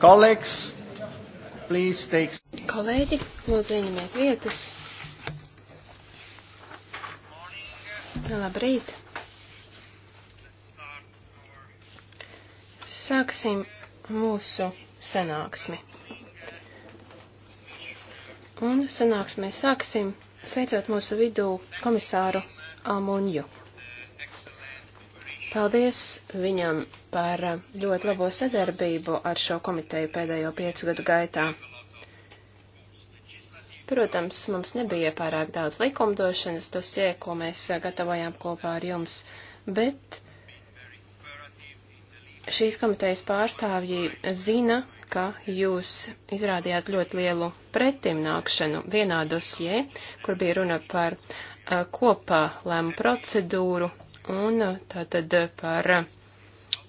Kolēģis, please take. Kolēģi, lūdzu ieņemiet vietas. Labrīt. Sāksim mūsu sanāksmi. Un sanāksmē sāksim sveicot mūsu vidū komisāru Almunju. Paldies viņam par ļoti labo sadarbību ar šo komiteju pēdējo piecu gadu gaitā. Protams, mums nebija pārāk daudz likumdošanas dosie, ko mēs gatavojām kopā ar jums, bet šīs komitejas pārstāvji zina, ka jūs izrādījāt ļoti lielu pretimnākšanu vienā dosie, kur bija runa par eh, kopā lēmu procedūru un uh, tātad uh, par uh,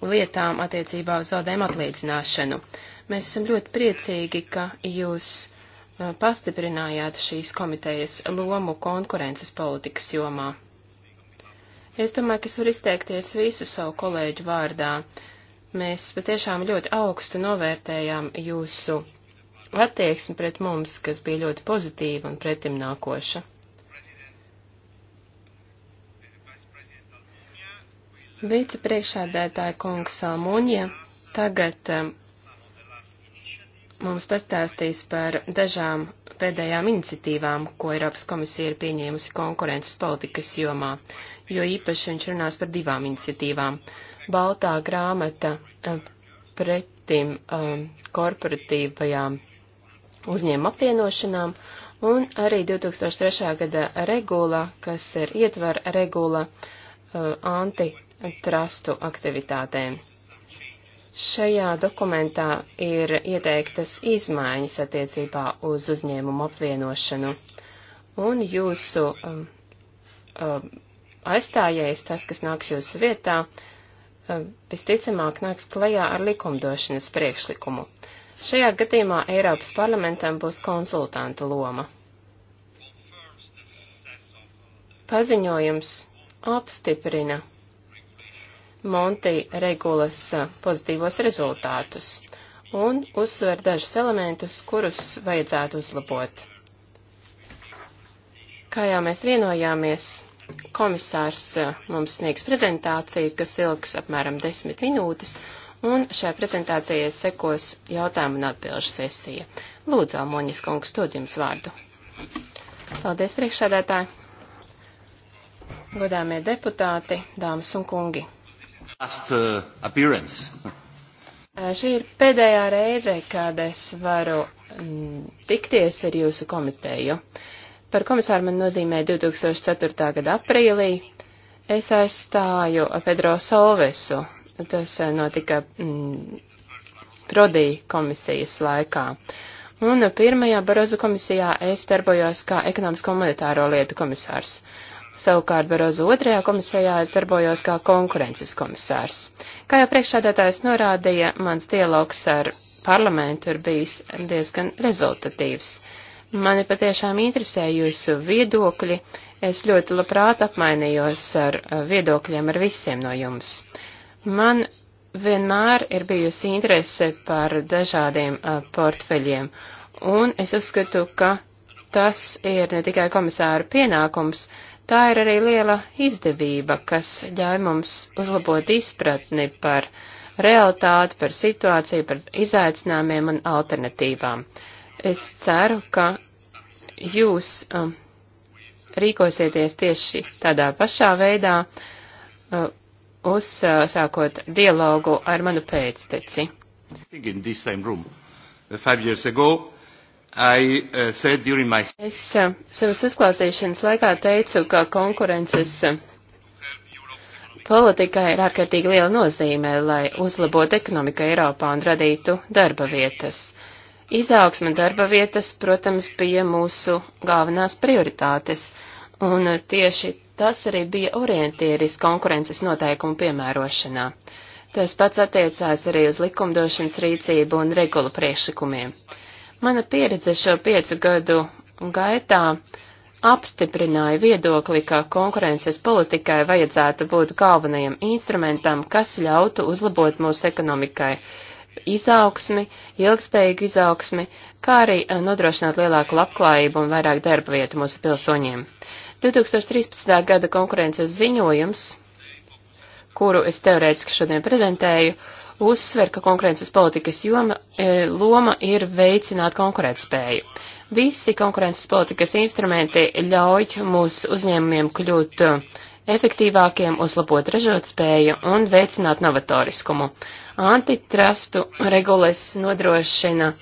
lietām attiecībā uz zaudējumu atlīdzināšanu. Mēs esam ļoti priecīgi, ka jūs pastiprinājāt šīs komitejas lomu konkurences politikas jomā. Es domāju, ka es varu izteikties visu savu kolēģu vārdā. Mēs patiešām ļoti augstu novērtējām jūsu attieksmi pret mums, kas bija ļoti pozitīva un pretimnākoša. Vicepriekšādētāja kungs Almuņie tagad um, mums pastāstīs par dažām pēdējām iniciatīvām, ko Eiropas komisija ir pieņēmusi konkurences politikas jomā, jo īpaši viņš runās par divām iniciatīvām. Baltā grāmata uh, pretim um, korporatīvajām uzņēmuma apvienošanām un arī 2003. gada regula, kas ir ietver regula uh, anti trastu aktivitātēm. Šajā dokumentā ir ieteiktas izmaiņas attiecībā uz uzņēmumu apvienošanu, un jūsu um, um, aizstājējs, tas, kas nāks jūsu vietā, um, visticamāk nāks klajā ar likumdošanas priekšlikumu. Šajā gadījumā Eiropas parlamentam būs konsultanta loma. Paziņojums apstiprina Monti regulas pozitīvos rezultātus un uzsver dažus elementus, kurus vajadzētu uzlabot. Kā jau mēs vienojāmies, komisārs mums sniegs prezentāciju, kas ilgs apmēram desmit minūtes, un šajā prezentācijā sekos jautājumu un atbilžu sesija. Lūdzu, Almoņas kungs, dod jums vārdu. Paldies, priekšsādētāji! Godāmie deputāti, dāmas un kungi! Last, uh, appearance. Šī ir pēdējā reize, kad es varu mm, tikties ar jūsu komiteju. Par komisāru man nozīmē 2004. gada aprīlī. Es aizstāju Pedro Solvesu. Tas uh, notika mm, Prodī komisijas laikā. Un pirmajā Barozu komisijā es darbojos kā ekonomisko monetāro lietu komisārs. Uh, Savukārt Barozu otrajā komisijā es darbojos kā konkurences komisārs. Kā jau priekšādātājs norādīja, mans dialogs ar parlamentu ir bijis diezgan rezultatīvs. Mani patiešām interesē jūsu viedokļi. Es ļoti labprāt apmainījos ar eh, viedokļiem ar visiem no jums. Man vienmēr ir bijusi interese par dažādiem eh, portfeļiem, un es uzskatu, ka tas ir ne tikai komisāra pienākums, uh, tā ir arī liela izdevība, kas ļauj mums uzlabot izpratni par realitāti, par situāciju, par izaicinājumiem un alternatīvām. Es ceru, ka jūs um, rīkosieties tieši tādā pašā veidā, uh, uzsākot uh, dialogu ar manu pēcteci. Uh, five years ago, I, uh, my... Es uh, savas uzklausīšanas laikā teicu, ka konkurences politikai ir ārkārtīgi liela nozīme, lai uzlabotu ekonomiku Eiropā un radītu darba vietas. Izaugsme darba vietas, protams, bija mūsu galvenās prioritātes, un tieši tas arī bija orientieris konkurences noteikumu piemērošanā. Tas pats attiecās arī uz likumdošanas rīcību un regulu priekšlikumiem. Mana pieredze šo piecu gadu gaitā apstiprināja viedokli, ka konkurences politikai vajadzētu būt galvenajam instrumentam, kas ļautu uzlabot mūsu ekonomikai izaugsmi, ilgspējīgu izaugsmi, kā arī eh, nodrošināt lielāku labklājību un vairāk darba vietu mūsu pilsoņiem. 2013. gada konkurences ziņojums, kuru es teorētiski šodien prezentēju, uh, uzsver, ka konkurences politikas joma, e, loma ir veicināt konkurētspēju. Visi konkurences politikas instrumenti ļauj mūsu uzņēmumiem kļūt e, efektīvākiem, uzlabot ražotspēju un veicināt novatoriskumu. Antitrustu regulas nodrošina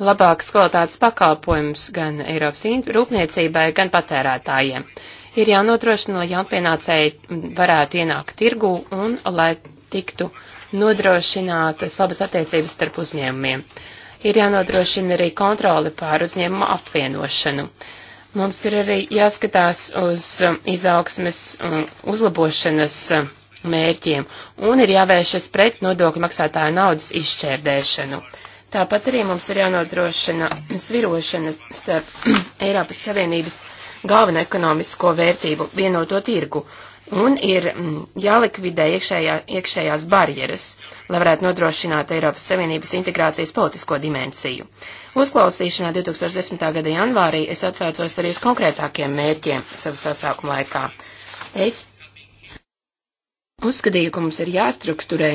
labākas kvalitātes pakalpojums gan Eiropas rūpniecībai, gan patērētājiem. Ir jānodrošina, lai jaunpienācēji varētu ienākt tirgu un lai tiktu uh, nodrošinātas labas attiecības starp uzņēmumiem. Ir jānodrošina arī kontroli pār uzņēmumu apvienošanu. Mums ir arī jāskatās uz um, izaugsmes um, uzlabošanas um, mērķiem un ir jāvēršas pret nodokļu maksātāju naudas izšķērdēšanu. Tāpat arī mums ir jānodrošina svirošanas starp Eiropas Savienības galveno ekonomisko vērtību vienoto tirgu un ir mm, jālikvidē iekšējā, iekšējās barjeras, lai varētu nodrošināt Eiropas Savienības integrācijas politisko dimensiju. Uzklausīšanā 2010. gada janvārī es atsaucos arī uz konkrētākiem mērķiem savas sasākuma laikā. Es uzskatīju, ka mums ir jāstrukturē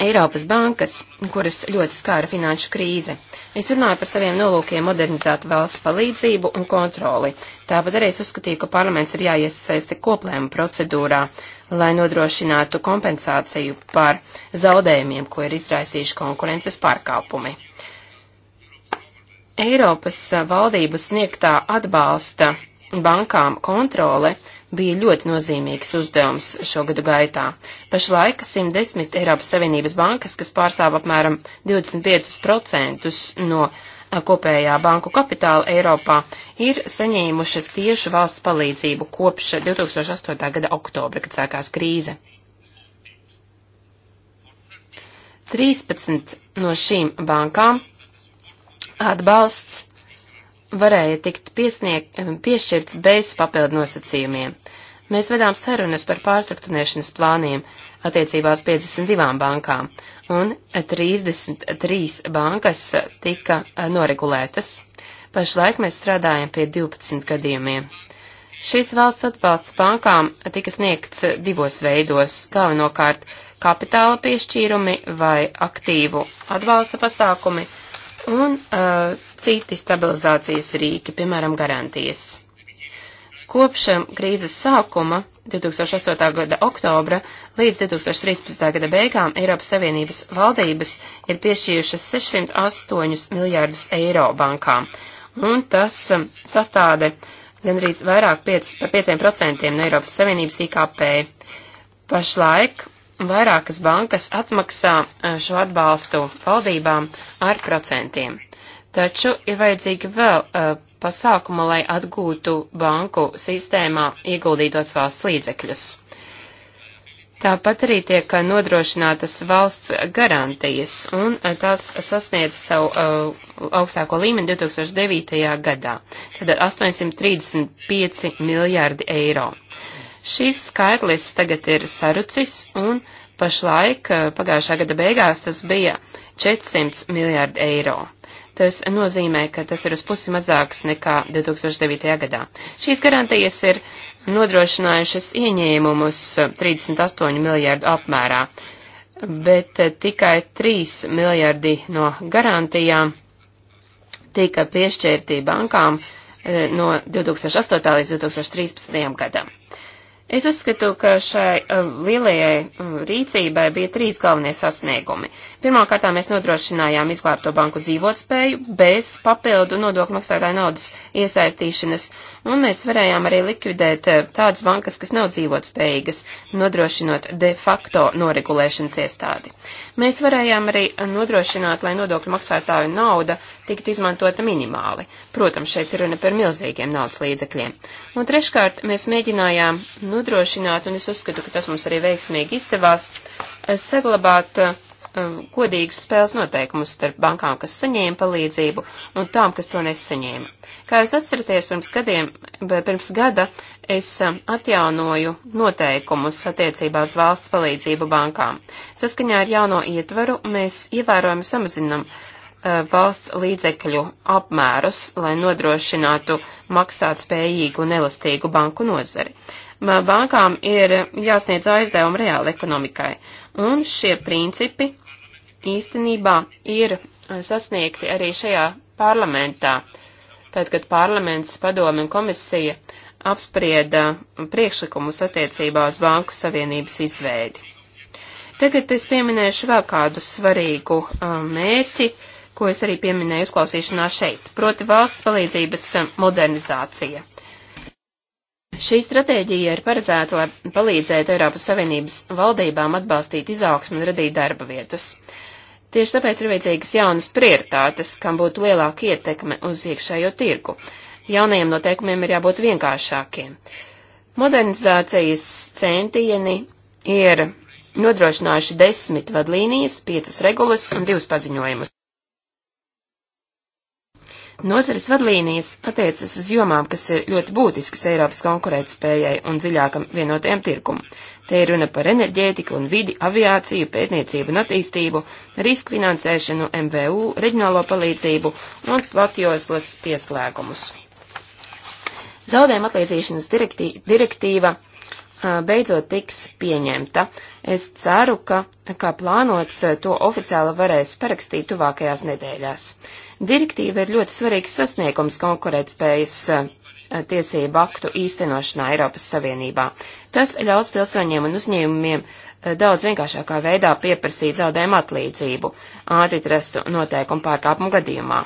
Eiropas bankas, kuras ļoti skāra finanšu krīze. Es runāju par saviem nolūkiem modernizēt valsts palīdzību un kontroli. Tāpat arī es uzskatīju, ka parlaments ir jāiesaista koplēmu procedūrā, lai nodrošinātu kompensāciju par zaudējumiem, ko ir izraisījuši konkurences pārkāpumi. Eiropas valdības sniegtā atbalsta bankām kontrole bija ļoti nozīmīgs uzdevums šogadu gaitā. Pašlaik 110 Eiropas Savienības bankas, kas pārstāv apmēram 25% no kopējā banku kapitāla Eiropā, ir saņēmušas tiešu valsts palīdzību kopš 2008. gada oktobra, kad sākās krīze. 13 no šīm bankām atbalsts varēja tikt piesniegt, eh, piešķirts bez papildu nosacījumiem. Mēs vedām sarunas par pārstruktūrēšanas plāniem attiecībās 52 bankām, un 33 bankas tika eh, noregulētas. Pašlaik mēs strādājam pie 12 gadījumiem. Šis valsts atbalsts bankām tika sniegts divos veidos - galvenokārt kapitāla piešķīrumi vai aktīvu atbalsta pasākumi un uh, citi stabilizācijas rīki, piemēram, garantijas. Kopš um, krīzes sākuma 2008. gada oktobra līdz 2013. gada beigām Eiropas Savienības valdības ir piešķīrušas 608 miljārdus eiro bankām, un tas um, sastāda gandrīz vairāk 5, par 5% no Eiropas Savienības IKP. Pašlaik vairākas bankas atmaksā eh, šo atbalstu valdībām ar procentiem. Taču ir vajadzīgi vēl uh, eh, pasākuma, lai atgūtu banku sistēmā ieguldītos valsts līdzekļus. Tāpat arī tiek eh, nodrošinātas valsts garantijas, un tās sasniedz savu uh, augstāko līmeni 2009. gadā, tad ar 835 miljārdi eiro. Šis skaitlis tagad ir sarucis un pašlaik eh, pagājušā gada beigās tas bija 400 miljārdi eiro. Tas nozīmē, ka tas ir uz pusi mazāks nekā 2009. gadā. Šīs garantijas ir nodrošinājušas ieņēmumus 38 miljārdu apmērā, bet eh, tikai 3 miljardi no garantijām tika piešķirti bankām eh, no 2008. līdz 2013. gadam. Es uzskatu, ka šai uh, lielajai uh, rīcībai bija trīs galvenie sasniegumi. Pirmkārt, mēs nodrošinājām izglābto banku dzīvotspēju bez papildu nodokļu maksātāju naudas iesaistīšanas, un mēs varējām arī likvidēt uh, tādas bankas, kas nav dzīvotspējīgas, nodrošinot de facto noregulēšanas iestādi. Mēs varējām arī nodrošināt, lai nodokļu maksātāju nauda tiktu izmantota minimāli. Protams, šeit ir runa par milzīgiem naudas līdzekļiem. Un treškārt, mēs mēģinājām nodrošināt, un es uzskatu, ka tas mums arī veiksmīgi izdevās, eh, saglabāt eh, godīgus spēles noteikumus starp bankām, kas saņēma palīdzību, un tām, kas to nesaņēma. Kā jūs atceraties, pirms, gadiem, pirms gada es atjaunoju noteikumus attiecībā uz valsts palīdzību bankām. Saskaņā ar jauno ietvaru mēs ievērojami samazinam uh, valsts līdzekļu apmērus, lai nodrošinātu maksāt spējīgu un elastīgu banku nozari. Bankām ir jāsniedz aizdevumi reāli ekonomikai, un šie principi īstenībā ir sasniegti arī šajā parlamentā. Uh, tad, kad parlaments, padomi un komisija apsprieda priekšlikumus attiecībā uz Banku Savienības izveidi. Tagad es pieminēšu vēl kādu svarīgu um, mērķi, ko es arī pieminēju uzklausīšanā šeit, proti valsts palīdzības uh, modernizācija. Šī stratēģija ir paredzēta, lai palīdzētu Eiropas Savienības valdībām atbalstīt izaugsmu un radīt darba vietus. Uh, Tieši tāpēc ir vajadzīgas jaunas prioritātes, kam būtu lielāka ietekme uz iekšējo tirgu. Jaunajiem noteikumiem ir jābūt vienkāršākiem. Modernizācijas centieni ir nodrošinājuši desmit vadlīnijas, piecas regulas un divus paziņojumus. Nozares vadlīnijas attiecas uz jomām, kas ir ļoti būtiskas Eiropas konkurētspējai un dziļākam vienotajam tirkumam. Te ir runa par enerģētiku un vidi, aviāciju, pētniecību un attīstību, risku finansēšanu, MVU, reģionālo palīdzību un platjoslas pieslēgumus. Zaudējuma atliecīšanas direktī, direktīva beidzot tiks pieņemta. Es ceru, ka, kā plānots, to oficiāli varēs parakstīt tuvākajās nedēļās. Direktīva ir ļoti svarīgs sasniegums konkurētspējas tiesību aktu īstenošanā Eiropas Savienībā. Tas ļaus pilsoņiem un uzņēmumiem eh, daudz vienkāršākā veidā pieprasīt zaudējumu atlīdzību antitrestu noteikumu pārkāpumu gadījumā.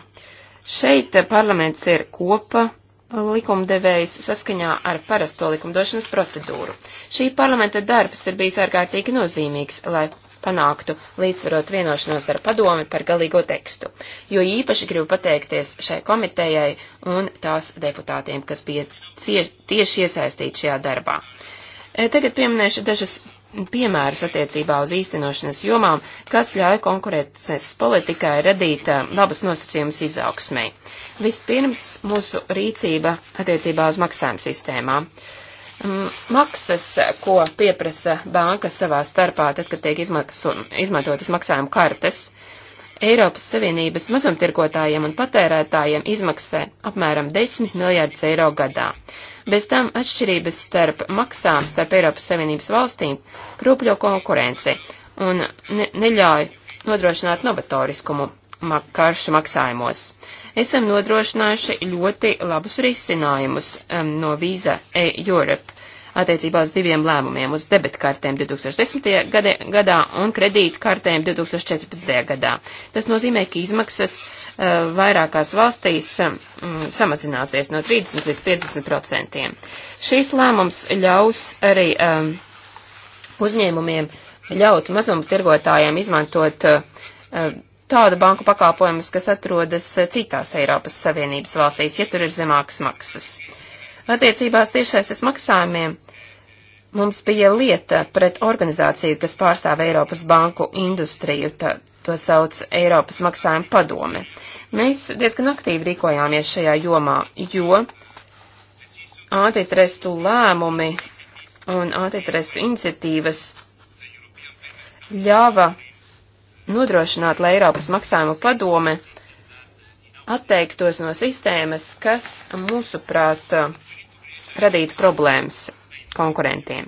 Šeit parlaments ir kopa likumdevējs saskaņā ar parasto likumdošanas procedūru. Šī parlamenta darbs ir bijis ārkārtīgi nozīmīgs, lai panāktu līdzsvarot vienošanos ar padomi par galīgo tekstu, jo īpaši gribu pateikties šai komitejai un tās deputātiem, kas bija cieš, tieši iesaistīti šajā darbā. E, tagad pieminēšu dažas piemērus attiecībā uz īstenošanas jomām, kas ļauj konkurētas politikai radīt e, labas nosacījumus izaugsmai. Vispirms mūsu rīcība attiecībā uz maksājuma sistēmām. Uh, maksas, ko pieprasa banka savā starpā, tad, kad tiek izmaksu, izmantotas maksājuma kartes, Eiropas Savienības mazumtirgotājiem un patērētājiem izmaksē apmēram 10 miljārdus eiro gadā. Bez tam atšķirības starp maksām starp Eiropas Savienības valstīm krūpļo konkurenci un ne neļauj nodrošināt novatoriskumu mak karšu maksājumos esam nodrošinājuši ļoti labus risinājumus um, no Visa e Europe attiecībā uz diviem lēmumiem - uz debetkartēm 2010. Gadē, gadā un kredītkartēm 2014. gadā. Tas nozīmē, ka izmaksas uh, vairākās valstīs um, samazināsies no 30 līdz 50 procentiem. Šīs lēmums ļaus arī um, uzņēmumiem ļaut mazumtirgotājiem izmantot uh, uh tādu banku pakalpojumus, kas atrodas eh, citās Eiropas Savienības valstīs, ja tur ir zemākas maksas. Attiecībās tiešsaistes maksājumiem mums bija lieta pret organizāciju, kas pārstāv Eiropas banku industriju, tā, to sauc Eiropas maksājuma padome. Mēs diezgan aktīvi rīkojāmies šajā jomā, jo antitrestu lēmumi un antitrestu iniciatīvas ļāva nodrošināt, lai Eiropas maksājumu padome atteiktos no sistēmas, kas, mūsuprāt, radītu problēmas konkurentiem.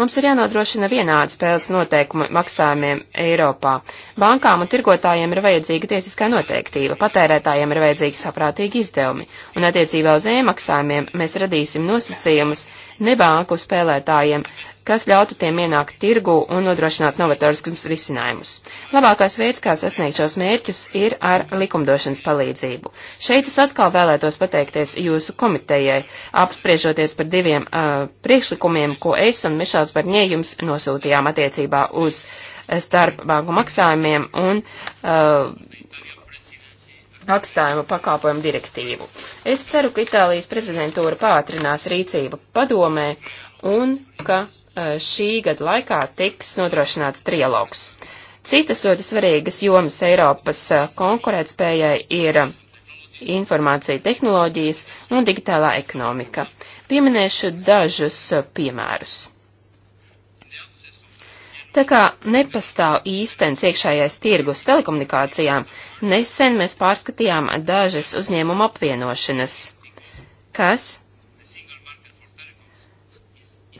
Mums ir jānodrošina vienādi spēles noteikumi maksājumiem Eiropā. Bankām un tirgotājiem ir vajadzīga tiesiskā noteiktība, patērētājiem ir vajadzīgi saprātīgi izdevumi, un attiecībā uz e-maksājumiem mēs radīsim nosacījumus nebanku spēlētājiem, kas ļautu tiem ienākt tirgu un nodrošināt novatoriskus risinājumus. Labākais veids, kā sasniegt šos mērķus, ir ar likumdošanas palīdzību. Šeit es atkal vēlētos pateikties jūsu komitejai, apspriežoties par diviem uh, priekšlikumiem, ko es un Mišāls Barņē jums nosūtījām attiecībā uz starp banku maksājumiem un uh, maksājumu pakāpojumu direktīvu. Es ceru, ka Itālijas prezidentūra pātrinās rīcību padomē un ka Eh, šī gada laikā tiks nodrošināts trialogs. Citas ļoti svarīgas jomas Eiropas eh, konkurētspējai ir informācija tehnoloģijas un digitālā ekonomika. Pieminēšu dažus eh, piemērus. Tā kā nepastāv īstens iekšējais tirgus telekomunikācijām, nesen mēs pārskatījām dažas uzņēmuma apvienošanas, kas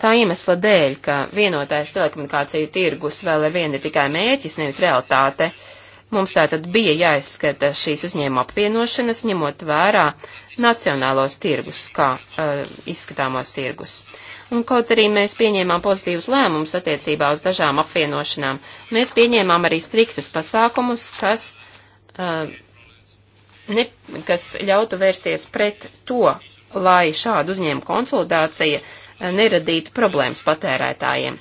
Tā iemesla dēļ, ka vienotais telekomunikāciju tirgus vēl ar vienu ir tikai mērķis, nevis realitāte, mums tātad bija jāizskata šīs uzņēmuma apvienošanas, ņemot vērā nacionālos tirgus, kā uh, izskatāmos tirgus. Un kaut arī mēs pieņēmām pozitīvus lēmumus attiecībā uz dažām apvienošanām, mēs pieņēmām arī striktus pasākumus, kas, uh, ne, kas ļautu vērsties pret to, lai šāda uzņēmuma konsolidācija uh, neradītu problēmas patērētājiem.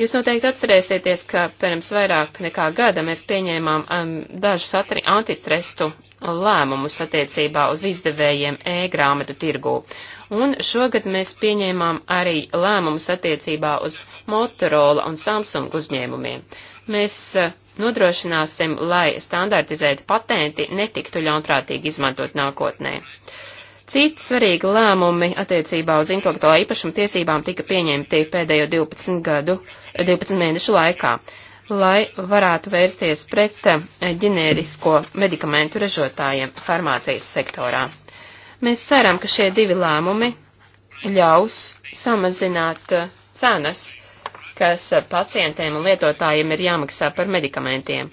Jūs noteikti atcerēsieties, ka pirms vairāk nekā gada mēs pieņēmām um, dažus antitrestu lēmumus attiecībā uz izdevējiem e-grāmatu tirgū. Un šogad mēs pieņēmām arī lēmumus attiecībā uz Motorola un Samsung uzņēmumiem. Mēs uh, nodrošināsim, lai standartizēti patenti netiktu ļaunprātīgi izmantot nākotnē. Uh, Citi svarīgi lēmumi attiecībā uz intelektuālā īpašuma tiesībām tika pieņemti pēdējo 12, gadu, 12 mēnešu laikā, lai varētu vērsties pret eh, ģenērisko medikamentu ražotājiem farmācijas sektorā. Mēs ceram, ka šie divi lēmumi ļaus samazināt eh, cenas, kas pacientiem un lietotājiem ir jāmaksā par medikamentiem,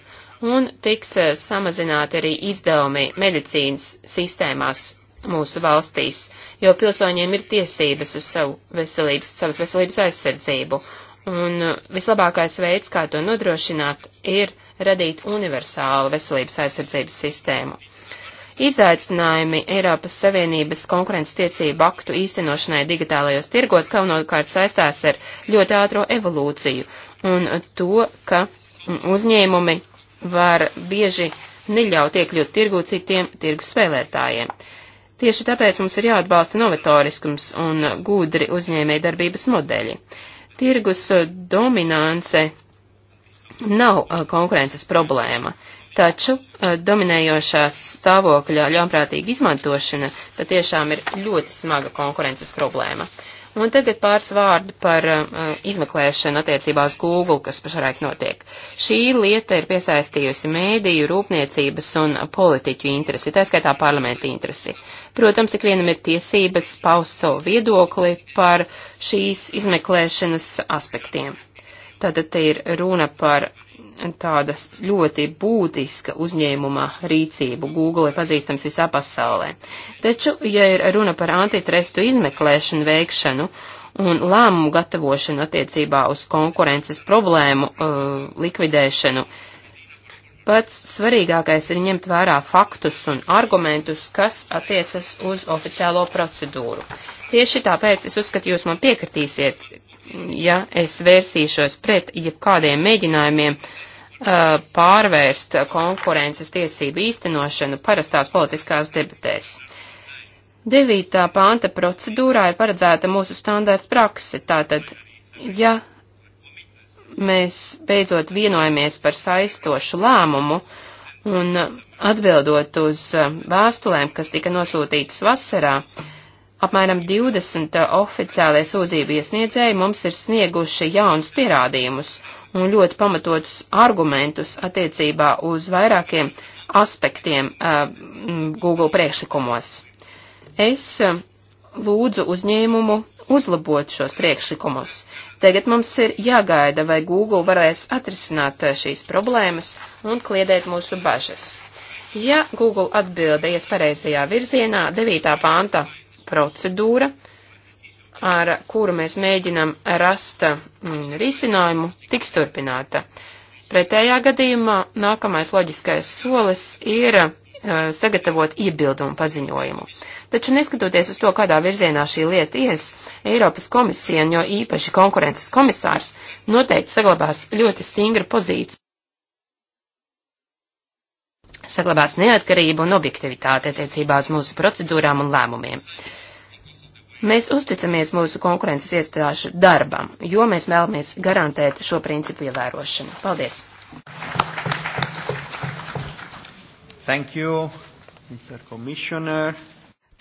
un tiks eh, samazināti arī izdevumi medicīnas sistēmās mūsu valstīs, jo pilsoņiem ir tiesības uz savu veselības, savas veselības aizsardzību, un uh, vislabākais veids, kā to nodrošināt, ir radīt universālu veselības aizsardzības sistēmu. Izaicinājumi Eiropas Savienības konkurences tiesību aktu īstenošanai digitālajos tirgos galvenokārt saistās ar ļoti ātro evolūciju un to, ka uzņēmumi var bieži neļaut iekļūt tirgū citiem tirgus spēlētājiem. Uh, Tieši tāpēc mums ir jāatbalsta novatoriskums un gudri uzņēmēja darbības modeļi. Tirgus uh, dominance nav uh, konkurences problēma, taču uh, dominējošās stāvokļa ļaunprātīga izmantošana patiešām ir ļoti smaga konkurences problēma. Un tagad pāris vārdu par uh, izmeklēšanu attiecībās Google, kas pašlaik notiek. Šī lieta ir piesaistījusi mēdīju, rūpniecības un politiķu interesi, tā skaitā parlamenta interesi. Uh, Protams, ikvienam ir tiesības paust savu viedokli par šīs izmeklēšanas aspektiem. Tātad te ir runa par tādas ļoti būtiska uzņēmuma rīcību. Google ir pazīstams visā pasaulē. Taču, ja ir runa par antitrestu izmeklēšanu veikšanu un lēmumu gatavošanu attiecībā uz konkurences problēmu uh, likvidēšanu, uh, Pats svarīgākais ir ņemt vērā faktus un argumentus, kas attiecas uz oficiālo procedūru. Tieši tāpēc es uzskatu, jūs man piekritīsiet, ja es vērsīšos pret jebkādiem mēģinājumiem uh, pārvērst konkurences tiesību īstenošanu parastās politiskās debatēs. 9. panta procedūrā ir paredzēta mūsu standarta prakse, tātad, ja mēs beidzot vienojamies par saistošu lēmumu, un atbildot uz uh, vēstulēm, kas tika nosūtītas vasarā, apmēram 20 uh, oficiālie sūdzību iesniedzēji mums ir snieguši jaunus pierādījumus un ļoti pamatotus argumentus attiecībā uz vairākiem aspektiem uh, Google priekšlikumos. Es uh, lūdzu uzņēmumu uzlabot šos priekšlikumus. Tagad mums ir jāgaida, vai Google varēs atrisināt eh, šīs problēmas un kliedēt mūsu bažas. Ja Google atbildējas pareizajā virzienā, 9. panta procedūra, ar kuru mēs mēģinam rast mm, risinājumu, tiks turpināta. Pretējā gadījumā nākamais loģiskais solis ir Eh, sagatavot iebildumu paziņojumu. Taču neskatoties uz to, kādā virzienā šī lieta ies, Eiropas komisija, jo īpaši konkurences komisārs, noteikti saglabās ļoti stingru pozīciju. Saglabās neatkarību un objektivitāti attiecībā uz mūsu procedūrām un lēmumiem. Mēs uzticamies mūsu konkurences iestāžu darbam, jo mēs vēlamies garantēt šo principu ievērošanu. Paldies! Thank you, Mr. Commissioner.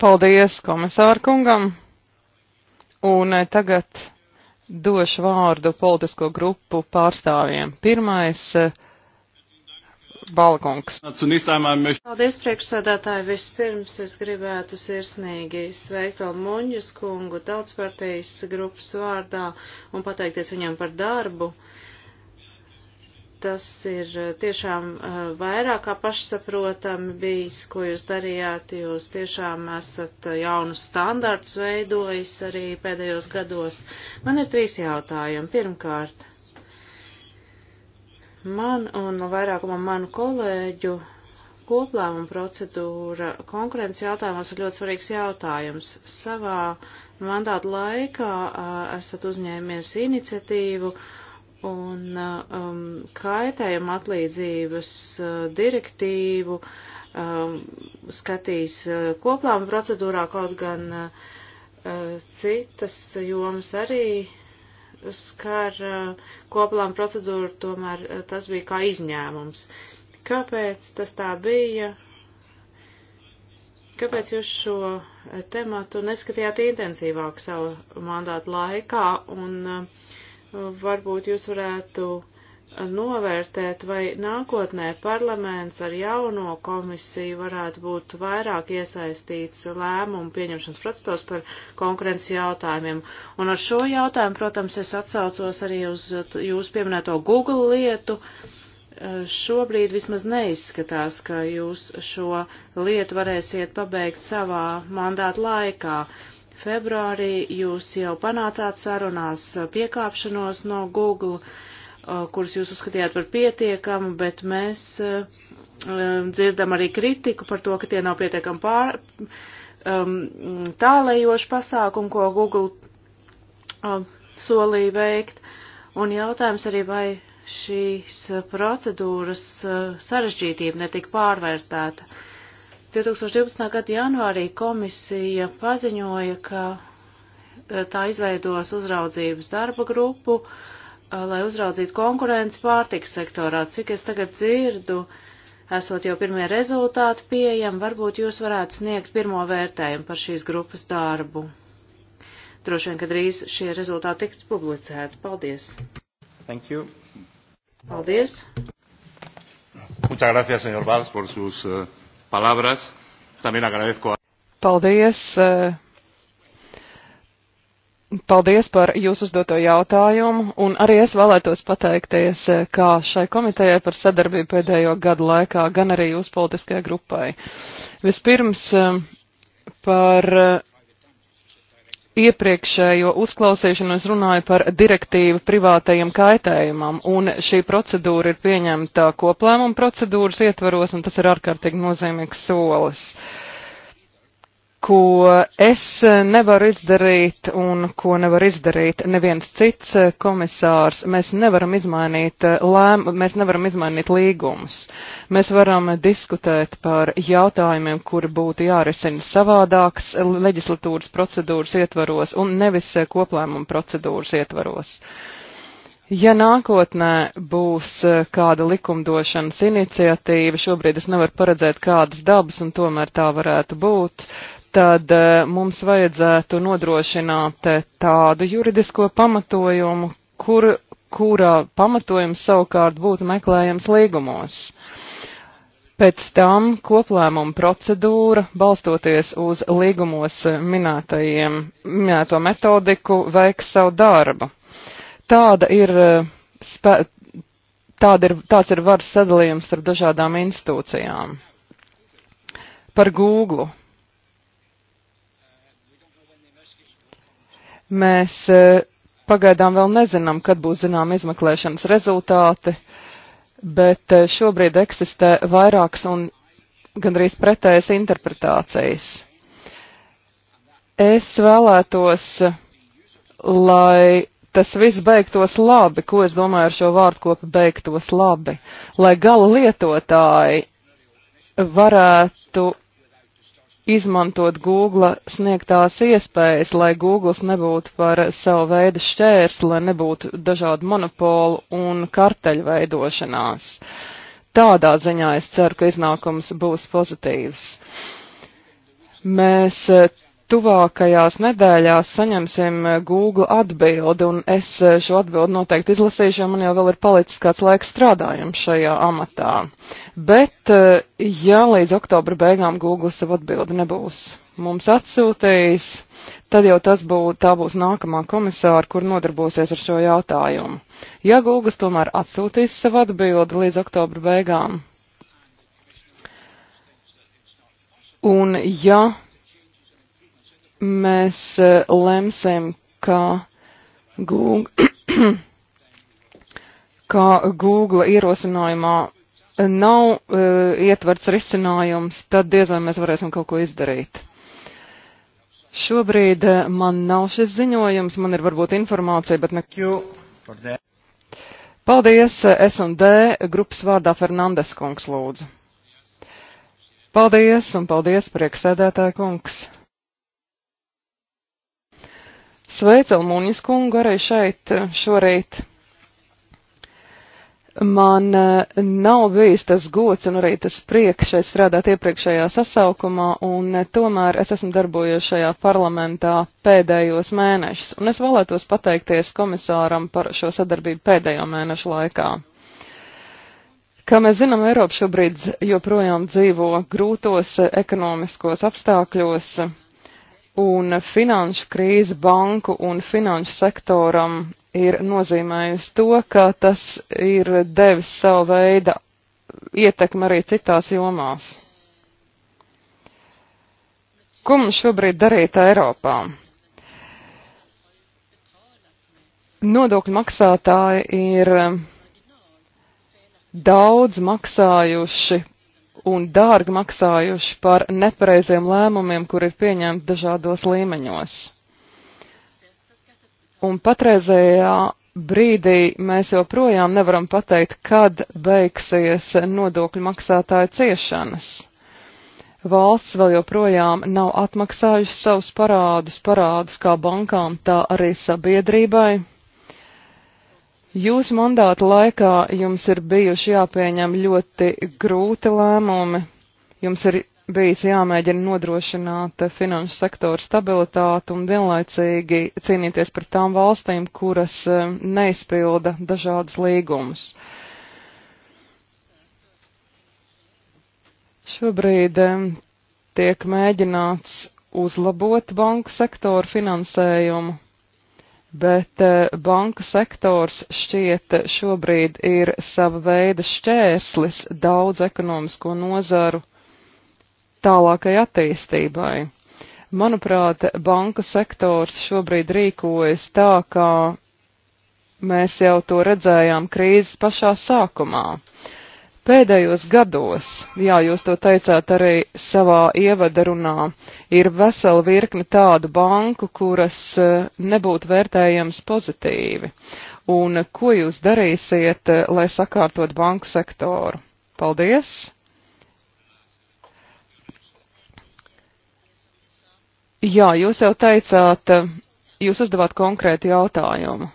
Paldies komisārkungam. Un eh, tagad došu vārdu politisko grupu pārstāvjiem. Pirmais eh, Balkungs. Paldies, priekšsēdētāji. Vispirms es gribētu sirsnīgi sveikt vēl Muņas kungu tautspartijas grupas vārdā un pateikties viņam par darbu. Uh, tas ir eh, tiešām eh, vairāk kā pašsaprotami bijis, ko jūs darījāt. Jūs tiešām esat eh, jaunus standārtus veidojis arī pēdējos gados. Man ir trīs jautājumi. Pirmkārt, man un vairākumam manu kolēģu koplēmuma procedūra konkurences jautājumos ir ļoti svarīgs jautājums. Savā mandāta laikā esat uzņēmies iniciatīvu un uh, um, kaitējuma atlīdzības uh, direktīvu um, skatīs uh, koplāma procedūrā, kaut gan uh, uh, citas jomas arī skar uh, koplāma procedūru, tomēr uh, tas bija kā izņēmums. Kāpēc tas tā bija? Kāpēc jūs šo tematu neskatījāt intensīvāk savu mandātu laikā un uh, varbūt jūs varētu novērtēt, vai nākotnē parlaments ar jauno komisiju varētu būt vairāk iesaistīts lēmumu pieņemšanas procesos par konkurences jautājumiem. Un ar šo jautājumu, protams, es atsaucos arī uz jūs pieminēto Google lietu. Šobrīd vismaz neizskatās, ka jūs šo lietu varēsiet pabeigt savā mandāta laikā. Februārī jūs jau panācāt sarunās piekāpšanos no Google, kuras jūs uzskatījāt par pietiekamu, bet mēs dzirdam arī kritiku par to, ka tie nav pietiekami pār, um, tālējoši pasākumi, ko Google solīja veikt. Un jautājums arī, vai šīs procedūras sarežģītība netika pārvērtēta. Uh, 2012. gada janvārī komisija paziņoja, ka e, tā izveidos uzraudzības darba grupu, e, lai uzraudzītu konkurenci pārtiks sektorā. Cik es tagad dzirdu, esot jau pirmie rezultāti pieejami, varbūt jūs varētu sniegt pirmo vērtējumu par šīs grupas darbu. Droši vien, ka drīz šie rezultāti tiks publicēti. Paldies! Thank you. Paldies! Muchas gracias, señor Valls, por sus uh, palabras. También agradezco a. Paldies. Eh, paldies par jūsu uzdoto jautājumu, un arī es vēlētos pateikties eh, kā šai komitejai par sadarbību pēdējo gadu laikā, gan arī jūsu politiskajai grupai. Vispirms eh, par iepriekšējo uzklausīšanu es runāju par direktīvu privātajam kaitējumam, un šī procedūra ir pieņemta koplēmuma procedūras ietvaros, un tas ir ārkārtīgi nozīmīgs solis. Uh, ko es nevaru izdarīt un ko nevar izdarīt neviens cits eh, komisārs. Mēs nevaram izmainīt eh, lēm, mēs nevaram izmainīt līgumus. Mēs varam diskutēt par jautājumiem, kuri būtu jārisina savādāks eh, leģislatūras procedūras ietvaros un nevis koplēmuma procedūras ietvaros. Ja nākotnē būs kāda likumdošanas iniciatīva, šobrīd es nevaru paredzēt kādas dabas, un tomēr tā varētu būt, tad eh, mums vajadzētu nodrošināt eh, tādu juridisko pamatojumu, kur, kura pamatojums savukārt būtu meklējams līgumos. Pēc tam koplēmuma procedūra, balstoties uz līgumos eh, minētajiem, minēto metodiku, veiks savu darbu. Tāda ir, tāda ir, tāds ir varas sadalījums starp dažādām institūcijām. Par Google Mēs e, pagaidām vēl nezinām, kad būs zinām izmeklēšanas rezultāti, bet e, šobrīd eksistē vairākas un gandrīz pretējas interpretācijas. Es vēlētos, e, lai tas viss beigtos labi, ko es domāju ar šo vārdkopu beigtos labi, lai gala lietotāji varētu izmantot Google sniegtās iespējas, lai Google nebūtu par savu veidu šķērsli, lai nebūtu dažādu monopolu un karteļu veidošanās. Tādā ziņā es ceru, ka iznākums būs pozitīvs. Mēs tuvākajās nedēļās saņemsim eh, Google atbildi, un es eh, šo atbildi noteikti izlasīšu, jo man jau vēl ir palicis kāds laiks strādājums šajā amatā. Bet, eh, ja līdz oktobra beigām Google savu atbildi nebūs mums atsūtījis, tad jau tas būs, tā būs nākamā komisāra, kur nodarbosies ar šo jautājumu. Ja Google tomēr atsūtīs savu atbildi līdz oktobra beigām, un ja mēs e, lemsim, kā Google, kā Google ierosinājumā nav uh, ietverts risinājums, tad diez vai mēs varēsim kaut ko izdarīt. Šobrīd e, man nav šis ziņojums, man ir varbūt informācija, bet ne. Paldies, S&D grupas vārdā Fernandes kungs lūdzu. Paldies un paldies, prieksēdētāja kungs. Sveicu Almūņas kungu arī šeit eh, šorīt. Man eh, nav bijis tas gods un arī tas prieks šeit strādāt iepriekšējā sasaukumā, un eh, tomēr es esmu darbojies šajā parlamentā pēdējos mēnešus, un es vēlētos pateikties komisāram par šo sadarbību pēdējo mēnešu laikā. Kā mēs zinām, Eiropa šobrīd joprojām dzīvo grūtos ekonomiskos apstākļos, un finanšu krīze banku un finanšu sektoram ir nozīmējusi to, ka tas ir devis savu veidu ietekmi arī citās jomās. Ko mums šobrīd darīt Eiropā? Nodokļu maksātāji ir daudz maksājuši un dārgi maksājuši par nepareiziem lēmumiem, kur ir pieņemti dažādos līmeņos. Un patreizējā brīdī mēs joprojām nevaram pateikt, kad beigsies nodokļu maksātāju ciešanas. Valsts vēl joprojām nav atmaksājusi savus parādus, parādus kā bankām, tā arī sabiedrībai Jūsu mandāta laikā jums ir bijuši jāpieņem ļoti grūti lēmumi. Jums ir bijis jāmēģina nodrošināt finanšu sektoru stabilitātu un vienlaicīgi cīnīties par tām valstīm, kuras e, neizpilda dažādus līgumus. Šobrīd e, tiek mēģināts uzlabot banku sektoru finansējumu, bet eh, banku sektors šķiet eh, šobrīd ir sava veida šķērslis daudz ekonomisko nozaru tālākai attīstībai. Manuprāt, banku sektors šobrīd rīkojas tā, kā mēs jau to redzējām krīzes pašā sākumā. Uh, Pēdējos gados, jā, jūs to teicāt arī savā ievadarunā, ir vesela virkne tādu banku, kuras e, nebūtu vērtējams pozitīvi. Un ko jūs darīsiet, e, lai sakārtot banku sektoru? Paldies! Jā, jūs jau teicāt, e, jūs uzdevāt konkrētu jautājumu.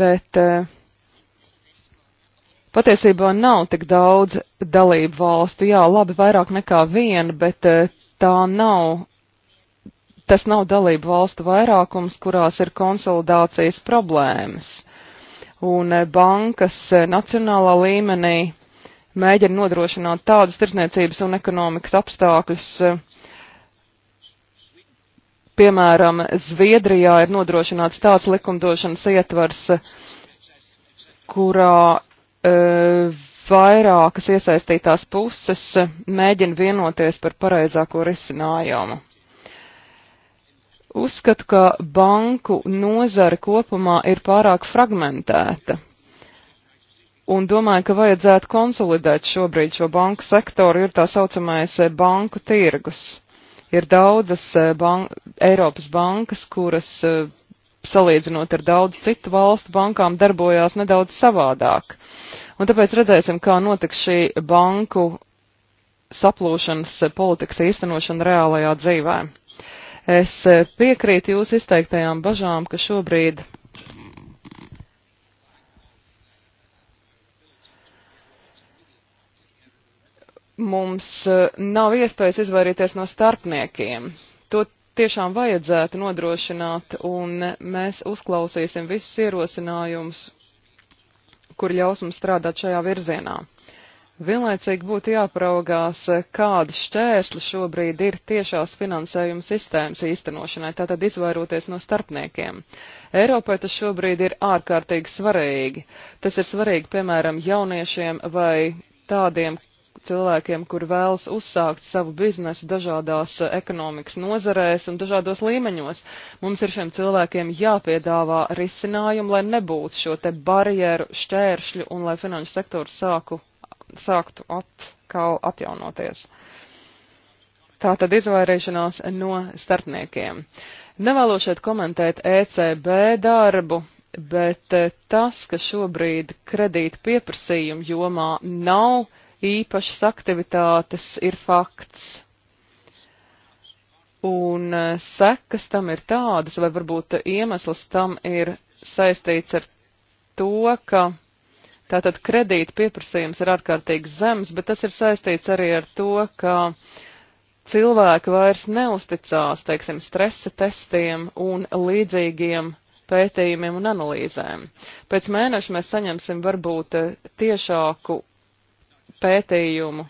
Bet eh, Patiesībā nav tik daudz dalību valstu, jā, labi, vairāk nekā viena, bet eh, tā nav. Tas nav dalību valstu vairākums, kurās ir konsolidācijas problēmas. Un eh, bankas eh, nacionālā līmenī mēģina nodrošināt tādus tirdzniecības un ekonomikas apstākļus, piemēram, Zviedrijā ir nodrošināts tāds likumdošanas ietvars, kurā vairākas iesaistītās puses mēģina vienoties par pareizāko risinājumu. Uzskatu, ka banku nozare kopumā ir pārāk fragmentēta. Un domāju, ka vajadzētu konsolidēt šobrīd šo banku sektoru, ir tā saucamais banku tirgus. Ir daudzas ban Eiropas bankas, kuras salīdzinot ar daudz citu valstu bankām, darbojās nedaudz savādāk. Un tāpēc redzēsim, kā notiks šī banku saplūšanas politikas īstenošana reālajā dzīvē. Es piekrītu jūsu izteiktajām bažām, ka šobrīd mums eh, nav iespējas izvairīties no starpniekiem. To tiešām vajadzētu nodrošināt, un mēs uzklausīsim visus ierosinājumus, kur ļaus mums strādāt šajā virzienā. Vienlaicīgi būtu jāpraugās, kāda šķērsli šobrīd ir tiešās finansējuma sistēmas īstenošanai, tātad izvairoties no starpniekiem. Eiropai tas šobrīd ir ārkārtīgi svarīgi. Tas ir svarīgi, piemēram, jauniešiem vai tādiem, cilvēkiem, kuri vēlas uzsākt savu biznesu dažādās eh, ekonomikas nozarēs un dažādos līmeņos. Mums ir šiem cilvēkiem jāpiedāvā risinājumi, lai nebūtu šo te barjeru, šķēršļu un lai finanšu sektoru sāku, sāktu atkal atjaunoties. Tā tad izvairīšanās no starpniekiem. Nevēlos šeit komentēt ECB darbu, bet eh, tas, ka šobrīd kredīta pieprasījuma jomā nav īpašas aktivitātes ir fakts. Un e, sekas tam ir tādas, vai varbūt iemesls tam ir saistīts ar to, ka tātad kredīta pieprasījums ir ārkārtīgi zems, bet tas ir saistīts arī ar to, ka cilvēki vairs neusticās, teiksim, stresa testiem un līdzīgiem pētījumiem un analīzēm. Pēc mēneša mēs saņemsim varbūt tiešāku pētījumu.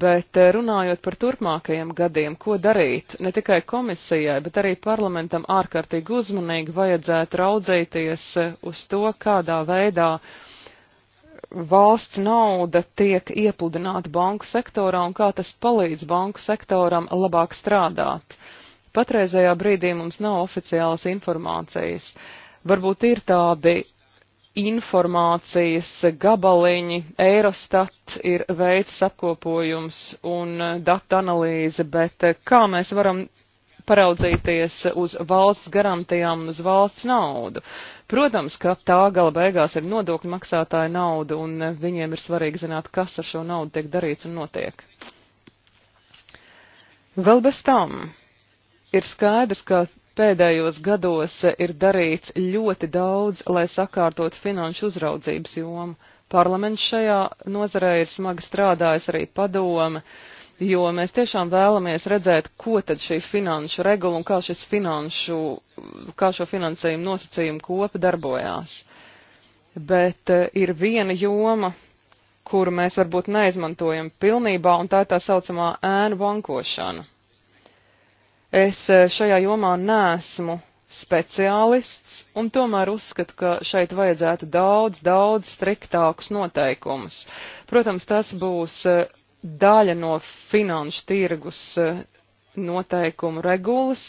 Bet eh, runājot par turpmākajiem gadiem, ko darīt, ne tikai komisijai, bet arī parlamentam ārkārtīgi uzmanīgi vajadzētu raudzīties eh, uz to, kādā veidā valsts nauda tiek iepludināta banku sektorā un kā tas palīdz banku sektoram labāk strādāt. Patreizajā brīdī mums nav oficiālas informācijas. Varbūt ir tādi informācijas gabaliņi. Eurostat ir veids apkopojums un data analīze, bet kā mēs varam paraudzīties uz valsts garantijām un uz valsts naudu? Protams, ka tā gala beigās ir nodokļu maksātāja nauda un viņiem ir svarīgi zināt, kas ar šo naudu tiek darīts un notiek. Vēl bez tam ir skaidrs, ka Pēdējos gados ir darīts ļoti daudz, lai sakārtot finanšu uzraudzības jomu. Parlaments šajā nozarē ir smagi strādājis arī padome, jo mēs tiešām vēlamies redzēt, ko tad šī finanšu regula un kā, finanšu, kā šo finansējumu nosacījumu kopa darbojās. Bet eh, ir viena joma, kuru mēs varbūt neizmantojam pilnībā, un tā ir tā saucamā ēnu bankošana. Es eh, šajā jomā nesmu speciālists, un tomēr uzskatu, ka šeit vajadzētu daudz, daudz striktākus noteikumus. Protams, tas būs eh, daļa no finanšu tirgus eh, noteikumu regulas,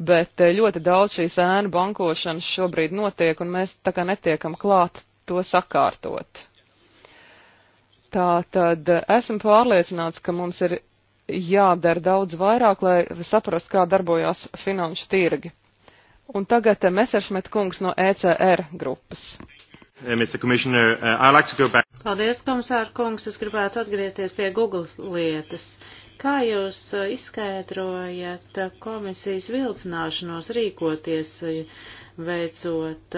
bet ļoti daudz šīs ēnu bankošanas šobrīd notiek, un mēs tā kā netiekam klāt to sakārtot. Tā tad esmu pārliecināts, ka mums ir jādara daudz vairāk, lai saprast, kā darbojās finanšu tirgi. Un tagad eh, Messeršmet kungs no ECR grupas. Eh, eh, Paldies, komisāra kungs. Es gribētu atgriezties pie Google lietas. Kā jūs izskaidrojat komisijas vilcināšanos rīkoties, veicot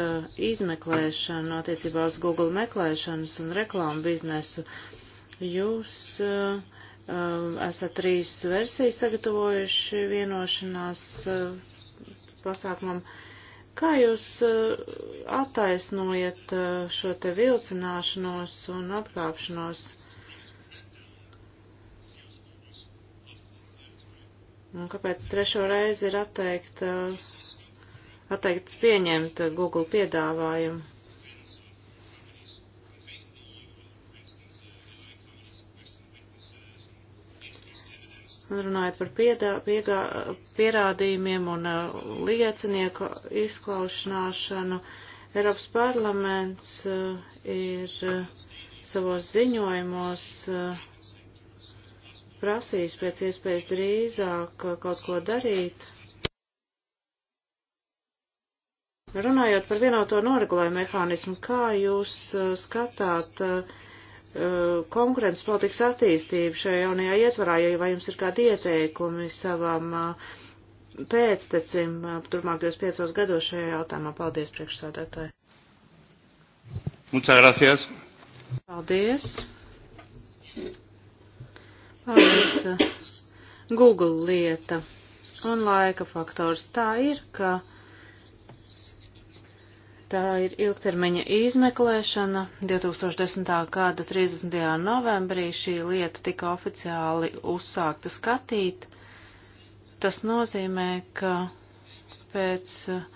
izmeklēšanu attiecībā uz Google meklēšanas un reklāmu biznesu? Jūs uh, Um, esat trīs versijas sagatavojuši vienošanās uh, pasākumam. Kā jūs uh, attaisnojat uh, šo te vilcināšanos un atkāpšanos? Un kāpēc trešo reizi ir atteikta, atteikts pieņemt Google piedāvājumu? runājot par piedā, piegā, pierādījumiem un uh, liecinieku izklaušanāšanu, Eiropas parlaments uh, ir uh, savos ziņojumos uh, prasījis pēc iespējas drīzāk uh, kaut ko darīt. Runājot par vienoto noregulējumu mehānismu, kā jūs uh, skatāt uh, Uh, konkurences politikas attīstību šajā jaunajā ietvarā, ja vai jums ir kādi ieteikumi savam uh, pēctecim uh, turpmākajos piecos gados šajā jautājumā. Paldies, priekšsādātāji. Muchas gracias. Paldies. Paldies. Google lieta un laika faktors tā ir, ka Tā ir ilgtermiņa izmeklēšana. 2010. gada 30. novembrī šī lieta tika oficiāli uzsākta skatīt. Tas nozīmē, ka pēc eh,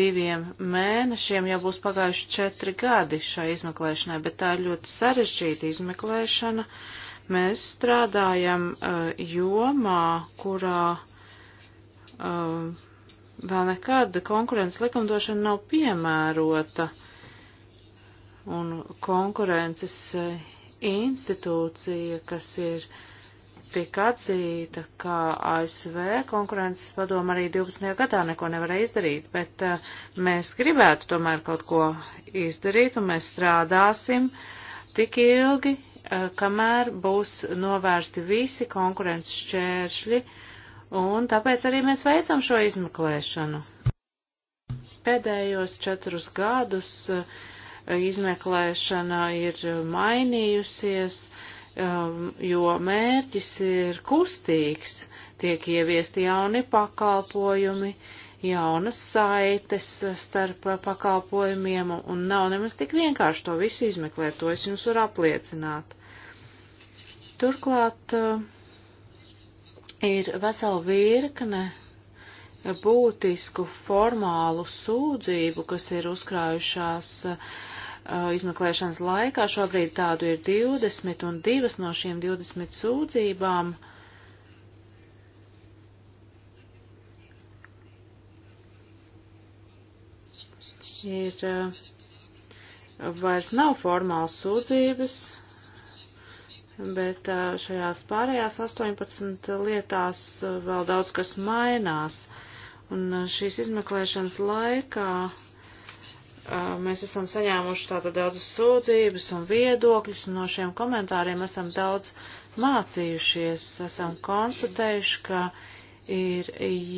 diviem mēnešiem jau būs pagājuši četri gadi šai izmeklēšanai, bet tā ir ļoti sarežģīta izmeklēšana. Mēs strādājam uh, jomā, kurā uh, vēl nekad konkurences likumdošana nav piemērota un konkurences e, institūcija, kas ir tik atzīta, kā ASV konkurences padoma arī 12. gadā neko nevarēja izdarīt, bet uh, mēs gribētu tomēr kaut ko izdarīt un mēs strādāsim tik ilgi, uh, kamēr būs novērsti visi konkurences šķēršļi, uh, un tāpēc arī mēs veicam šo izmeklēšanu. Pēdējos četrus gadus eh, izmeklēšana ir mainījusies, eh, jo mērķis ir kustīgs, tiek ieviesti jauni pakalpojumi, jaunas saites starp pakalpojumiem, un nav nemaz tik vienkārši to visu izmeklēt, to es jums varu apliecināt. Turklāt uh, ir vesela virkne būtisku formālu sūdzību, kas ir uzkrājušās uh, izmeklēšanas laikā. Šobrīd tādu ir 20, un divas no šīm 20 sūdzībām ir uh, vairs nav formāls sūdzības, bet šajās pārējās 18 lietās vēl daudz kas mainās. Un šīs izmeklēšanas laikā mēs esam saņēmuši tātad daudzas sūdzības un viedokļus, un no šiem komentāriem esam daudz mācījušies, esam konstatējuši, ka ir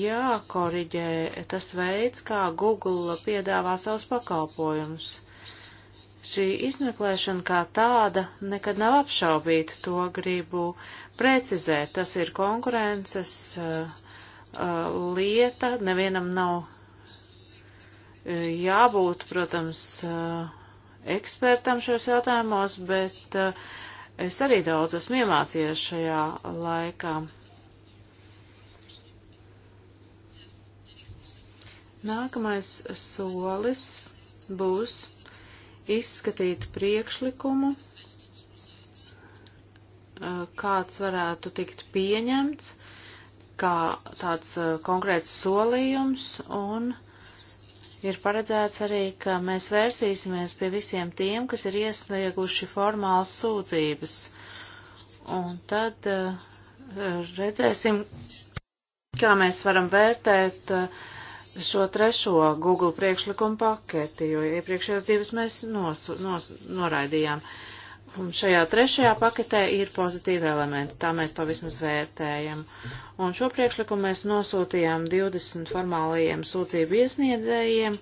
jākoriģē tas veids, kā Google piedāvā savus pakalpojumus. Šī izmeklēšana kā tāda nekad nav apšaubīta, to gribu precizēt. Tas ir konkurences uh, uh, lieta, nevienam nav uh, jābūt, protams, uh, ekspertam šos jautājumos, bet uh, es arī daudz esmu iemācījies šajā laikā. Nākamais solis būs izskatīt priekšlikumu, eh, kāds varētu tikt pieņemts, kā tāds eh, konkrēts solījums, un ir paredzēts arī, ka mēs vērsīsimies pie visiem tiem, kas ir iesnieguši formālas sūdzības. Un tad eh, redzēsim, kā mēs varam vērtēt uh, šo trešo Google priekšlikumu paketi, jo iepriekšējās divas mēs nos, nos, noraidījām. Un šajā trešajā paketē ir pozitīvi elementi, tā mēs to vismaz vērtējam. Un šo priekšlikumu mēs nosūtījām 20 formālajiem sūdzību iesniedzējiem,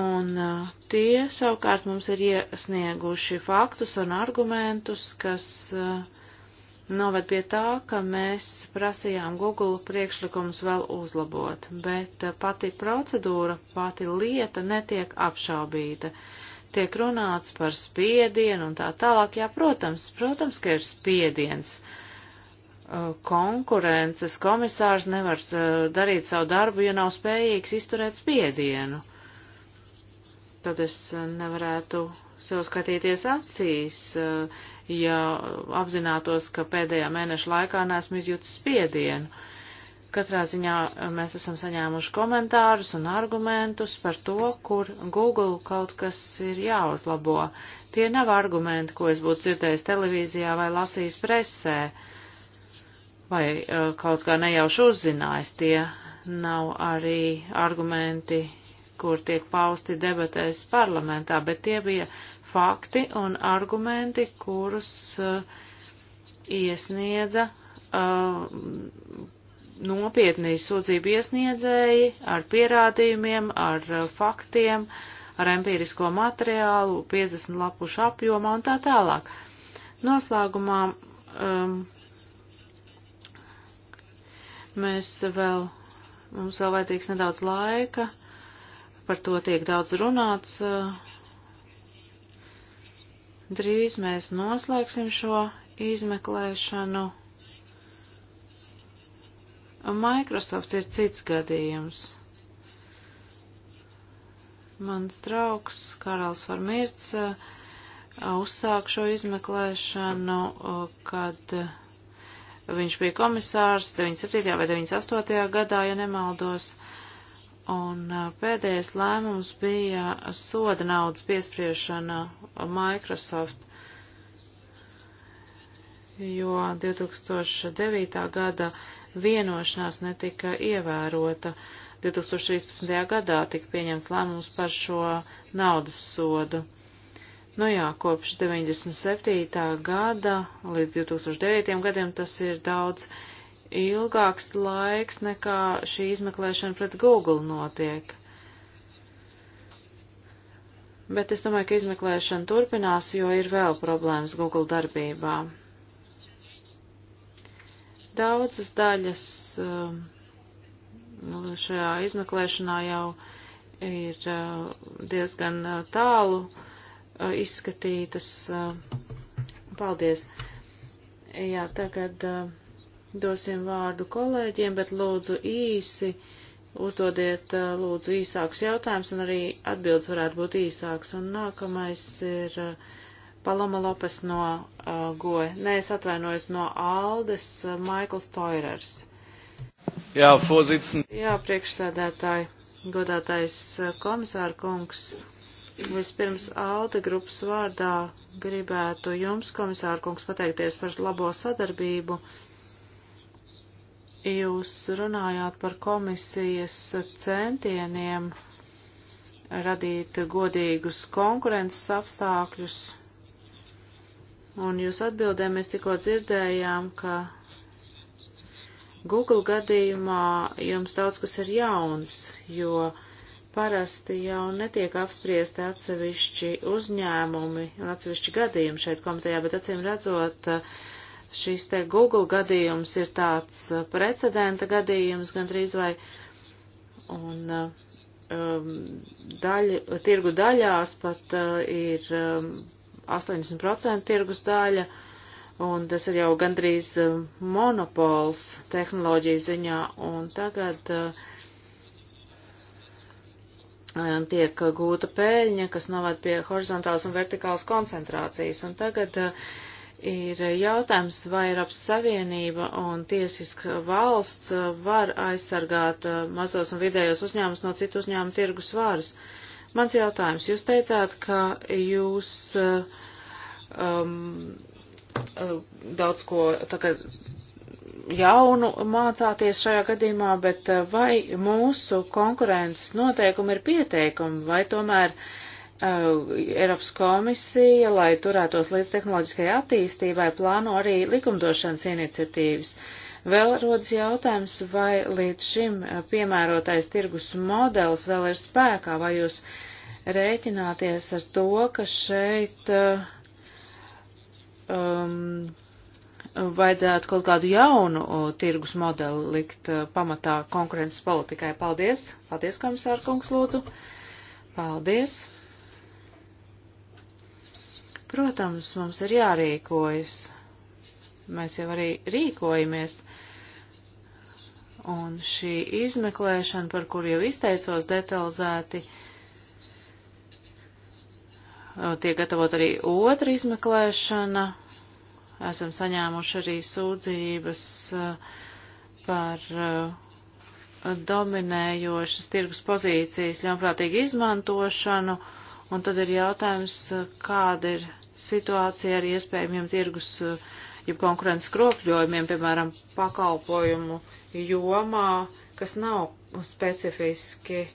un uh, tie savukārt mums ir iesnieguši faktus un argumentus, kas uh, noved pie tā, ka mēs prasījām Google priekšlikumus vēl uzlabot, bet eh, pati procedūra, pati lieta netiek apšaubīta. Tiek runāts par spiedienu un tā tālāk, jā, protams, protams, ka ir spiediens. Eh, konkurences komisārs nevar eh, darīt savu darbu, ja nav spējīgs izturēt spiedienu. Tad es nevarētu sev skatīties acīs. Uh, ja apzinātos, ka pēdējā mēneša laikā neesmu izjūtis spiedienu. Katrā ziņā mēs esam saņēmuši komentārus un argumentus par to, kur Google kaut kas ir jāuzlabo. Tie nav argumenti, ko es būtu dzirdējis televīzijā vai lasījis presē, vai e, kaut kā nejauši uzzinājis. Tie nav arī argumenti, kur tiek pausti debatēs parlamentā, bet tie bija fakti un argumenti, kurus uh, iesniedza uh, nopietnī sūdzību iesniedzēji ar pierādījumiem, ar uh, faktiem, ar empirisko materiālu, 50 lapušu apjomā un tā tālāk. Noslēgumā um, mēs vēl, mums vēl vajadzīgs nedaudz laika, par to tiek daudz runāts. Uh, Drīz mēs noslēgsim šo izmeklēšanu. Microsoft ir cits gadījums. Mans draugs Karls Varmirts uh, uzsāk šo izmeklēšanu, uh, kad uh, viņš bija komisārs 97. vai 98. gadā, ja nemaldos. Uh, Un pēdējais lēmums bija soda naudas piespriešana Microsoft, jo 2009. gada vienošanās netika ievērota. 2013. gadā tika pieņemts lēmums par šo naudas sodu. Nu jā, kopš 97. gada līdz 2009. gadiem tas ir daudz ilgāks laiks nekā šī izmeklēšana pret Google notiek. Bet es domāju, ka izmeklēšana turpinās, jo ir vēl problēmas Google darbībā. Daudzas daļas um, nu, šajā izmeklēšanā jau ir uh, diezgan uh, tālu uh, izskatītas. Paldies! Jā, tagad. Uh, Dosim vārdu kolēģiem, bet lūdzu īsi uzdodiet uh, lūdzu īsākus jautājumus un arī atbildes varētu būt īsāks. Un nākamais ir uh, Paloma Lopes no uh, Goe. Nē, es atvainojos no Aldes, uh, Maikls Toirers. Jā, fozicin. Jā, priekšsēdētāji, godātais uh, komisāra kungs. Vispirms Alde grupas vārdā gribētu jums, komisāra kungs, pateikties par labo sadarbību. Uh, jūs runājāt par komisijas centieniem radīt godīgus konkurences apstākļus, un jūs atbildē mēs tikko dzirdējām, ka Google gadījumā jums daudz kas ir jauns, jo parasti jau netiek apspriesti atsevišķi uzņēmumi un atsevišķi gadījumi šeit komitejā, bet acīm redzot, uh, Šis te Google gadījums ir tāds uh, precedenta gadījums gandrīz vai, un uh, um, daļa, tirgu daļās pat uh, ir um, 80% tirgus daļa, un tas ir jau gandrīz uh, monopols tehnoloģiju ziņā, un tagad uh, uh tiek gūta pēļņa, kas novad pie horizontālas un vertikālas koncentrācijas. Un tagad uh, ir jautājums, vai Eiropas Savienība un tiesiska valsts var aizsargāt uh, mazos un vidējos uzņēmumus no citu uzņēmumu tirgus vāras. Mans jautājums, jūs teicāt, ka jūs uh, um, uh, daudz ko tagad jaunu mācāties šajā gadījumā, bet vai mūsu konkurences noteikumi ir pieteikumi, vai tomēr uh, Eh, Eiropas komisija, lai turētos līdz tehnoloģiskajai attīstībai, plāno arī likumdošanas iniciatīvas. Vēl rodas jautājums, vai līdz šim eh, piemērotais tirgus modelis vēl ir spēkā, vai jūs rēķināties ar to, ka šeit eh, um, vajadzētu kaut kādu jaunu tirgus modeli likt pamatā konkurences politikai. Paldies! Paldies, komisāra kungs, lūdzu! Paldies! Protams, mums ir jārīkojas. Mēs jau arī rīkojamies. Un šī izmeklēšana, par kur jau izteicos detalizēti, tiek gatavot arī otra izmeklēšana. Esam saņēmuši arī sūdzības par dominējošas tirgus pozīcijas ļaunprātīgu izmantošanu, un tad ir jautājums, kāda ir situācija ar iespējamiem tirgus, eh, ja konkurences kropļojumiem, piemēram, pakalpojumu jomā, kas nav specifiski eh,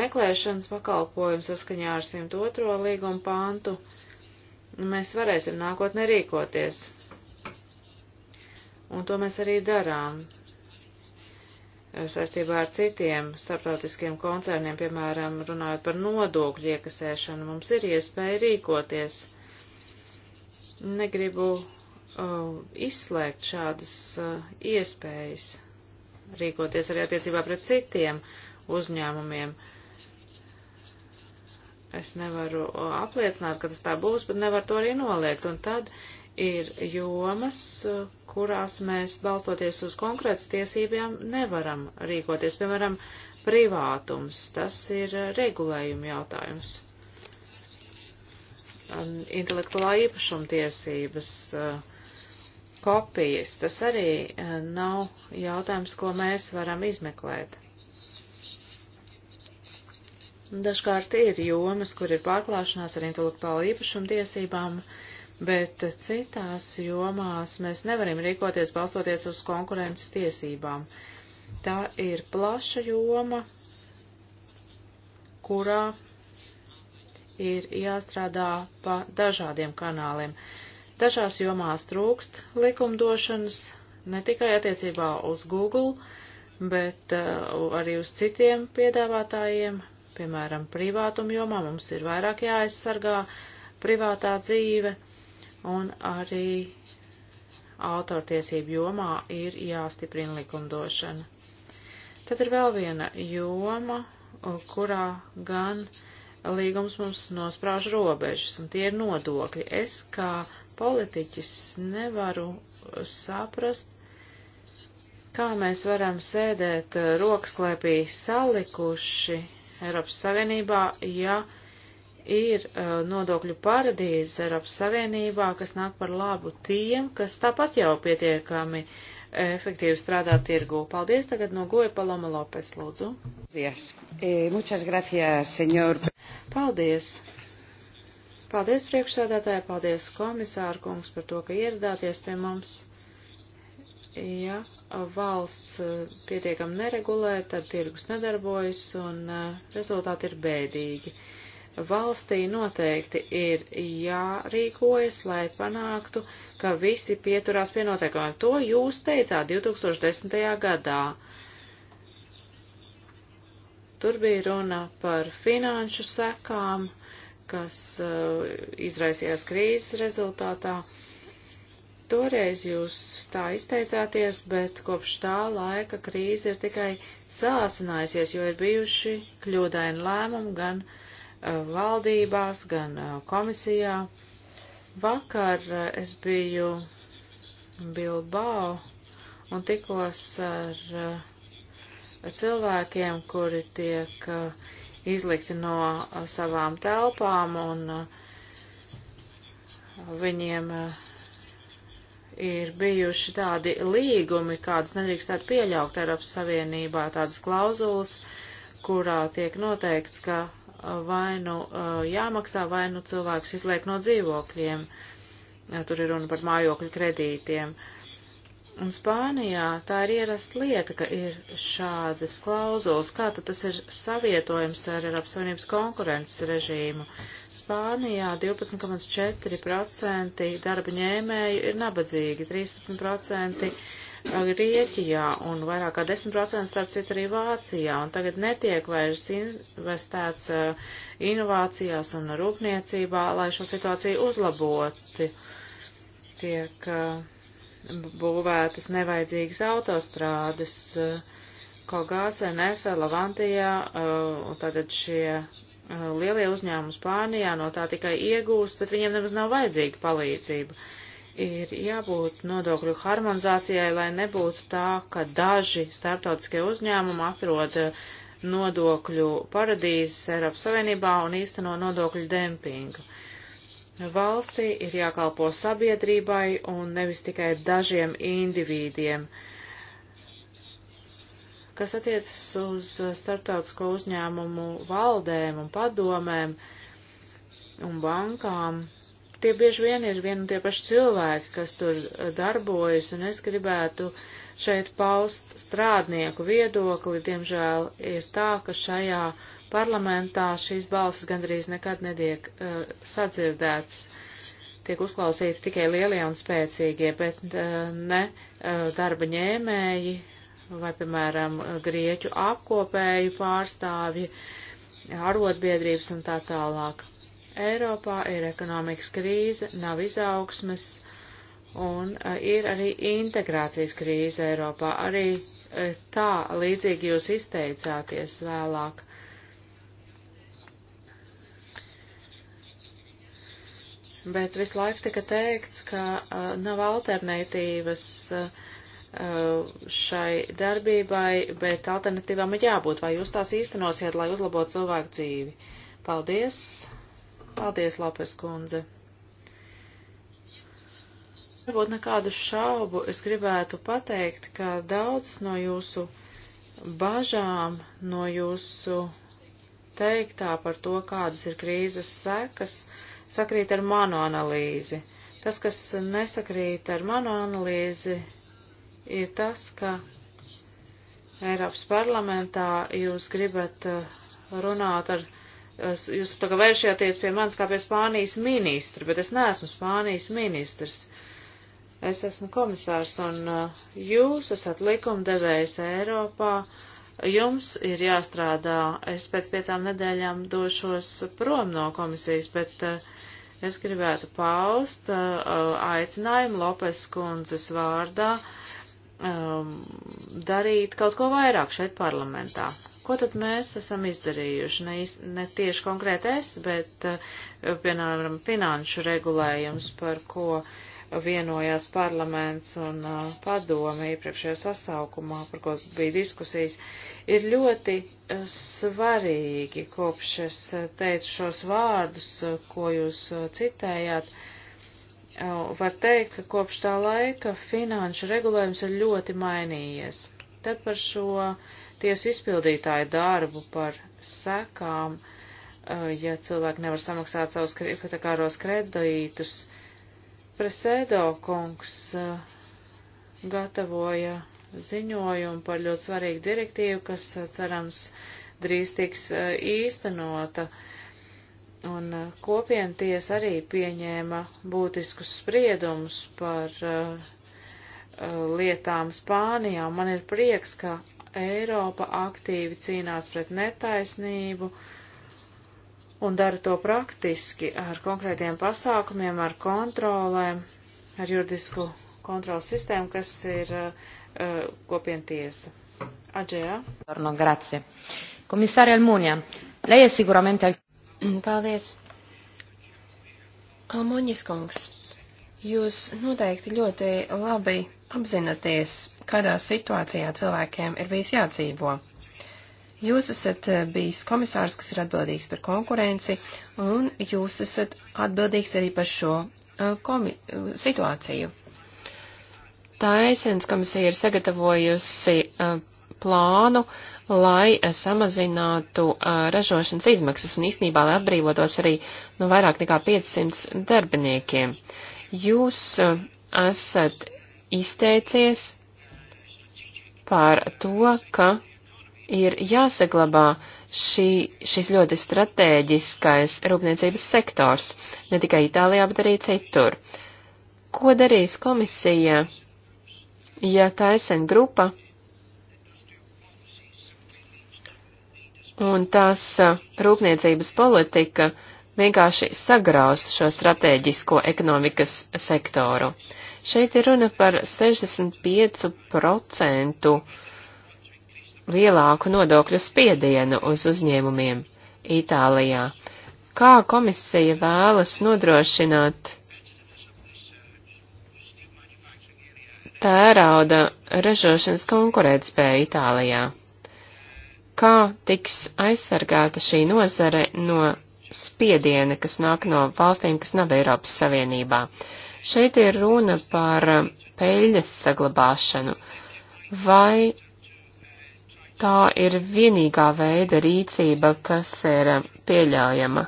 meklēšanas pakalpojumu saskaņā ar 102. līgumu pāntu, mēs varēsim nākotnē rīkoties. Un to mēs arī darām saistībā ar citiem starptautiskiem koncerniem, piemēram, runājot par nodokļu iekasēšanu, mums ir iespēja rīkoties. Negribu uh, izslēgt šādas uh, iespējas rīkoties arī attiecībā pret citiem uzņēmumiem. Es nevaru uh, apliecināt, ka tas tā būs, bet nevar to arī noliegt. Un tad ir jomas, uh, kurās mēs, balstoties uz konkrētas tiesībām, nevaram rīkoties. Piemēram, privātums, tas ir regulējuma jautājums. Intelektuālā īpašuma tiesības, uh, kopijas, tas arī uh, nav jautājums, ko mēs varam izmeklēt. Dažkārt ir jomas, kur ir pārklāšanās ar intelektuālu īpašumu tiesībām, uh, bet citās jomās mēs nevaram rīkoties balstoties uz konkurences tiesībām. Tā ir plaša joma, kurā ir jāstrādā pa dažādiem kanāliem. Dažās jomās trūkst likumdošanas, ne tikai attiecībā uz Google, bet uh, arī uz citiem piedāvātājiem, piemēram, privātum jomā mums ir vairāk jāaizsargā privātā dzīve. Uh, un arī autortiesību jomā ir jāstiprina likumdošana. Tad ir vēl viena joma, kurā gan līgums mums nosprāž robežas, un tie ir nodokļi. Es kā politiķis nevaru saprast, kā mēs varam sēdēt eh, rokas klēpī salikuši Eiropas Savienībā, ja uh, ir uh, nodokļu paradīzes Eiropas Savienībā, kas nāk par labu tiem, kas tāpat jau pietiekami eh, efektīvi strādā tirgu. Paldies tagad no goja Paloma Lopes, lūdzu. Paldies. E, eh, muchas gracias, senor. Paldies. Paldies priekšsēdētāji, paldies komisāru kungs par to, ka ieradāties pie mums. Ja valsts eh, pietiekam neregulē, tad tirgus nedarbojas un rezultāti ir bēdīgi valstī noteikti ir jārīkojas, lai panāktu, ka visi pieturās pie noteikumiem. To jūs teicāt 2010. gadā. Tur bija runa par finanšu sekām, kas uh, izraisījās krīzes rezultātā. Toreiz jūs tā izteicāties, bet kopš tā laika krīze ir tikai sāsinājusies, jo ir bijuši kļūdaini lēmumi gan uh, Eh, valdībās, gan eh, komisijā. Vakar eh, es biju Bilbao un tikos ar, ar cilvēkiem, kuri tiek izlikti no savām telpām un viņiem ir bijuši tādi līgumi, kādus nedrīkstētu pieļaut Eiropas Savienībā, tādas klauzulas, kurā tiek noteikts, ka vai nu eh, jāmaksā, vai nu cilvēks izliek no dzīvokļiem. Eh, tur ir runa par mājokļu kredītiem. Un Spānijā tā ir ierasta lieta, ka ir šādas klauzulas. Kā tad tas ir savietojams ar Eiropas Savienības konkurences režīmu? Spānijā 12,4% darba ņēmēju ir nabadzīgi, 13% Grieķijā un vairāk kā 10% starp citu arī Vācijā, un tagad netiek vairs investēts eh, inovācijās un rūpniecībā, lai šo situāciju uzlaboti. Tiek eh, būvētas nevajadzīgas autostrādes, eh, Kogāse, Nefe, Lavantijā, un tātad šie lielie uzņēmumi Spānijā no tā tikai iegūst, bet viņiem nemaz nav vajadzīga palīdzība ir jābūt nodokļu harmonizācijai, lai nebūtu tā, ka daži starptautiskie uzņēmumi atrod eh, nodokļu paradīzes Eiropas Savienībā un īsteno nodokļu dempingu. Valstī ir jākalpo sabiedrībai un nevis tikai dažiem individiem. Kas attiecas uz starptautisko uzņēmumu valdēm un padomēm un bankām, tie bieži vien ir vien un tie paši cilvēki, kas tur darbojas, un es gribētu šeit paust strādnieku viedokli. Diemžēl ir tā, ka šajā parlamentā šīs balsis gandrīz nekad netiek uh, sadzirdētas. Tiek uzklausīti tikai lielie un spēcīgie, bet uh, ne uh, darba ņēmēji vai, piemēram, grieķu apkopēju pārstāvji, arotbiedrības un tā tālāk Eiropā ir ekonomikas krīze, nav izaugsmes un e, ir arī integrācijas krīze Eiropā. Arī e, tā līdzīgi jūs izteicāties vēlāk. Bet visu laiku tika teikts, ka uh, nav alternatīvas uh, šai darbībai, bet alternatīvām ir jābūt. Vai jūs tās īstenosiet, lai uzlabotu cilvēku dzīvi? Paldies! Paldies, Lopes kundze. Varbūt nekādu šaubu es gribētu pateikt, ka daudzas no jūsu bažām, no jūsu teiktā par to, kādas ir krīzes sekas, sakrīt ar manu analīzi. Tas, kas nesakrīt ar manu analīzi, ir tas, ka Eiropas parlamentā jūs gribat uh, runāt ar jūs tagad vēršaties pie manis kā pie Spānijas ministra, bet es neesmu Spānijas ministrs. Es esmu komisārs un uh, jūs esat likumdevējs Eiropā. Jums ir jāstrādā. Es pēc piecām nedēļām došos prom no komisijas, bet uh, es gribētu paust uh, aicinājumu Lopes kundzes vārdā um, darīt kaut ko vairāk šeit parlamentā. Ko tad mēs esam izdarījuši? Ne, ne tieši konkrēti es, bet, uh, piemēram, finanšu regulējums, par ko vienojās parlaments un uh, padomi iepriekšējā sasaukumā, par ko bija diskusijas, ir ļoti uh, svarīgi, kopš es uh, teicu šos vārdus, uh, ko jūs uh, citējāt. Uh, var teikt, ka kopš tā laika finanšu regulējums ir ļoti mainījies. Tad par šo tiesu izpildītāju darbu, par sekām, eh, ja cilvēki nevar samaksāt savus hipotekāros kredītus, Presēdo kungs eh, gatavoja ziņojumu par ļoti svarīgu direktīvu, kas eh, cerams drīz tiks īstenota. Uh, Un eh, kopiena tiesa arī pieņēma būtiskus spriedumus par uh, lietām Spānijā. Man ir prieks, ka Eiropa aktīvi cīnās pret netaisnību un dara to praktiski ar konkrētiem pasākumiem, ar kontrolēm, ar juridisku kontrolu sistēmu, kas ir uh, kopientiesa. Adžējā. Grazie. Komisāri Almuņā, lei è sicuramente al Mm, paldies! Almoņas kungs, jūs noteikti ļoti labi apzināties, kādā situācijā cilvēkiem ir bijis jādzīvo. Jūs esat eh, bijis komisārs, kas ir atbildīgs par konkurenci, un jūs esat atbildīgs arī par šo eh, komi eh, situāciju. Taisens komisija ir sagatavojusi plānu, lai eh, samazinātu uh, ražošanas izmaksas un īstenībā, lai atbrīvotos arī no nu, vairāk nekā 500 darbiniekiem. Jūs uh, esat izteicies par to, ka ir jāsaglabā šī, šis ļoti strateģiskais rūpniecības sektors, ne tikai Itālijā, bet arī citur. Ko darīs komisija, ja taisen grupa un tās uh, rūpniecības politika vienkārši sagraus šo strateģisko ekonomikas sektoru. Šeit ir runa par 65% lielāku nodokļu spiedienu uz uzņēmumiem Itālijā. Kā komisija vēlas nodrošināt tērauda ražošanas konkurētspēju Itālijā? kā tiks aizsargāta šī nozare no spiediena, kas nāk no valstīm, kas nav Eiropas Savienībā. Šeit ir runa par peļņas saglabāšanu. Vai tā ir vienīgā veida rīcība, kas ir pieļaujama?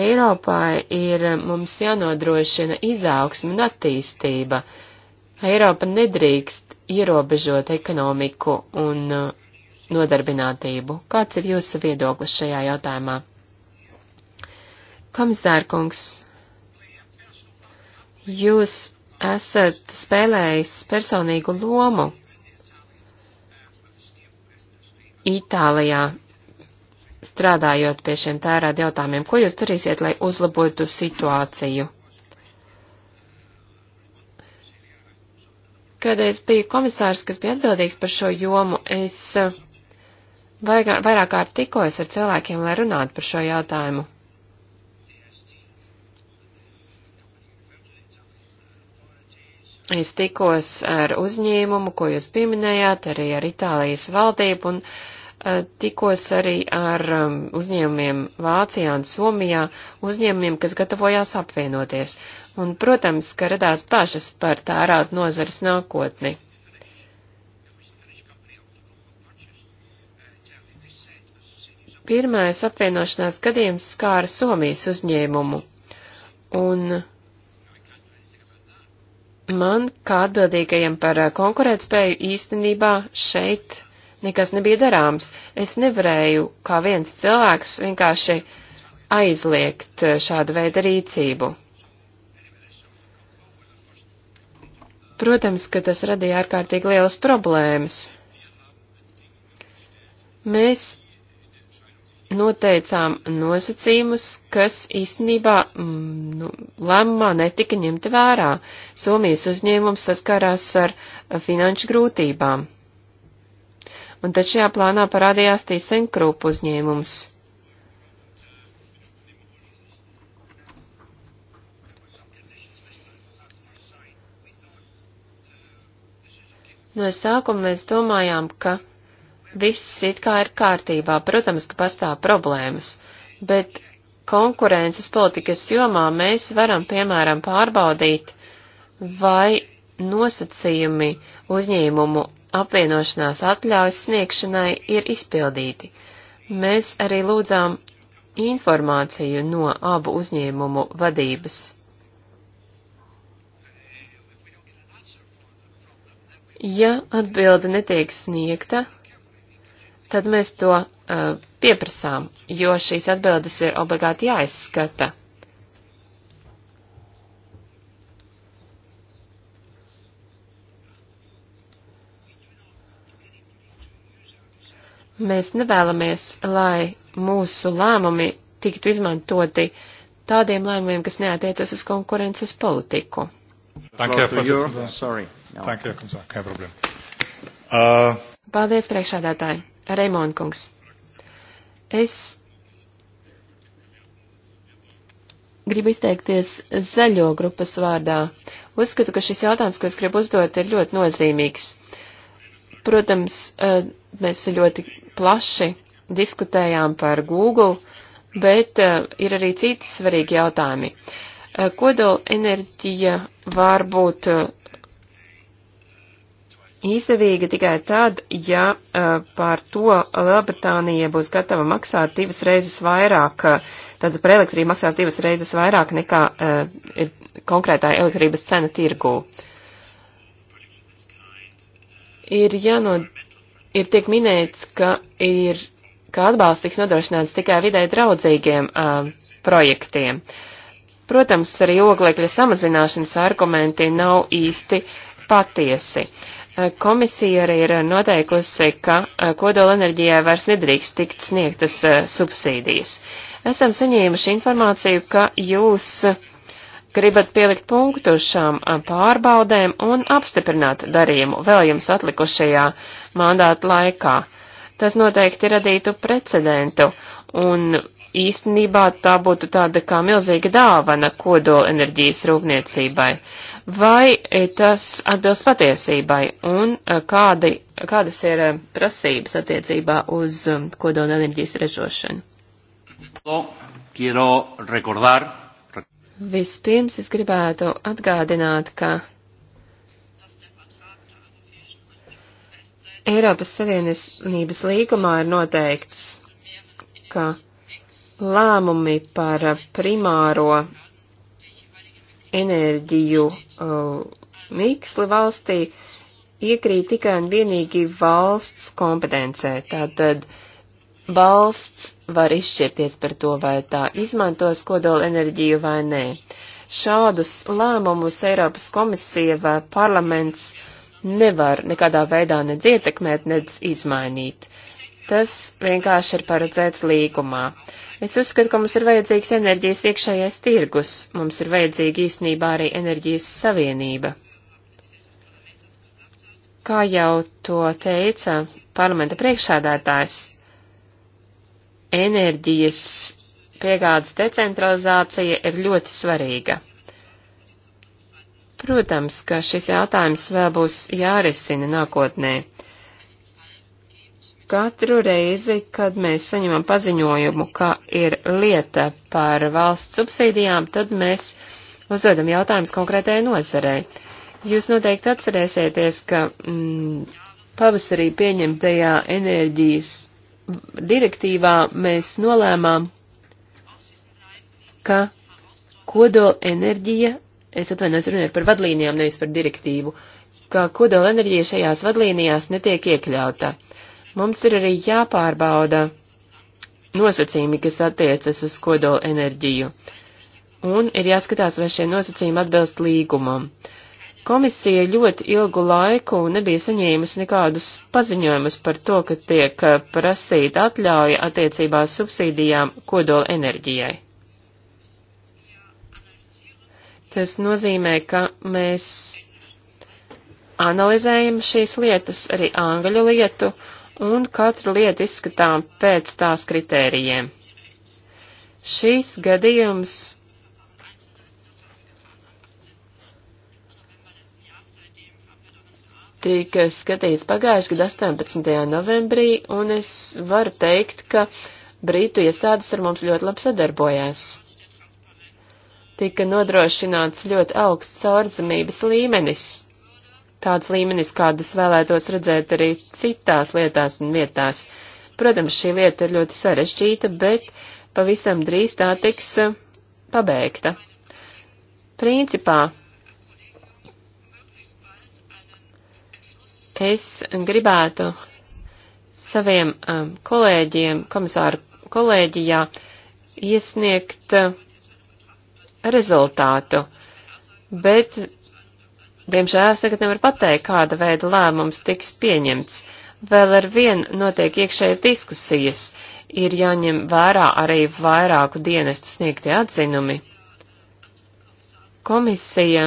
Eiropai ir mums jānodrošina izaugsme un attīstība. Eiropa nedrīkst ierobežot ekonomiku un uh, nodarbinātību. Kāds ir jūsu viedoklis šajā jautājumā? Komisārkungs, jūs esat spēlējis personīgu lomu Itālijā strādājot pie šiem tērāda jautājumiem, ko jūs darīsiet, lai uzlabotu situāciju? Kad es biju komisārs, kas bija atbildīgs par šo jomu, es vairāk kārt tikos ar cilvēkiem, lai runātu par šo jautājumu. Es tikos ar uzņēmumu, ko jūs pieminējāt, arī ar Itālijas valdību un eh, tikos arī ar um, uzņēmumiem Vācijā un Somijā, uzņēmumiem, kas gatavojās apvienoties. Un, protams, ka radās pašas par tērauda nozares nākotni. Pirmais apvienošanās gadījums skāra Somijas uzņēmumu, un man, kā atbildīgajam par konkurētspēju, īstenībā šeit nekas nebija darāms. Es nevarēju kā viens cilvēks vienkārši aizliegt šādu veidu rīcību. Protams, ka tas radīja ārkārtīgi lielas problēmas. Mēs noteicām nosacījumus, kas īstenībā mm, nu, lēmumā netika ņemta vērā. Somijas uzņēmums saskārās ar finanšu grūtībām. Un tad šajā plānā parādījās Tīsenkrūp uzņēmums. No sākuma mēs domājām, ka viss it kā ir kārtībā. Protams, ka pastāv problēmas, bet konkurences politikas jomā mēs varam, piemēram, pārbaudīt, vai nosacījumi uzņēmumu apvienošanās atļaujas sniegšanai ir izpildīti. Mēs arī lūdzām informāciju no abu uzņēmumu vadības. Ja atbilde netiek sniegta, tad mēs to uh, pieprasām, jo šīs atbildes ir obligāti jāizskata. Mēs nevēlamies, lai mūsu lēmumi tiktu izmantoti tādiem lēmumiem, kas neatiecas uz konkurences politiku. Paldies, priekšādātāji! Reimonkungs. Es gribu izteikties zaļo grupas vārdā. Uzskatu, ka šis jautājums, ko es gribu uzdot, ir ļoti nozīmīgs. Protams, eh, mēs ļoti plaši diskutējām par Google, bet eh, ir arī citi svarīgi jautājumi. Eh, Kodola enerģija var būt izdevīga tikai tad, ja uh, par to Lielbritānija būs gatava maksāt divas reizes vairāk, tad par elektrību maksās divas reizes vairāk nekā uh, ir konkrētā elektrības cena tirgū. Ir jāno, ir tiek minēts, ka ir, ka atbalsts tiks nodrošināts tikai vidē draudzīgiem uh, projektiem. Protams, arī oglekļa samazināšanas argumenti nav īsti patiesi. Uh, Komisija arī ir noteikusi, ka eh, kodolenerģijai vairs nedrīkst tikt sniegtas eh, subsīdijas. Esam saņēmuši informāciju, ka jūs gribat pielikt punktu šām eh, pārbaudēm un apstiprināt darījumu vēl jums atlikušajā mandāta laikā. Tas noteikti radītu precedentu un īstenībā tā būtu tāda kā milzīga dāvana kodola enerģijas rūpniecībai. Vai eh, tas atbilst patiesībai un eh, kādi, kādas ir eh, prasības attiecībā uz um, kodola enerģijas ražošanu? Vispirms es gribētu atgādināt, ka Eiropas Savienības līgumā ir noteikts, ka Lēmumi par primāro enerģiju uh, miksli valstī iekrīt tikai un vienīgi valsts kompetencē. Tātad valsts var izšķirties par to, vai tā izmantos kodola enerģiju vai nē. Šādus lēmumus Eiropas komisija vai parlaments nevar nekādā veidā nedz ietekmēt, nedz izmainīt. Tas vienkārši ir paredzēts līgumā. Es uzskatu, ka mums ir vajadzīgs enerģijas iekšējais tirgus, mums ir vajadzīga īsnībā arī enerģijas savienība. Kā jau to teica parlamenta priekšsādātājs, enerģijas piegādes decentralizācija ir ļoti svarīga. Protams, ka šis jautājums vēl būs jārisina nākotnē. Katru reizi, kad mēs saņemam paziņojumu, ka ir lieta par valsts subsīdijām, tad mēs uzdodam jautājumus konkrētajai nozarei. Jūs noteikti atcerēsieties, ka mm, pavasarī pieņemtajā enerģijas direktīvā mēs nolēmām, ka kodola enerģija, es atvainojos runāt par vadlīnijām, nevis par direktīvu, ka kodola enerģija šajās vadlīnijās netiek iekļauta. Uh, Mums ir arī jāpārbauda nosacījumi, kas attiecas uz kodola enerģiju, un ir jāskatās, vai šie nosacījumi atbilst līgumam. Komisija ļoti ilgu laiku nebija saņēmusi nekādus paziņojumus par to, ka tiek eh, prasīta atļauja attiecībā subsīdijām kodola enerģijai. Tas nozīmē, ka mēs analizējam šīs lietas, arī angļu lietu, uh, un katru lietu izskatām pēc tās kritērijiem. Šīs gadījums tika skatīts pagājušajā gadā 18. novembrī, un es varu teikt, ka Brītu iestādes ar mums ļoti labi sadarbojās. Tika nodrošināts ļoti augsts caurdzamības līmenis tāds līmenis, kādas vēlētos redzēt arī citās lietās un vietās. Protams, šī lieta ir ļoti sarežģīta, bet pavisam drīz tā tiks eh, pabeigta. Principā es gribētu saviem um, kolēģiem, komisāru kolēģijā, iesniegt eh, rezultātu, bet Diemžēl es tagad nevaru pateikt, kāda veida lēmums tiks pieņemts. Vēl ar vien notiek iekšējas diskusijas, ir jāņem vērā arī vairāku dienestu sniegtie atzinumi. Komisija,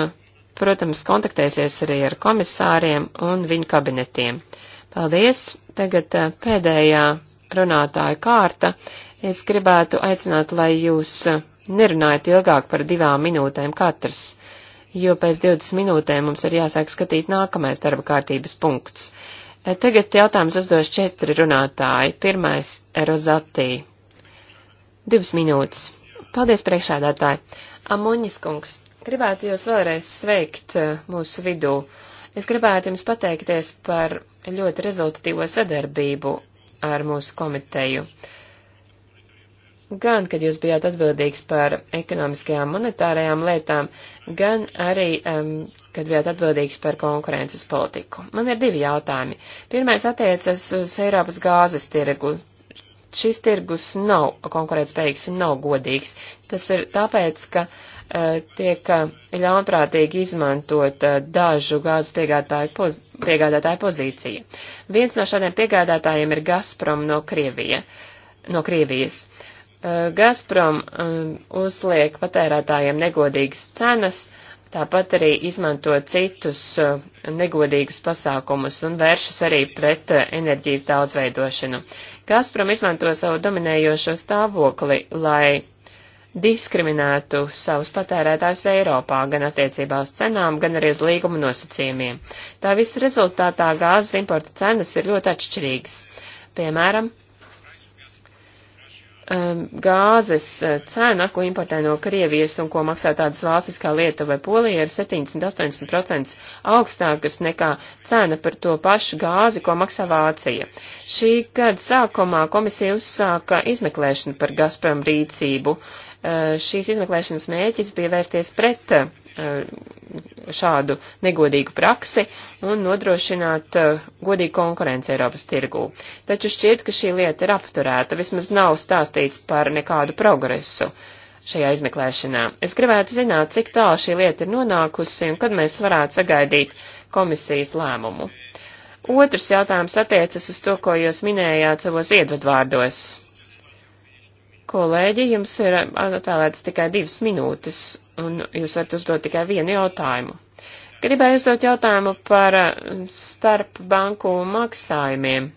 protams, kontaktēsies arī ar komisāriem un viņu kabinetiem. Paldies! Tagad eh, pēdējā runātāja kārta. Es gribētu aicināt, lai jūs eh, nerunājat ilgāk par divām minūtēm katrs jo pēc 20 minūtēm mums ir jāsāk skatīt nākamais darba kārtības punkts. E, tagad jautājums uzdos četri runātāji. Pirmais - Rozatī. Divas minūtes. Paldies, priekšādātāji. Amuņas kungs, gribētu jūs vēlreiz sveikt e, mūsu vidū. Es gribētu jums pateikties par ļoti rezultatīvo sadarbību ar mūsu komiteju. Uh, gan, kad jūs bijāt atbildīgs par ekonomiskajām monetārajām lietām, gan arī, um, kad bijāt atbildīgs par konkurences politiku. Man ir divi jautājumi. Pirmais attiecas uz Eiropas gāzes tirgu. Šis tirgus nav konkurētspējīgs un nav godīgs. Tas ir tāpēc, ka uh, tiek e, ļaunprātīgi izmantot uh, dažu gāzes piegādātāju, poz piegādātāju pozīciju. Viens no šādiem piegādātājiem ir Gazprom no Krievija. No Krievijas. Eh, Gazprom eh, uzliek patērētājiem negodīgas cenas, tāpat arī izmanto citus eh, negodīgus pasākumus un vēršas arī pret enerģijas daudzveidošanu. Gazprom izmanto savu dominējošo stāvokli, lai diskriminētu savus patērētājus Eiropā, gan attiecībā uz cenām, gan arī uz līguma nosacījumiem. Tā visa rezultātā gāzes importa cenas ir ļoti atšķirīgas. Piemēram, Um, gāzes uh, cena, ko importē no Krievijas un ko maksā tādas valstis kā Lietuva vai Polija, ir 70-80% augstākas nekā cena par to pašu gāzi, ko maksā Vācija. Šī gada sākumā komisija uzsāka izmeklēšanu par Gazprom rīcību. Uh, šīs izmeklēšanas mēķis bija vērsties pret uh, Eh, šādu negodīgu praksi un nodrošināt eh, godīgu konkurenci Eiropas tirgū. Taču šķiet, ka šī lieta ir apturēta, vismaz nav stāstīts par nekādu progresu šajā izmeklēšanā. Es gribētu zināt, cik tālu šī lieta ir nonākusi un kad mēs varētu sagaidīt komisijas lēmumu. Otrs jautājums attiecas uz to, ko jūs minējāt savos iedvedvārdos Kolēģi, jums ir eh, atvēlētas tikai divas minūtes, un jūs varat uzdot tikai vienu jautājumu. Gribēju uzdot jautājumu par eh, starp banku maksājumiem.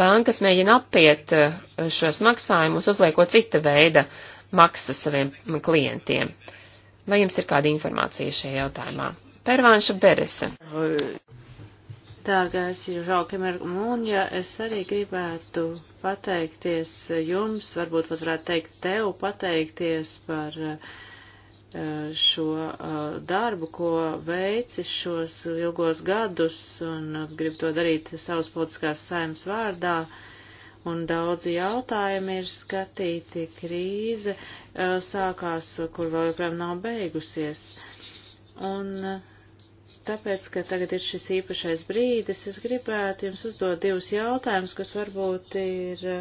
Bankas mēģina apiet eh, šos maksājumus, uzliekot cita veida maksas saviem klientiem. Vai jums ir kāda informācija šajā jautājumā? Pervānša Berese. Dārgais Žaukemēr Mūnja, es arī gribētu pateikties jums, varbūt pat varētu teikt tev pateikties par eh, šo eh, darbu, ko veici šos ilgos gadus, un gribu to darīt savas politiskās saimnes vārdā un daudzi jautājumi ir skatīti. Krīze eh, sākās, kur vēl joprojām nav beigusies. Un tāpēc, ka tagad ir šis īpašais brīdis, es gribētu jums uzdot divus jautājumus, kas varbūt ir e,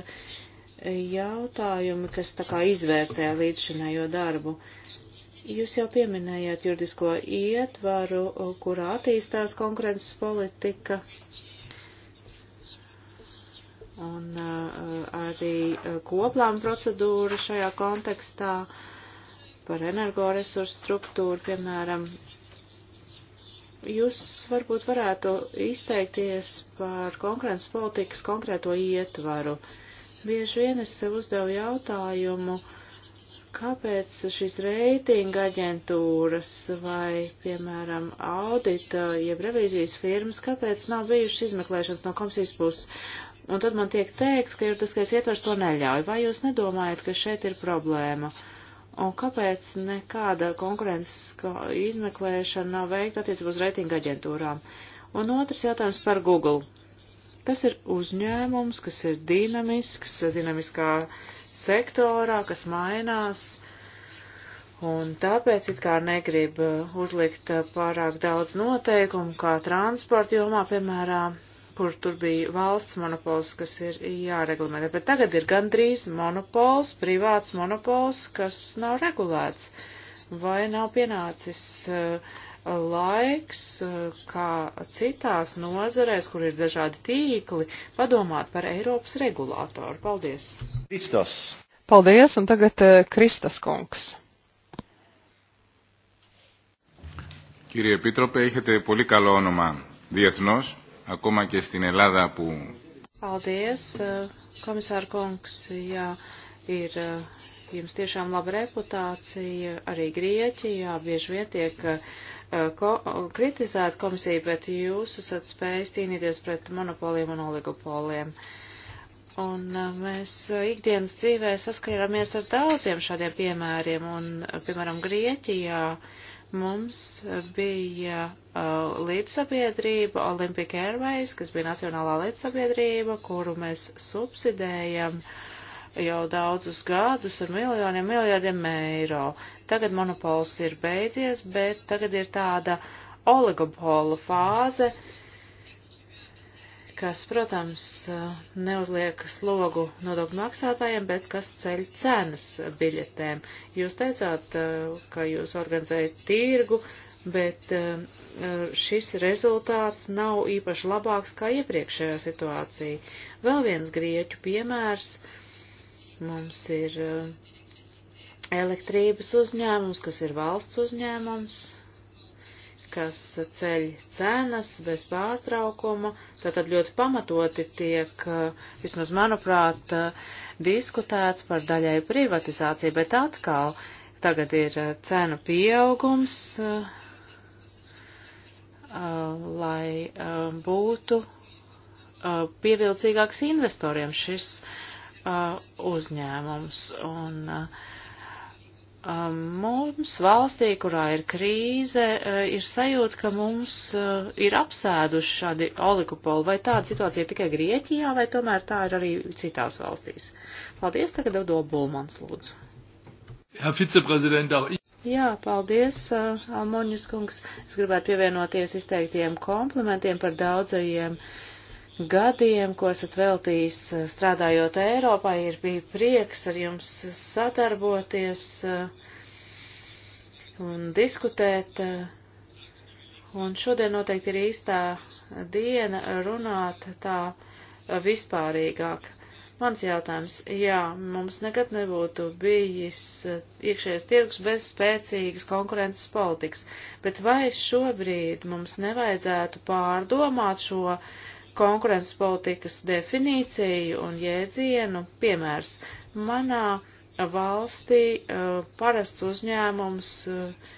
jautājumi, kas tā kā izvērtē līdzšinējo darbu. Jūs jau pieminējāt juridisko ietvaru, kurā attīstās konkurences politika un e, arī e, koplām procedūra šajā kontekstā par energoresursu struktūru, piemēram, jūs varbūt varētu izteikties par konkurences politikas konkrēto ietvaru. Bieži vien es sev uzdevu jautājumu, kāpēc šīs reitinga aģentūras vai, piemēram, audita, jeb revīzijas firmas, kāpēc nav bijušas izmeklēšanas no komisijas puses. Un tad man tiek teikts, ka juridiskais ietvers to neļauj. Vai jūs nedomājat, ka šeit ir problēma? Uh, Un kāpēc nekāda konkurences izmeklēšana nav veikta attiecībā uz reitinga aģentūrām? Un otrs jautājums par Google. Tas ir uzņēmums, kas ir dinamisks, dinamiskā sektorā, kas mainās, un tāpēc it kā negrib uzlikt pārāk daudz noteikumu, kā transporta jomā, piemēram, kur tur bija valsts monopols, kas ir jāreglamentē. Bet tagad ir gandrīz monopols, privāts monopols, kas nav regulēts. Vai nav pienācis uh, laiks, uh, kā citās nozarēs, kur ir dažādi tīkli, padomāt par Eiropas regulātoru? Paldies! Kristas! Paldies, un tagad uh, Kristas kungs. Κύριε Επίτροπε, έχετε πολύ καλό όνομα διεθνώς ακόμα και στην Ελλάδα που... Paldies, eh, komisāra kungs, jā, ir eh, jums tiešām laba reputācija, arī Grieķijā bieži vien tiek eh, ko, kritizēta komisija, bet jūs esat spējis cīnīties pret monopoliem un oligopoliem. Un mēs ikdienas dzīvē saskaramies ar daudziem šādiem piemēriem, un, piemēram, Grieķijā uh, Mums bija uh, līdzsabiedrība Olympic Airways, kas bija nacionālā līdzsabiedrība, kuru mēs subsidējam jau daudzus gadus ar miljoniem, miljardiem eiro. Tagad monopols ir beidzies, bet tagad ir tāda oligopola fāze, uh, kas, protams, neuzliek slogu nodokļu maksātājiem, bet kas ceļ cenas biļetēm. Jūs teicāt, eh, ka jūs organizējat tirgu, bet eh, šis rezultāts nav īpaši labāks kā iepriekšējā situācija. Vēl viens grieķu piemērs. Mums ir eh, elektrības uzņēmums, kas ir valsts uzņēmums, kas ceļ cenas bez pārtraukuma, tātad ļoti pamatoti tiek, eh, vismaz manuprāt, eh, diskutēts par daļai privatizāciju, bet atkal tagad ir eh, cenu pieaugums, lai būtu pievilcīgāks investoriem šis uzņēmums. Un, uh, Um, mums valstī, kurā ir krīze, uh, ir sajūta, ka mums uh, ir apsēduši šādi oligopoli. Vai tāda situācija ir tikai Grieķijā, vai tomēr tā ir arī citās valstīs? Paldies, tagad Dodo Bulmans lūdzu. Herr Vizepräsident, auch ich. Jā, paldies, uh, Almoņas kungs. Es gribētu pievienoties izteiktiem komplimentiem par daudzajiem uh, gadiem, ko esat veltījis eh, strādājot Eiropā. Ir bija prieks ar jums sadarboties eh, un diskutēt. Eh, un šodien noteikti ir īstā diena runāt tā vispārīgāk. Mans jautājums, jā, mums nekad nebūtu bijis iekšējais tirgus bez spēcīgas konkurences politikas, bet vai šobrīd mums nevajadzētu pārdomāt šo uh, konkurences politikas definīciju un jēdzienu. Piemērs, manā valstī uh, parasts uzņēmums uh,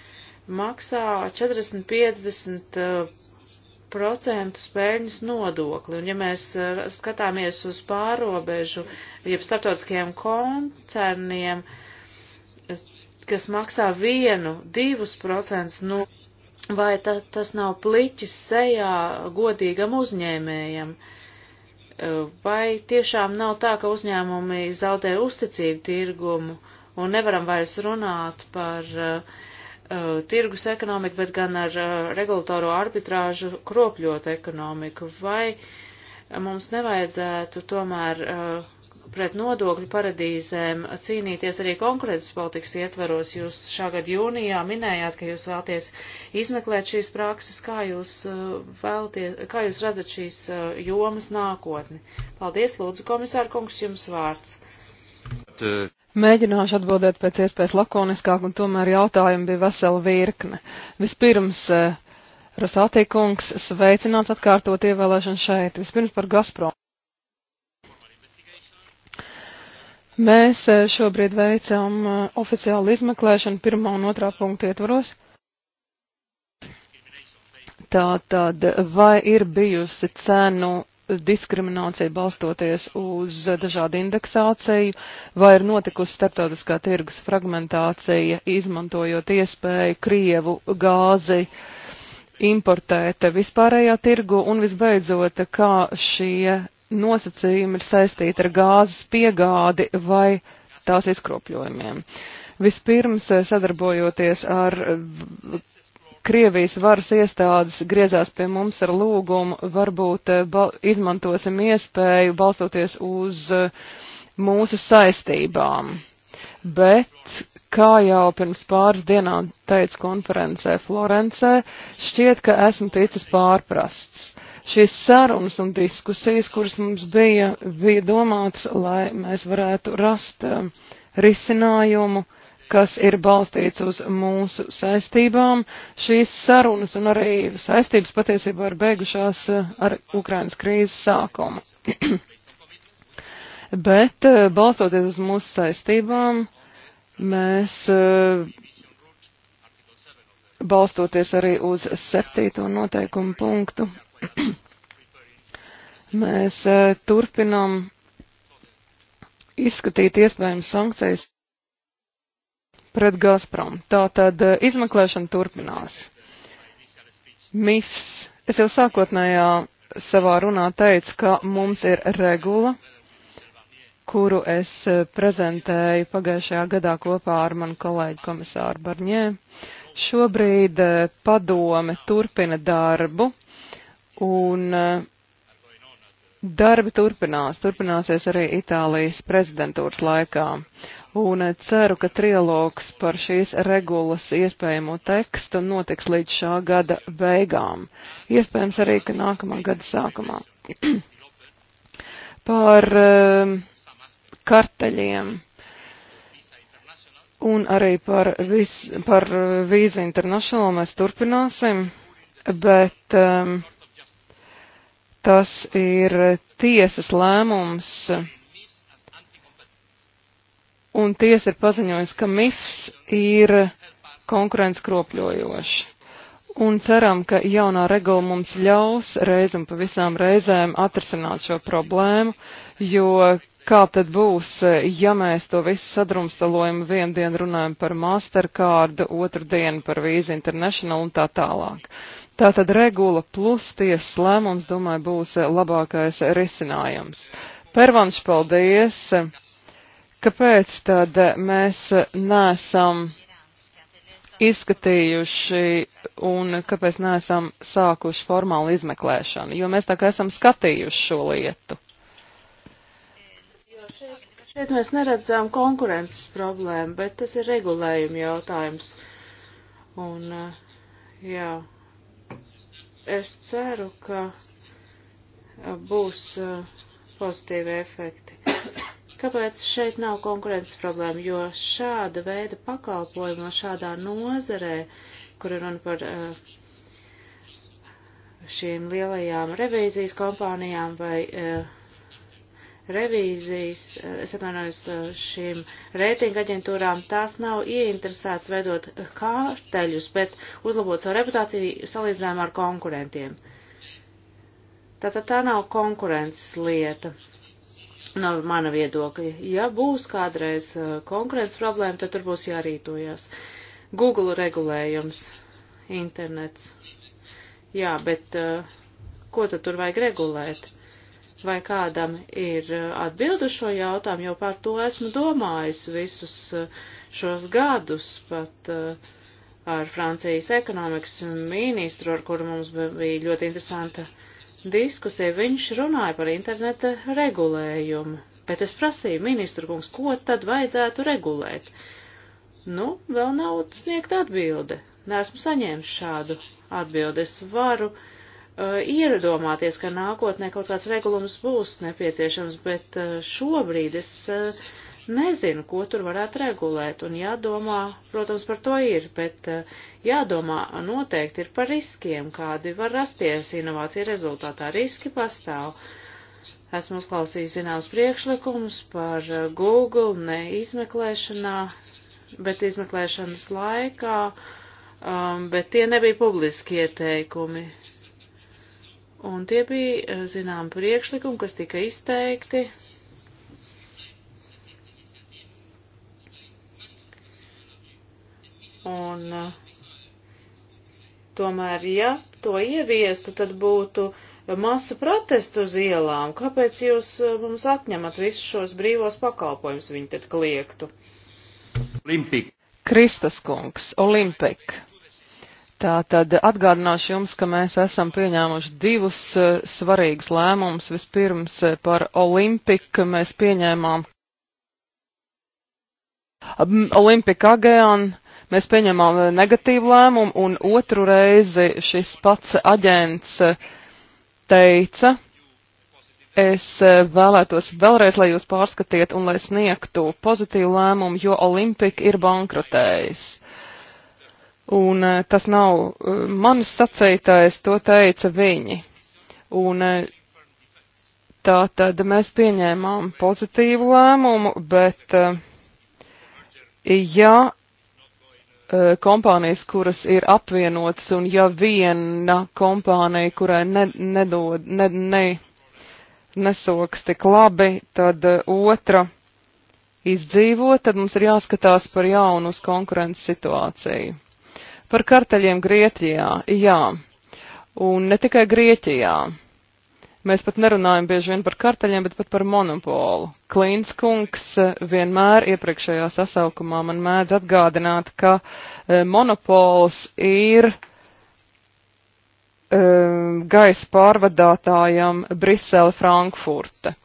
maksā 40-50 uh, procentu spēļņas nodokli. Un ja mēs skatāmies uz pārobežu, jeb starptautiskajiem koncerniem, kas maksā vienu, divus procentus no vai ta, tas nav pliķis sejā godīgam uzņēmējam, e, vai tiešām nav tā, ka uzņēmumi zaudē uzticību tirgumu un nevaram vairs runāt par uh, tirgus ekonomiku, bet gan ar uh, regulatoro arbitrāžu kropļot ekonomiku, vai mums nevajadzētu tomēr uh, pret nodokļu paradīzēm cīnīties arī konkurences politikas ietveros. Jūs šā gada jūnijā minējāt, ka jūs vēlties izmeklēt šīs prakses, kā jūs, uh, vēlties, kā jūs redzat šīs uh, jomas nākotni. Paldies, lūdzu, komisāra kungs, jums vārds. Uh, Mēģināšu atbildēt pēc iespējas lakoniskāk, un tomēr jautājumi bija vesela virkne. Vispirms, Rosātī kungs, sveicināts atkārtot ievēlēšanu šeit, vispirms par Gazprom. Mēs eh, šobrīd veicam eh, oficiālu izmeklēšanu pirmā un otrā punkta ietvaros. Tātad, vai ir bijusi cenu diskriminācija balstoties uz dažādu indeksāciju, vai ir notikusi starptautiskā tirgus fragmentācija, izmantojot iespēju Krievu gāzi importēt vispārējā tirgu, un visbeidzot, kā šie nosacījumi ir saistīti ar gāzes piegādi vai tās izkropļojumiem. Vispirms eh, sadarbojoties ar eh, Krievijas varas iestādes griezās pie mums ar lūgumu, varbūt eh, izmantosim iespēju balstoties uz mūsu saistībām. Bet, kā jau pirms pāris dienām teica konferencē Florencē, šķiet, ka esmu ticis pārprasts. Uh, šīs sarunas un diskusijas, kuras mums bija, bija domāts, lai mēs varētu rast um, risinājumu, kas ir balstīts uz mūsu saistībām. Šīs sarunas un arī saistības patiesībā ir beigušās uh, ar Ukrainas krīzes sākumu. Bet uh, balstoties uz mūsu saistībām, mēs uh, balstoties arī uz septīto noteikumu punktu Mēs eh, turpinam izskatīt iespējamas sankcijas pret Gazprom. Tātad eh, izmeklēšana turpinās. MIFS. Es jau sākotnējā savā runā teicu, ka mums ir regula, kuru es eh, prezentēju pagājušajā gadā kopā ar manu kolēģi komisāru Barņē. Šobrīd padome turpina darbu Un eh, darbi turpinās, turpināsies arī Itālijas prezidentūras laikā. Un eh, ceru, ka trialogs par šīs regulas iespējamo tekstu notiks līdz šā gada beigām. Iespējams arī, ka nākamā gada sākumā. par eh, karteļiem un arī par, vis, par vīzi internacionālu mēs turpināsim, bet um, Tas ir tiesas lēmums. Un tiesa ir paziņojusi, ka MIFS ir konkurence kropļojoši. Un ceram, ka jaunā regula mums ļaus reiz un pavisam reizēm atrisināt šo problēmu, jo kā tad būs, ja mēs to visu sadrumstalojam, vienu dienu runājam par Mastercard, otru dienu par Visa International un tā tālāk. Tātad regula plus tiesas lēmums, domāju, būs labākais risinājums. Pervanš, paldies! Kāpēc tad mēs nesam izskatījuši un kāpēc neesam sākuši formālu izmeklēšanu, jo mēs tā kā esam skatījuši šo lietu. Jo šeit, šeit mēs neredzām konkurences problēmu, bet tas ir regulējuma jautājums. Un, jā. Es ceru, ka būs pozitīvi efekti. Kāpēc šeit nav konkurences problēma? Jo šāda veida pakalpojumā, šādā nozarē, kur ir runa par šīm lielajām revīzijas kompānijām vai uh, revīzijas, eh, es atvainojos eh, šīm reitinga aģentūrām, tās nav ieinteresētas veidot kārteļus, bet uzlabot savu reputāciju salīdzinājumā ar konkurentiem. Tātad tā nav konkurences lieta no mana viedokļa. Ja būs kādreiz eh, konkurences problēma, tad tur būs jārītojas. Google regulējums, internets. Jā, bet ko tad tur vajag regulēt? Vai kādam ir uh, atbildu šo jautājumu, jo par to esmu domājis visus uh, šos gadus pat uh, ar Francijas ekonomikas ministru, ar kuru mums bija ļoti interesanta diskusija. Viņš runāja par interneta regulējumu, bet es prasīju ministru kungs, ko tad vajadzētu regulēt. Nu, vēl nav sniegta atbilde. Nesmu saņēmis šādu atbildi. Es varu uh, uh, iedomāties, ka nākotnē kaut kāds regulums būs nepieciešams, bet uh, šobrīd es uh, nezinu, ko tur varētu regulēt. Un jādomā, protams, par to ir, bet jādomā noteikti ir par riskiem, kādi var rasties inovācija rezultātā. Riski pastāv. Esmu uzklausījis zināms priekšlikums par Google neizmeklēšanā, bet izmeklēšanas laikā, um, bet tie nebija publiski ieteikumi. Un tie bija, eh, zinām, priekšlikumi, kas tika izteikti. Un eh, tomēr, ja to ieviestu, tad būtu masu protestu uz ielām. Kāpēc jūs eh, mums atņemat visus šos brīvos pakalpojumus, viņi tad kliektu? Olimpik. Kristas kungs, Olimpik. Tā tad atgādināšu jums, ka mēs esam pieņēmuši divus uh, svarīgus lēmumus. Vispirms eh, par Olimpiku mēs pieņēmām Olimpika Ageon. Mēs pieņēmām eh, negatīvu lēmumu un otru reizi šis pats aģents teica, es vēlētos vēlreiz, lai jūs pārskatiet un lai sniegtu pozitīvu lēmumu, jo Olimpika ir bankrotējis. Un eh, tas nav eh, manis saceitais, to teica viņi. Un eh, tā tad mēs pieņēmām pozitīvu lēmumu, bet ja kompānijas, kuras ir apvienotas, un ja viena kompānija, kurai ne, nedod, ne, ne, nesoks tik labi, tad otra izdzīvo, tad mums ir jāskatās par jaunu uz konkurences situāciju. Par karteļiem Grieķijā, jā. Un ne tikai Grieķijā. Mēs pat nerunājam bieži vien par karteļiem, bet pat par monopolu. Klīns kungs e, vienmēr iepriekšējā sasaukumā man mēdz atgādināt, ka e, monopols ir um, gaisa pārvadātājam Brisele Frankfurte.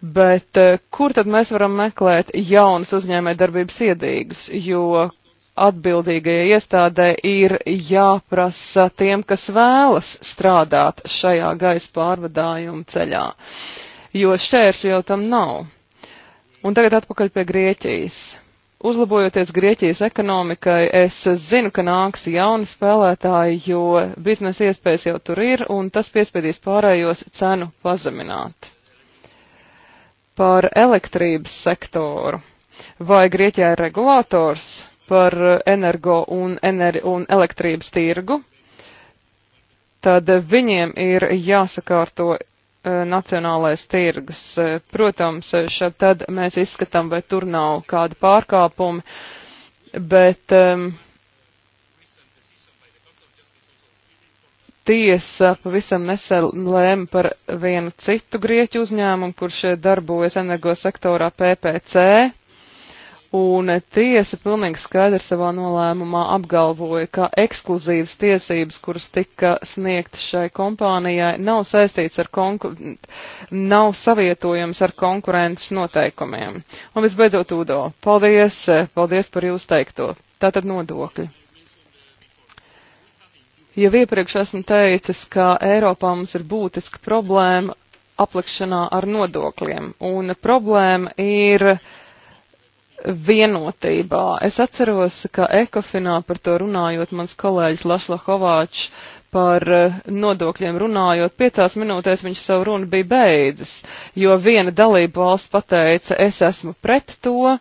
Bet kur tad mēs varam meklēt jaunas uzņēmē darbības iedīgas, jo atbildīgajai iestādē ir jāprasa tiem, kas vēlas strādāt šajā gaisa pārvadājuma ceļā, jo šķēršļi jau tam nav. Un tagad atpakaļ pie Grieķijas. Uzlabojoties Grieķijas ekonomikai, es zinu, ka nāks jauni spēlētāji, jo biznesa iespējas jau tur ir, un tas piespiedīs pārējos cenu pazemināt. Par elektrības sektoru. Vai Grieķijā ir regulators? par energo un, ener un elektrības tirgu, tad viņiem ir jāsakārto e, nacionālais tirgus. E, protams, e, šad tad mēs izskatām, vai tur nav kāda pārkāpuma, bet um, tiesa pavisam nesen lēma par vienu citu grieķu uzņēmumu, kurš darbojas energosektorā PPC Un tiesa pilnīgi skaidri savā nolēmumā apgalvoja, ka ekskluzīvas tiesības, kuras tika sniegtas šai kompānijai, nav saistīts ar konkur... nav savietojams ar konkurences noteikumiem. Un visbeidzot, Udo, paldies, paldies par jūsu teikto. Tātad nodokļi. Jau iepriekš esmu teicis, ka Eiropā mums ir būtiska problēma aplikšanā ar nodokļiem. Un problēma ir vienotībā. Es atceros, ka ekofinā par to runājot, mans kolēģis Lašla Hovāčs par eh, nodokļiem runājot, piecās minūtēs viņš savu runu bija beidzis, jo viena dalība valsts pateica, es esmu pret to,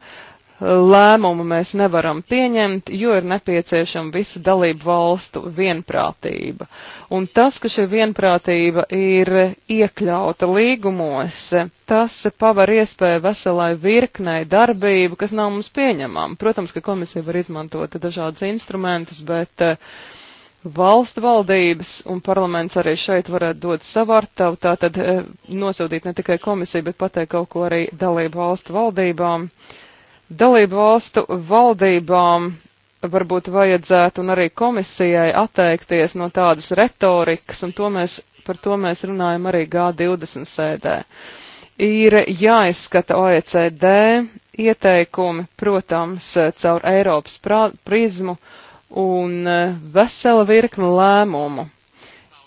lēmumu mēs nevaram pieņemt, jo ir nepieciešama visu dalību valstu vienprātība. Un tas, ka šī vienprātība ir iekļauta līgumos, tas paver iespēju veselai virknei darbību, kas nav mums pieņemama. Protams, ka komisija var izmantot dažādus instrumentus, bet eh, valstu valdības un parlaments arī šeit varētu dot savu artavu, tātad eh, nosūtīt ne tikai komisiju, bet pateikt kaut ko arī dalību valstu valdībām. Uh, Dalību valstu valdībām varbūt vajadzētu un arī komisijai atteikties no tādas retorikas, un to mēs, par to mēs runājam arī G20 sēdē. Ir jāizskata OECD ieteikumi, protams, caur Eiropas prā, prizmu un eh, vesela virkni lēmumu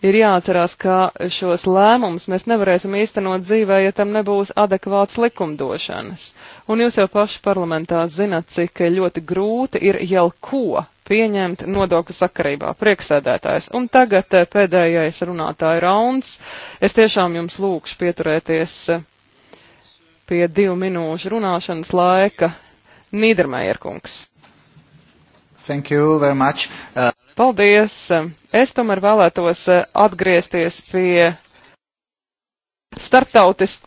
ir jāatcerās, ka šos lēmumus mēs nevarēsim īstenot dzīvē, ja tam nebūs adekvāts likumdošanas. Un jūs jau paši parlamentā zinat, cik ļoti grūti ir jau ko pieņemt nodokļu sakarībā prieksēdētājs. Un tagad eh, pēdējais runātāja rauns. Es tiešām jums lūkšu pieturēties eh, pie divu minūšu runāšanas laika. Nīdermējerkungs. Thank you very much. Uh... Paldies! Es tomēr vēlētos eh, atgriezties pie starptautisku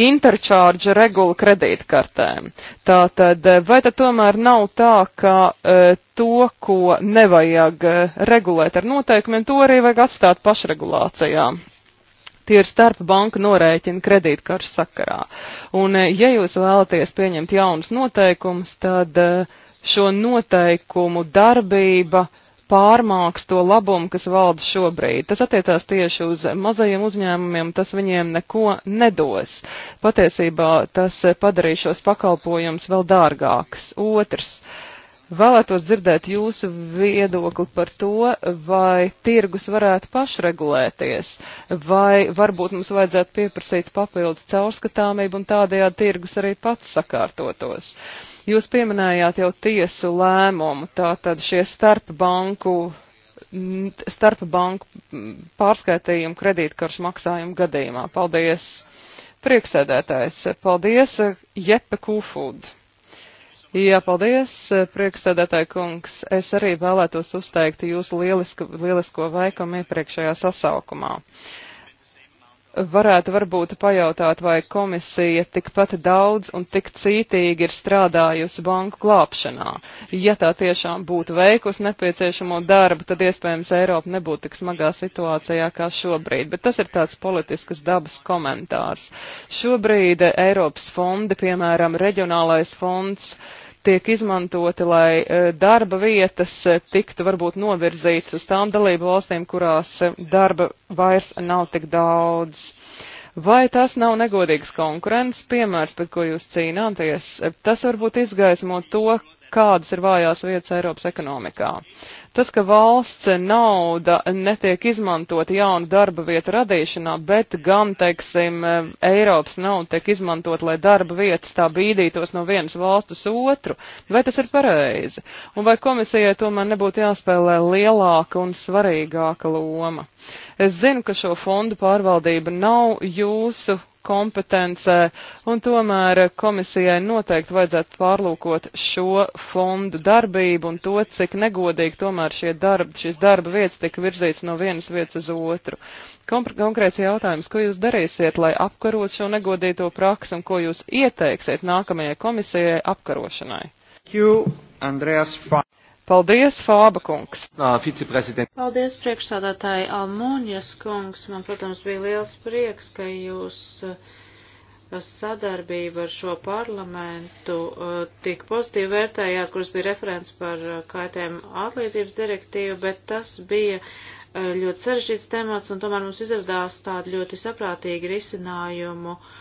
interčārģa regulu kredītkartēm. Tātad, eh, vai tad tomēr nav tā, ka e, to, ko nevajag e, regulēt ar noteikumiem, to arī vajag atstāt pašregulācijā? Tie ir starp banku norēķina kredītkaršu sakarā. Un, e, ja jūs vēlaties pieņemt jaunus noteikumus, tad. E, šo noteikumu darbība pārmāks to labumu, kas valda šobrīd. Tas attiecās tieši uz mazajiem uzņēmumiem, tas viņiem neko nedos. Patiesībā tas padarīs šos pakalpojumus vēl dārgāks. Otrs. Uh, Vēlētos dzirdēt jūsu viedokli par to, vai tirgus varētu pašregulēties, vai varbūt mums vajadzētu pieprasīt papildus caurskatāmību un tādējādi tirgus arī pats sakārtotos. Jūs pieminējāt jau tiesu lēmumu, tātad šie starpbanku starp banku pārskaitījumu kredītkaršu maksājumu gadījumā. Paldies, prieksēdētājs. Paldies, Jeppe Kūfūda. Jā, paldies, priekšsēdētāji kungs. Es arī vēlētos uzteikt jūsu lielisku, lielisko veikumu iepriekšējā sasaukumā. Varētu varbūt pajautāt, vai komisija tikpat daudz un tik cītīgi ir strādājusi banku glābšanā. Ja tā tiešām būtu veikusi nepieciešamo darbu, tad iespējams Eiropa nebūtu tik smagā situācijā kā šobrīd, bet tas ir tāds politiskas dabas komentārs. Šobrīd Eiropas fondi, piemēram, reģionālais fonds, uh, tiek izmantoti, lai e, darba vietas e, tiktu varbūt novirzītas uz tām dalību valstīm, kurās e, darba vairs nav tik daudz. Vai tas nav negodīgs konkurences piemērs, pret ko jūs cīnāties? Tas varbūt izgaismo to, kādas ir vājās vietas Eiropas ekonomikā. Tas, ka valsts nauda netiek izmantota jaunu darba vietu radīšanā, bet gan, teiksim, Eiropas nauda tiek izmantot, lai darba vietas tā bīdītos no vienas valsts uz otru, vai tas ir pareizi? Un vai komisijai tomēr nebūtu jāspēlē lielāka un svarīgāka loma? Es zinu, ka šo fondu pārvaldība nav jūsu kompetencē, un tomēr komisijai noteikti vajadzētu pārlūkot šo fondu darbību un to, cik negodīgi tomēr šie darba, šīs darba vietas tika virzīts no vienas vietas uz otru. Konkrēts jautājums, ko jūs darīsiet, lai apkarot šo negodīto praksi, un ko jūs ieteiksiet nākamajai komisijai apkarošanai? Q, Andreas Fa Paldies, Fāba kungs! Paldies, priekšsādātāji Almūņas kungs. Man, protams, bija liels prieks, ka jūs sadarbību ar šo parlamentu tik pozitīvi vērtējāt, kurš bija referents par kaitēm atlīdzības direktīvu, bet tas bija ļoti sarežģīts temats, un tomēr mums izradās tādu ļoti saprātīgu risinājumu. Uh,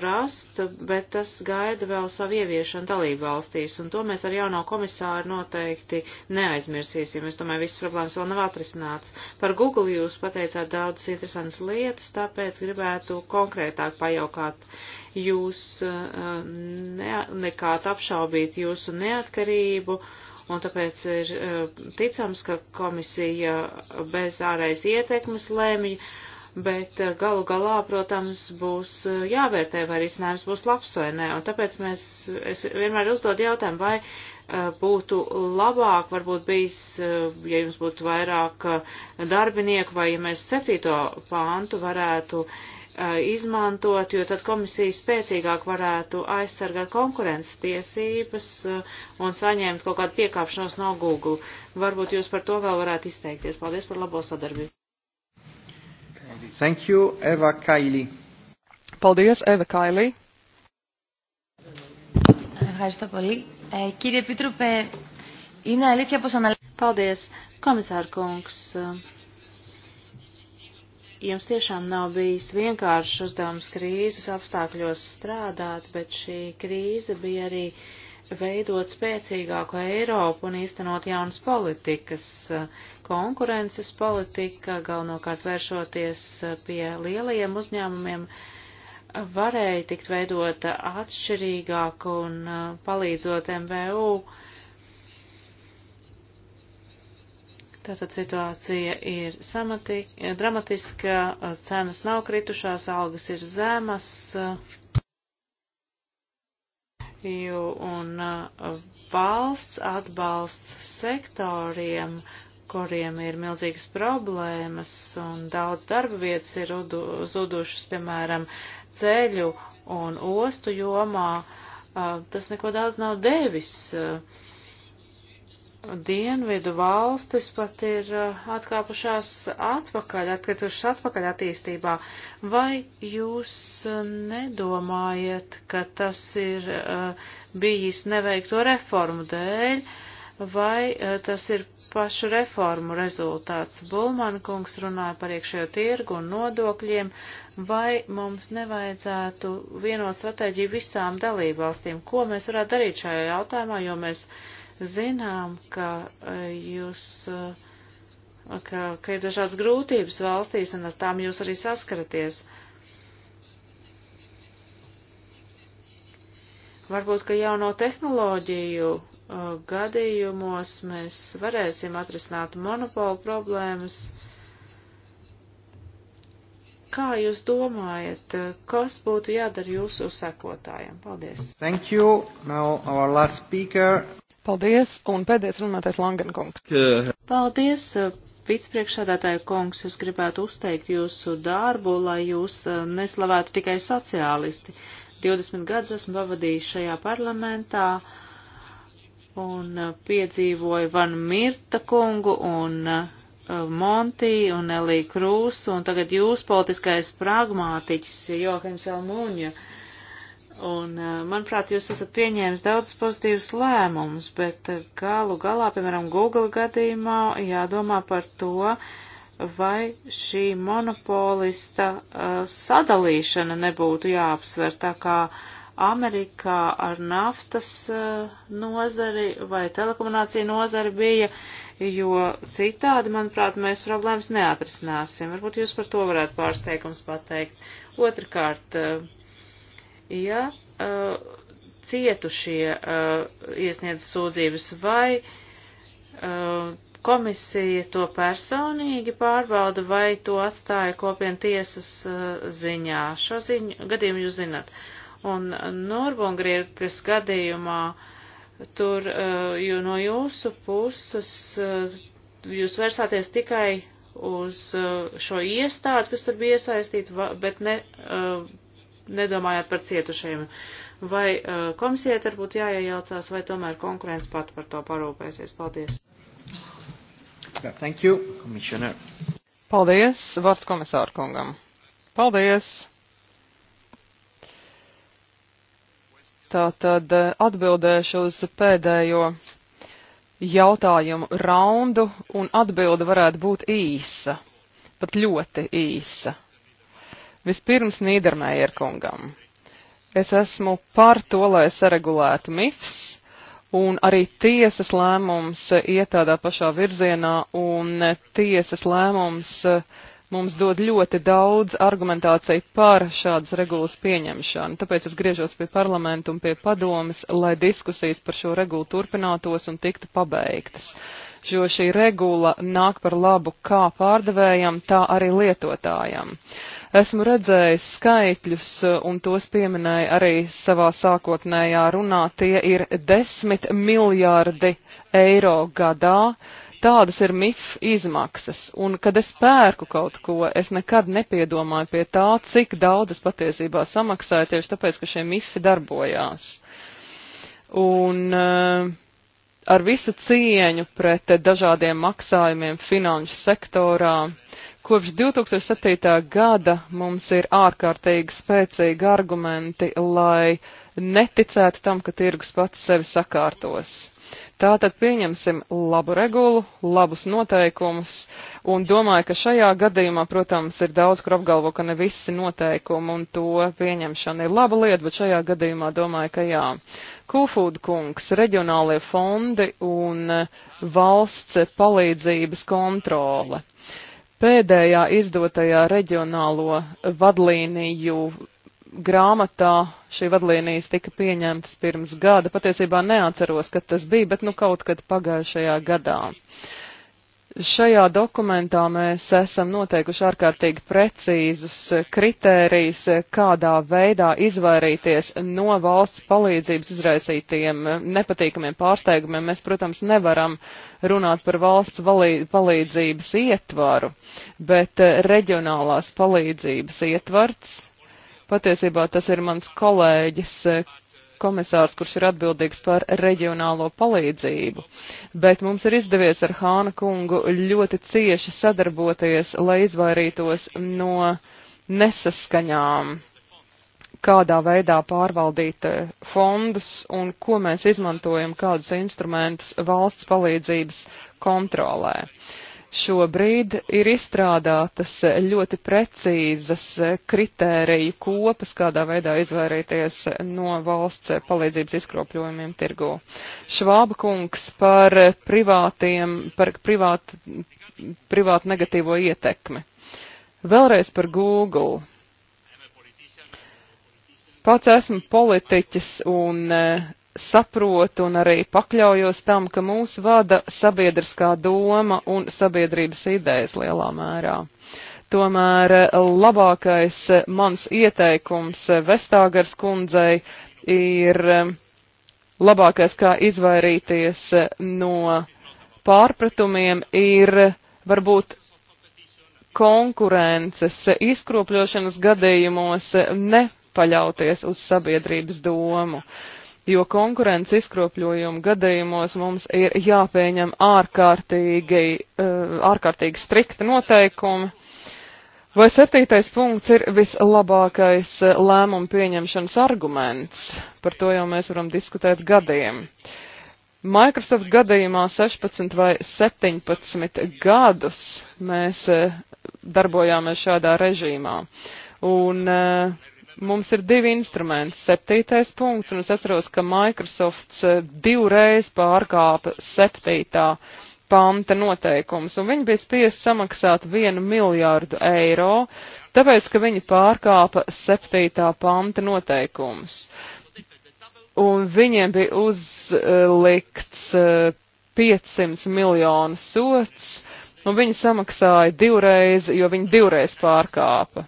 rast, bet tas gaida vēl savu ieviešanu dalību valstīs, un to mēs ar jauno komisāru noteikti neaizmirsīsim. Es domāju, visas problēmas vēl nav atrisināts. Par Google jūs pateicāt daudzas interesantas lietas, tāpēc gribētu konkrētāk pajaukāt. Jūs e, ne, nekāt apšaubīt jūsu neatkarību, un tāpēc ir e, ticams, ka komisija bez ārējas ietekmes lēmja bet eh, galu galā, protams, būs eh, jāvērtē, vai risinājums būs labs vai nē. Un tāpēc mēs, es vienmēr uzdodu jautājumu, vai eh, būtu labāk, varbūt bijis, ja jums būtu vairāk darbinieku, vai ja mēs septīto pāntu varētu izmantot, jo tad komisija spēcīgāk varētu aizsargāt konkurences tiesības un saņemt kaut kādu piekāpšanos no Google. Varbūt jūs par to vēl varētu izteikties. Paldies par labo sadarbību. Thank you, Eva Kaili. Paldies, Eva Kaili. Ευχαριστώ πολύ. Ε, κύριε Επίτροπε, είναι αλήθεια πως αναλύσεις... Paldies, komisār kungs. Jums tiešām nav bijis vienkāršs uzdevums krīzes apstākļos strādāt, bet šī krīze bija arī uh, veidot spēcīgāku Eiropu un īstenot jaunas politikas, konkurences politika, galvenokārt vēršoties pie lielajiem uzņēmumiem, varēja tikt veidota atšķirīgāk un uh, palīdzot MVU. Tātad situācija ir samati, dramatiska, cenas nav kritušās, algas ir zemas, uh, un uh, valsts atbalsts sektoriem, kuriem ir milzīgas problēmas un daudz darba vietas ir zudušas, piemēram, ceļu un ostu jomā, uh, tas neko daudz nav devis. Uh, dienvidu valstis pat ir eh, atkāpušās atpakaļ, atkritušas atpakaļ attīstībā. Vai jūs eh, nedomājat, ka tas ir eh, bijis neveikto reformu dēļ, vai tas ir pašu reformu rezultāts? Bulman kungs runāja par iekšējo tirgu un nodokļiem, vai mums nevajadzētu vienot stratēģiju visām dalībvalstīm? Ko mēs varētu darīt šajā jautājumā, jo mēs zinām, ka e, jūs, e, ka, ka ir dažādas grūtības valstīs un ar tām jūs arī saskaraties. Varbūt, ka jauno tehnoloģiju e, gadījumos mēs varēsim atrisināt monopolu problēmas. Kā jūs domājat, kas būtu jādara jūsu sekotājiem? Paldies. Thank you. Now our last speaker, Paldies, un pēdējais runātais Langenkungs. Paldies, eh, vicepriekšsēdētāju kungs, es gribētu uzteikt jūsu darbu, lai jūs eh, neslavētu tikai sociālisti. 20 gadus esmu pavadījis šajā parlamentā un eh, piedzīvoju Van Mirta kungu un Monti un Elī Krūs, un tagad jūs politiskais pragmātiķis Johims Elmūņa. Uh, Un, eh, manuprāt, jūs esat pieņēmis daudz pozitīvus lēmumus, bet eh, galu galā, piemēram, Google gadījumā jādomā par to, vai šī monopolista uh, sadalīšana nebūtu jāapsver tā kā Amerikā ar naftas uh, nozari vai telekomunāciju nozari bija, jo citādi, manuprāt, mēs problēmas neatrisināsim. Varbūt jūs par to varētu pārsteigums pateikt. Otrakārt, uh, ja uh, cietušie uh, iesniedz sūdzības vai uh, komisija to personīgi pārbauda vai to atstāja kopienu tiesas uh, ziņā. Šo ziņu gadījumu jūs zinat. Un Norvungriekas gadījumā tur uh, jo no jūsu puses uh, jūs vērsāties tikai uz uh, šo iestādi, kas tur bija iesaistīta, bet ne. Uh, nedomājāt par cietušajiem. Vai uh, komisijai tur būtu jāiejaucās, vai tomēr konkurence pat par to parūpēsies? Paldies. Thank you, Commissioner. Paldies, vārds komisāru kungam. Paldies. Tātad uh, atbildēšu uz pēdējo jautājumu raundu, un atbilde varētu būt īsa, pat ļoti īsa. Vispirms Nīdermējer kungam. Es esmu par to, lai saregulētu MIFS, un arī tiesas lēmums iet tādā pašā virzienā, un tiesas lēmums eh, mums dod ļoti daudz argumentāciju par šādas regulas pieņemšanu. Tāpēc es griežos pie parlamentu un pie padomas, lai diskusijas par šo regulu turpinātos un tiktu pabeigtas jo šī regula nāk par labu kā pārdevējam, tā arī lietotājam. Esmu redzējis skaitļus, eh, un tos pieminēja arī savā sākotnējā runā. Tie ir desmit miljārdi eiro gadā. Tādas ir MIF izmaksas, un kad es pērku kaut ko, es nekad nepiedomāju pie tā, cik daudz es patiesībā samaksāju tieši tāpēc, ka šie MIF darbojās. Un uh, ar visu cieņu pret dažādiem maksājumiem finanšu sektorā, uh, Kopš 2007. gada mums ir ārkārtīgi spēcīgi argumenti, lai neticētu tam, ka tirgus pats sevi sakārtos. Tātad pieņemsim labu regulu, labus noteikumus, un domāju, ka šajā gadījumā, protams, ir daudz, kur apgalvo, ka ne visi noteikumi un to pieņemšana ir laba lieta, bet šajā gadījumā domāju, ka jā. Kulfūda kungs, reģionālie fondi un valsts palīdzības kontrole pēdējā izdotajā reģionālo vadlīniju grāmatā šī vadlīnijas tika pieņemtas pirms gada. Patiesībā neatceros, kad tas bija, bet nu kaut kad pagājušajā gadā. Šajā dokumentā mēs esam noteikuši ārkārtīgi precīzus kritērijus, kādā veidā izvairīties no valsts palīdzības izraisītiem nepatīkamiem pārsteigumiem. Mēs, protams, nevaram runāt par valsts palīdzības ietvaru, bet eh, reģionālās palīdzības ietvarts. Patiesībā tas ir mans kolēģis eh, komisārs, kurš ir atbildīgs par reģionālo palīdzību, bet mums ir izdevies ar Hāna kungu ļoti cieši sadarboties, lai izvairītos no nesaskaņām kādā veidā pārvaldīt eh, fondus un ko mēs izmantojam, kādus instrumentus valsts palīdzības kontrolē. Uh, Šobrīd ir izstrādātas ļoti precīzas kritēriju kopas, kādā veidā izvairīties no valsts palīdzības izkropļojumiem tirgū. Švāba kungs par privātiem, par privātu, privātu negatīvo ietekmi. Vēlreiz par Google. Pats esmu politiķis un eh, saprotu un arī pakļaujos tam, ka mūs vada sabiedriskā doma un sabiedrības idejas lielā mērā. Tomēr eh, labākais eh, mans ieteikums eh, Vestāgars kundzei ir labākais, kā izvairīties no pārpratumiem, ir varbūt konkurences izkropļošanas gadījumos nepaļauties uz sabiedrības domu. Uh, jo konkurences izkropļojumu gadījumos mums ir jāpieņem ārkārtīgi, eh, ārkārtīgi strikti noteikumi. Vai septītais punkts ir vislabākais eh, lēmumu pieņemšanas arguments? Par to jau mēs varam diskutēt gadiem. Microsoft gadījumā 16 vai 17 gadus mēs eh, darbojāmies šādā režīmā. Un uh, mums ir divi instrumenti. Septītais punkts, un es atceros, ka Microsofts eh, divreiz pārkāpa septītā panta noteikums, un viņi bija spiest samaksāt vienu miljārdu eiro, tāpēc, ka viņi pārkāpa septītā panta noteikums. Un viņiem bija uzlikts 500 eh, miljonu sots, un viņi samaksāja divreiz, jo viņi divreiz pārkāpa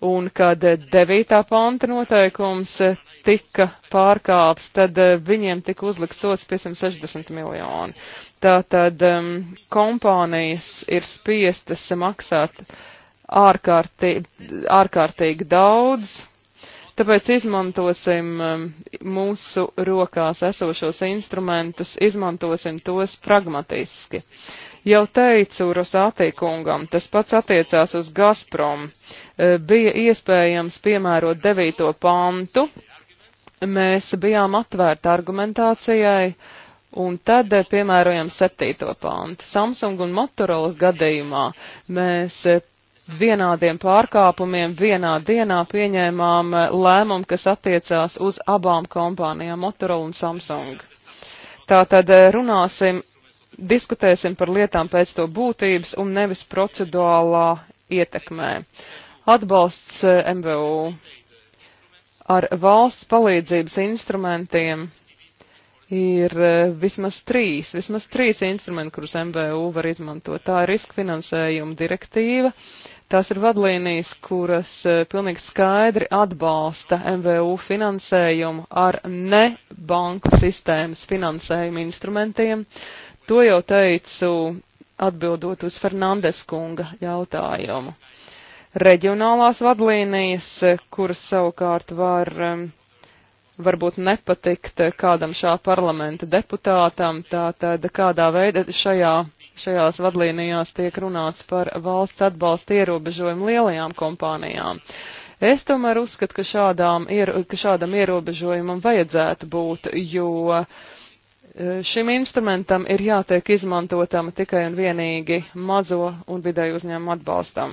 un kad 9. panta noteikums tika pārkāps, tad eh, viņiem tika uzlikts sots 560 miljoni. Tātad um, kompānijas ir spiestas maksāt ārkārtīgi, ārkārtīgi daudz, tāpēc izmantosim um, mūsu rokās esošos instrumentus, izmantosim tos pragmatiski. Uh, Jau teicu Rosātī kungam, tas pats attiecās uz Gazprom. E, bija iespējams piemērot devīto pantu. Mēs bijām atvērti argumentācijai. Un tad e, piemērojam septīto pantu. Samsung un Motorolas gadījumā mēs e, vienādiem pārkāpumiem vienā dienā pieņēmām lēmumu, kas attiecās uz abām kompānijām - Motorola un Samsung. Tātad runāsim diskutēsim par lietām pēc to būtības un nevis procedūrālā ietekmē. Atbalsts eh, MVU ar valsts palīdzības instrumentiem ir eh, vismaz trīs, vismaz trīs instrumenti, kurus MVU var izmantot. Tā ir riska finansējuma direktīva, tās ir vadlīnijas, kuras eh, pilnīgi skaidri atbalsta MVU finansējumu ar ne banku sistēmas finansējuma instrumentiem. Uh, To jau teicu atbildot uz Fernandes kunga jautājumu. Reģionālās vadlīnijas, kuras savukārt var um, varbūt nepatikt kādam šā parlamenta deputātam, tātad kādā veidā šajā, šajās vadlīnijās tiek runāts par valsts atbalsta ierobežojumu lielajām kompānijām. Es tomēr uzskatu, ka, šādām, ka šādam ierobežojumam vajadzētu būt, jo uh, Eh, šim instrumentam ir jātiek izmantotam tikai un vienīgi mazo un vidēju uzņēmumu atbalstam.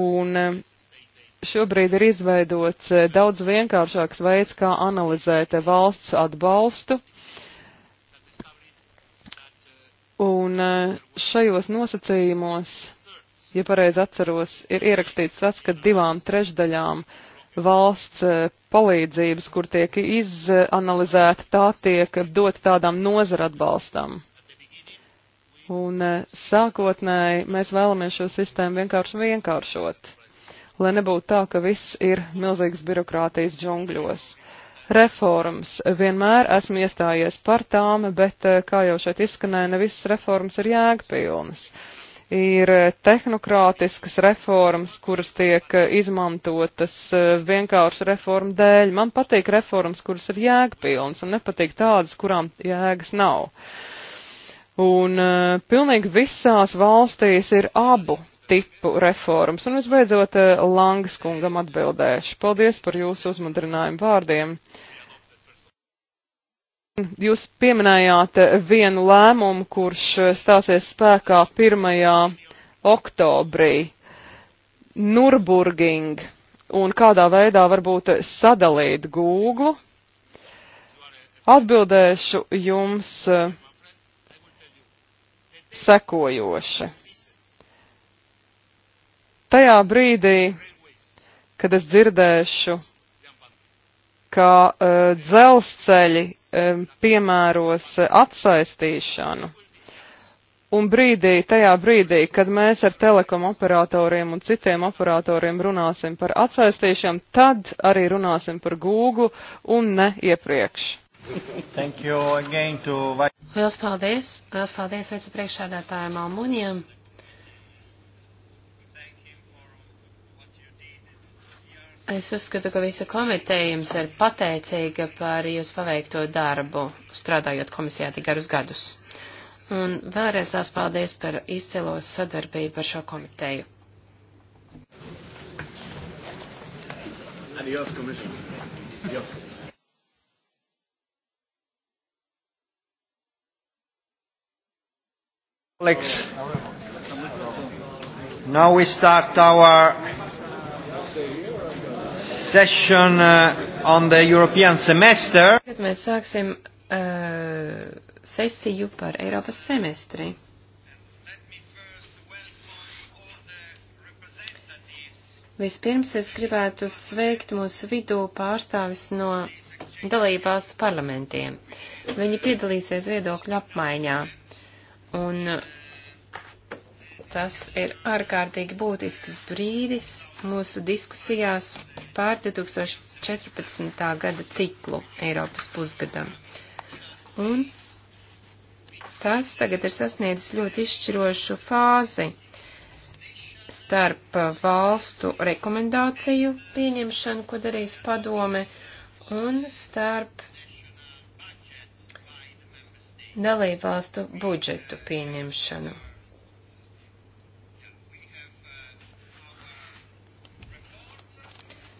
Un eh, šobrīd ir izveidots eh, daudz vienkāršāks veids, kā analizēt valsts atbalstu. Un šajos nosacījumos, ja pareizi atceros, ir ierakstīts tas, ka divām trešdaļām uh, valsts eh, palīdzības, kur tiek izanalizēta, tā tiek dot tādām nozara atbalstam. Un eh, sākotnēji mēs vēlamies šo sistēmu vienkārši vienkāršot, lai nebūtu tā, ka viss ir milzīgas birokrātijas džungļos. Reformas vienmēr esmu iestājies par tām, bet, eh, kā jau šeit izskanēja, ne visas reformas ir jēgpilnas. Uh, ir eh, tehnokrātiskas reformas, kuras tiek eh, izmantotas eh, vienkārši reformu dēļ. Man patīk reformas, kuras ir jēgpilnas, un nepatīk tādas, kurām jēgas nav. Un uh, pilnīgi visās valstīs ir abu tipu reformas. Un visbeidzot, Langas kungam atbildēšu. Paldies par jūsu uzmundrinājumu vārdiem. Uh, Jūs pieminējāt eh, vienu lēmumu, kurš eh, stāsies spēkā 1. oktobrī. Nurburging un kādā veidā varbūt sadalīt Google. Atbildēšu jums eh, sekojoši. Tajā brīdī, kad es dzirdēšu ka uh, dzelzceļi um, piemēros atsaistīšanu. Un brīdī, tajā brīdī, kad mēs ar telekom operatoriem un citiem operatoriem runāsim par atsaistīšanu, tad arī runāsim par Google un ne iepriekš. Thank you again to... Liels paldies! Liels paldies vicepriekšādātājiem Almuņiem! Es uzskatu, ka visa komiteja jums ir pateicīga par jūsu paveikto darbu, strādājot komisijā tik garus gadus. Un vēlreiz tās paldies par izcilo sadarbību ar šo komiteju. Adios, Adios. Alex. Now we start our session uh, on the European semester. Tagad mēs sāksim uh, sesiju par Eiropas semestri. Vispirms es gribētu sveikt mūsu vidū pārstāvis no dalībvalstu parlamentiem. Viņi piedalīsies viedokļu apmaiņā. Un uh, Tas ir ārkārtīgi būtisks brīdis mūsu diskusijās pār 2014. gada ciklu Eiropas pusgadam. Un tas tagad ir sasniedzis ļoti izšķirošu fāzi starp valstu rekomendāciju pieņemšanu, ko darīs padome, un starp dalībvalstu budžetu pieņemšanu.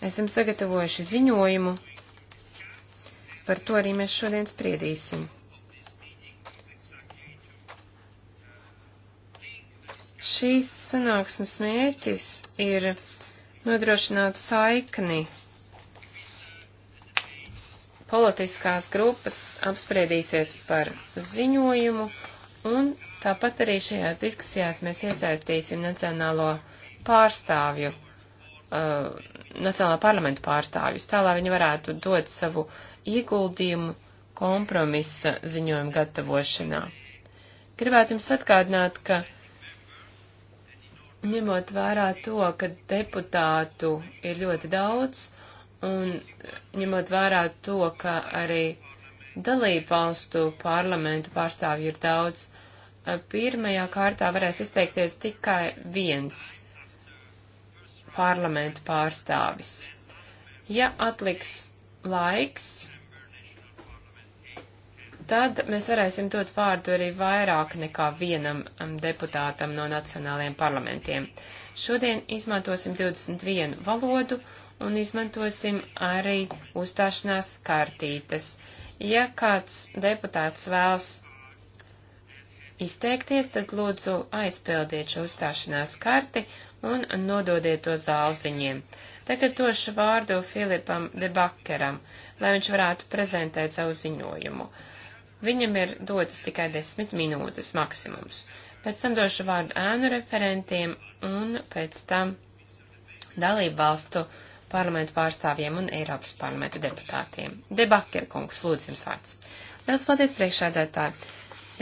Esam sagatavojuši ziņojumu, par to arī mēs šodien spriedīsim. Šīs sanāksmes mērķis ir nodrošināt saikni politiskās grupas apspriedīsies par ziņojumu, un tāpat arī šajās diskusijās mēs iesaistīsim nacionālo pārstāvju uh, Nacionālā parlamenta pārstāvjus, tā lai viņi varētu dot savu ieguldījumu kompromisa ziņojumu gatavošanā. Gribētu jums atgādināt, ka ņemot vērā to, ka deputātu ir ļoti daudz, un ņemot vērā to, ka arī dalību valstu parlamentu pārstāvju ir daudz, uh, pirmajā kārtā varēs izteikties tikai viens parlamentu pārstāvis. Ja atliks laiks, tad mēs varēsim dot vārdu arī vairāk nekā vienam um, deputātam no nacionālajiem parlamentiem. Šodien izmantosim 21 valodu un izmantosim arī uzstāšanās kartītes. Ja kāds deputāts vēlas izteikties, tad lūdzu aizpildiet šo uzstāšanās karti un nododiet to zālziņiem. Tagad došu vārdu Filipam Debakeram, lai viņš varētu prezentēt savu ziņojumu. Viņam ir dotas tikai desmit minūtes maksimums. Pēc tam došu vārdu ēnu referentiem un pēc tam dalību valstu parlamentu pārstāvjiem un Eiropas parlamenta deputātiem. Debaker kungs, lūdzu jums vārds. Liels paldies priekšādētāji!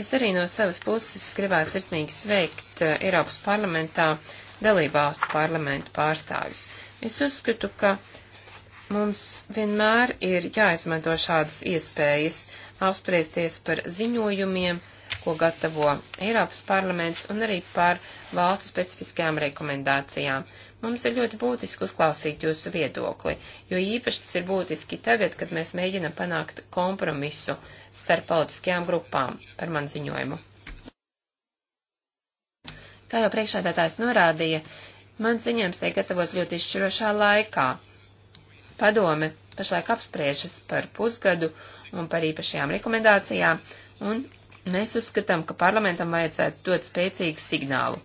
Es arī no savas puses gribētu sirsnīgi sveikt eh, Eiropas parlamentā uh, dalībvalstu parlamentu pārstāvis. Es uzskatu, ka mums vienmēr ir jāizmanto šādas iespējas apspriesties par ziņojumiem, ko gatavo Eiropas parlaments un arī par valstu specifiskajām rekomendācijām. Mums ir ļoti būtiski uzklausīt jūsu viedokli, jo īpaši tas ir būtiski tagad, kad mēs mēģinam panākt kompromisu starp politiskajām grupām par man ziņojumu. Kā jau priekšādātājs norādīja, man ziņojums tiek gatavos ļoti izšķirošā laikā. Padome pašlaik apspriežas par pusgadu un par īpašajām rekomendācijām, un mēs uzskatām, ka parlamentam vajadzētu dot spēcīgu signālu.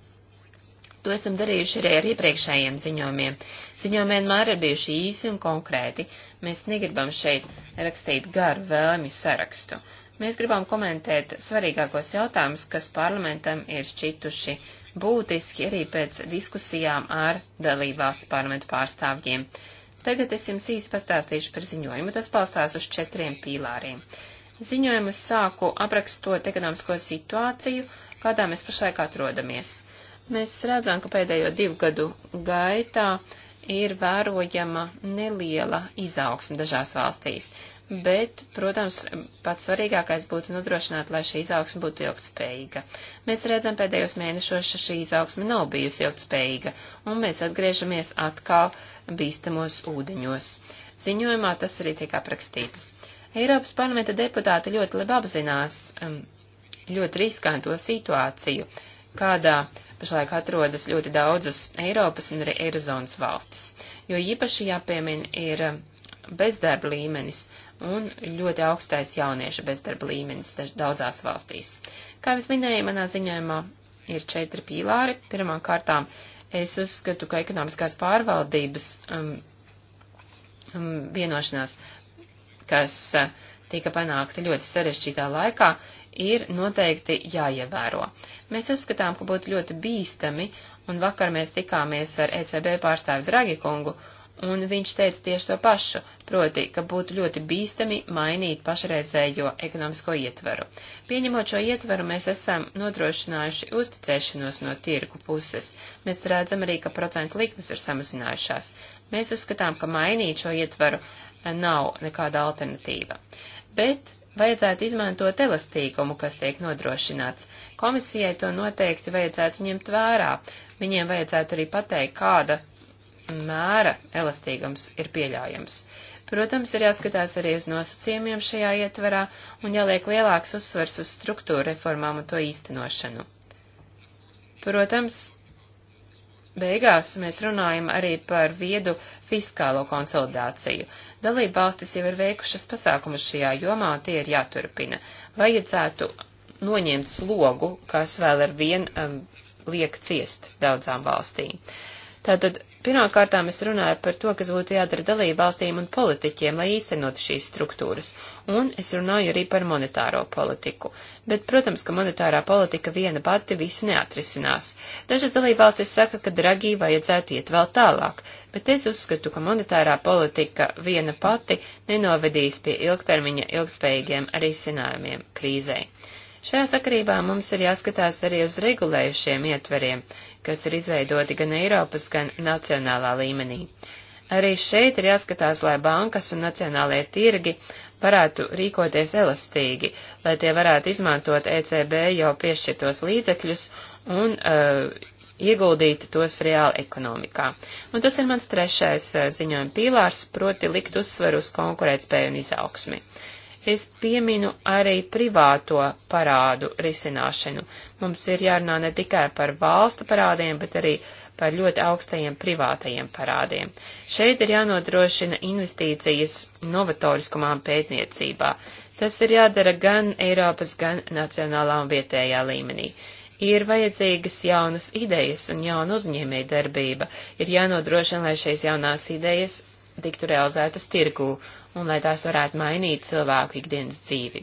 To esam darījuši arī ar iepriekšējiem ziņojumiem. Ziņojumi vienmēr ir bijuši īsi un konkrēti. Mēs negribam šeit rakstīt garu vēlmju sarakstu. Mēs gribam komentēt svarīgākos jautājumus, kas parlamentam ir šķituši būtiski arī pēc diskusijām ar dalībvalstu parlamentu pārstāvjiem. Tagad es jums īsi pastāstīšu par ziņojumu. Tas palstās uz četriem pīlāriem. Ziņojumu es sāku aprakstot ekonomisko situāciju, kādā mēs pašlaik atrodamies. Mēs redzam, ka pēdējo divu gadu gaitā uh, ir vērojama neliela izaugsme dažās valstīs, bet, protams, pats svarīgākais būtu nodrošināt, lai šī izaugsme būtu ilgtspējīga. Mēs redzam pēdējos mēnešos, ka šī izaugsme nav bijusi ilgtspējīga, un mēs atgriežamies atkal bīstamos ūdeņos. Ziņojumā tas arī tiek aprakstīts. Eiropas parlamenta deputāti ļoti labi apzinās um, ļoti riskanto situāciju, kādā pašlaik atrodas ļoti daudzas Eiropas un arī Eirozonas valstis, jo īpaši jāpiemina ir bezdarba līmenis un ļoti augstais jauniešu bezdarba līmenis daudzās valstīs. Kā es minēju, manā ziņojumā ir četri pīlāri. Pirmām kārtām es uzskatu, ka ekonomiskās pārvaldības um, um, vienošanās, kas uh, tika panākta ļoti sarežģītā laikā, ir noteikti jāievēro. Mēs uzskatām, ka būtu ļoti bīstami, un vakar mēs tikāmies ar ECB pārstāvi Dragikungu, un viņš teica tieši to pašu, proti, ka būtu ļoti bīstami mainīt pašreizējo ekonomisko ietvaru. Pieņemot šo ietvaru, mēs esam nodrošinājuši uzticēšanos no tirgu puses. Mēs redzam arī, ka procentu likmes ir samazinājušās. Mēs uzskatām, ka mainīt šo ietvaru nav nekāda alternatīva. Bet vajadzētu izmantot elastīgumu, kas tiek nodrošināts. Komisijai to noteikti vajadzētu ņemt vērā. Viņiem vajadzētu arī pateikt, kāda mēra elastīgums ir pieļaujams. Protams, ir jāskatās arī uz nosacījumiem šajā ietverā un jāliek lielāks uzsvers uz struktūru reformām un to īstenošanu. Protams, beigās mēs runājam arī par viedu fiskālo konsolidāciju. Dalība valstis jau ir veikušas pasākumus šajā jomā, tie ir jāturpina. Vajadzētu noņemt slogu, kas vēl ar vien um, liek ciest daudzām valstīm. Tātad Pirmkārtām es runāju par to, kas būtu jādara dalību valstīm un politiķiem, lai īstenotu šīs struktūras, un es runāju arī par monetāro politiku. Bet, protams, ka monetārā politika viena pati visu neatrisinās. Dažas dalību valstis saka, ka Dragī vajadzētu iet vēl tālāk, bet es uzskatu, ka monetārā politika viena pati nenovedīs pie ilgtermiņa ilgspējīgiem risinājumiem krīzei. Šajā sakarībā mums ir jāskatās arī uz regulējušiem ietveriem, kas ir izveidoti gan Eiropas, gan nacionālā līmenī. Arī šeit ir jāskatās, lai bankas un nacionālajie tirgi varētu rīkoties elastīgi, lai tie varētu izmantot ECB jau piešķirtos līdzekļus un uh, ieguldīt tos reāli ekonomikā. Un tas ir mans trešais uh, ziņojuma pīlārs, proti likt uzsveru uz konkurētspēju un izaugsmi. Es pieminu arī privāto parādu risināšanu. Mums ir jārunā ne tikai par valstu parādiem, bet arī par ļoti augstajiem privātajiem parādiem. Šeit ir jānodrošina investīcijas novatoriskumā un pētniecībā. Tas ir jādara gan Eiropas, gan nacionālā un vietējā līmenī ir vajadzīgas jaunas idejas un jauna uzņēmējdarbība, ir jānodrošina, lai šīs jaunās idejas tiktu realizētas tirgū un lai tās varētu mainīt cilvēku ikdienas dzīvi.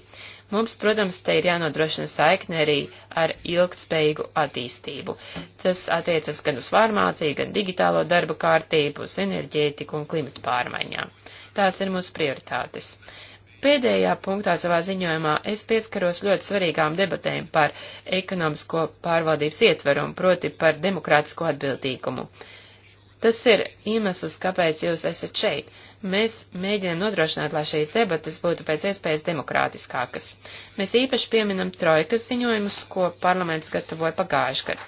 Mums, protams, te ir jānodrošina saikne arī ar ilgtspējīgu attīstību. Tas attiecas gan uz farmāciju, gan digitālo darbu kārtību, uz enerģētiku un klimatu pārmaiņām. Tās ir mūsu prioritātes. Pēdējā punktā savā ziņojumā es pieskaros ļoti svarīgām debatēm par ekonomisko pārvaldības ietverumu, proti par demokrātisko atbildīgumu. Uh, Tas ir iemesls, kāpēc jūs esat šeit. Mēs mēģinām nodrošināt, lai šīs debatas būtu pēc iespējas demokrātiskākas. Mēs īpaši pieminam trojkas ziņojumus, ko parlaments gatavoja pagājuši gadu.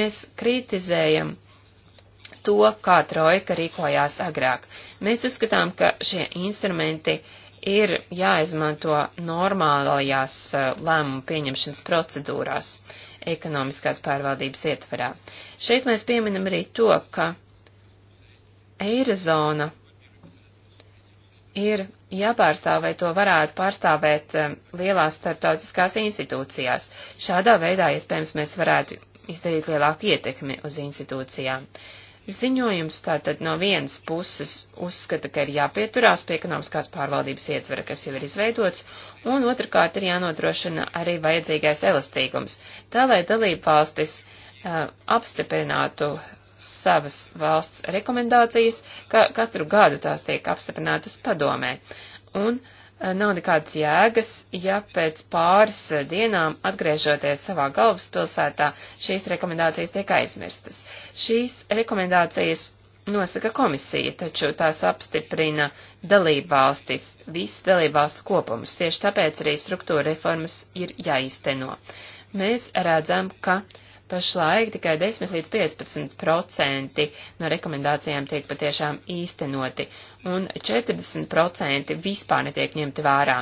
Mēs kritizējam to, kā trojka rīkojās agrāk. Mēs uzskatām, ka šie instrumenti ir jāizmanto normālajās eh, lēmumu pieņemšanas procedūrās ekonomiskās pārvaldības ietverā. Šeit mēs pieminam arī to, ka Eirozona ir jāpārstāv, vai to varētu pārstāvēt eh, lielās starptautiskās institūcijās. Šādā veidā, iespējams, mēs varētu izdarīt lielāku ietekmi uz institūcijām. Ziņojums tātad no vienas puses uzskata, ka ir jāpieturās pie ekonomiskās pārvaldības ietvera, kas jau ir izveidots, un otrkārt ir jānodrošina arī vajadzīgais elastīgums, tā lai dalību valstis uh, apstiprinātu savas valsts rekomendācijas, ka katru gadu tās tiek apstiprinātas padomē. Un eh, nav nekādas jēgas, ja pēc pāris eh, dienām, atgriežoties savā galvaspilsētā, šīs rekomendācijas tiek aizmirstas. Šīs rekomendācijas nosaka komisija, taču tās apstiprina dalību valstis, visas dalību valstu kopumus, tieši tāpēc arī struktūra reformas ir jāizteno. Mēs redzam, ka uh, Pašlaik tikai 10 līdz 15% no rekomendācijām tiek patiešām īstenoti, un 40% vispār netiek ņemti vērā.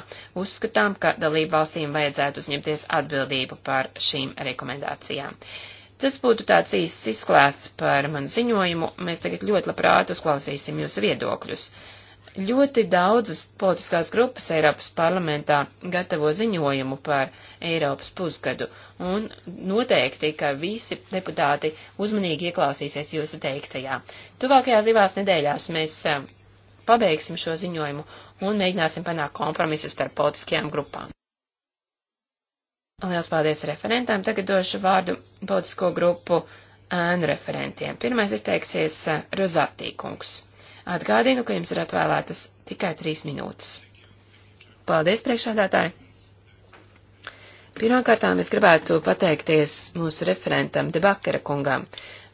Uzskatām, ka dalību valstīm vajadzētu uzņemties atbildību par šīm rekomendācijām. Tas būtu tāds īsts izklāsts par manu ziņojumu. Mēs tagad ļoti labprāt uzklausīsim jūsu viedokļus. Ļoti daudzas politiskās grupas Eiropas parlamentā gatavo ziņojumu par Eiropas pusgadu, un noteikti, ka visi deputāti uzmanīgi ieklausīsies jūsu teiktajā. Tuvākajās divās nedēļās mēs eh, pabeigsim šo ziņojumu un mēģināsim panākt kompromisus starp politiskajām grupām. Lielas paldies referentām. Tagad došu vārdu politisko grupu ēnu referentiem. Pirmais izteiksies eh, Rozatī kungs. Atgādinu, ka jums ir atvēlētas tikai trīs minūtes. Paldies, priekšādātāji! Pirmkārtām es gribētu pateikties mūsu referentam Debakera kungam.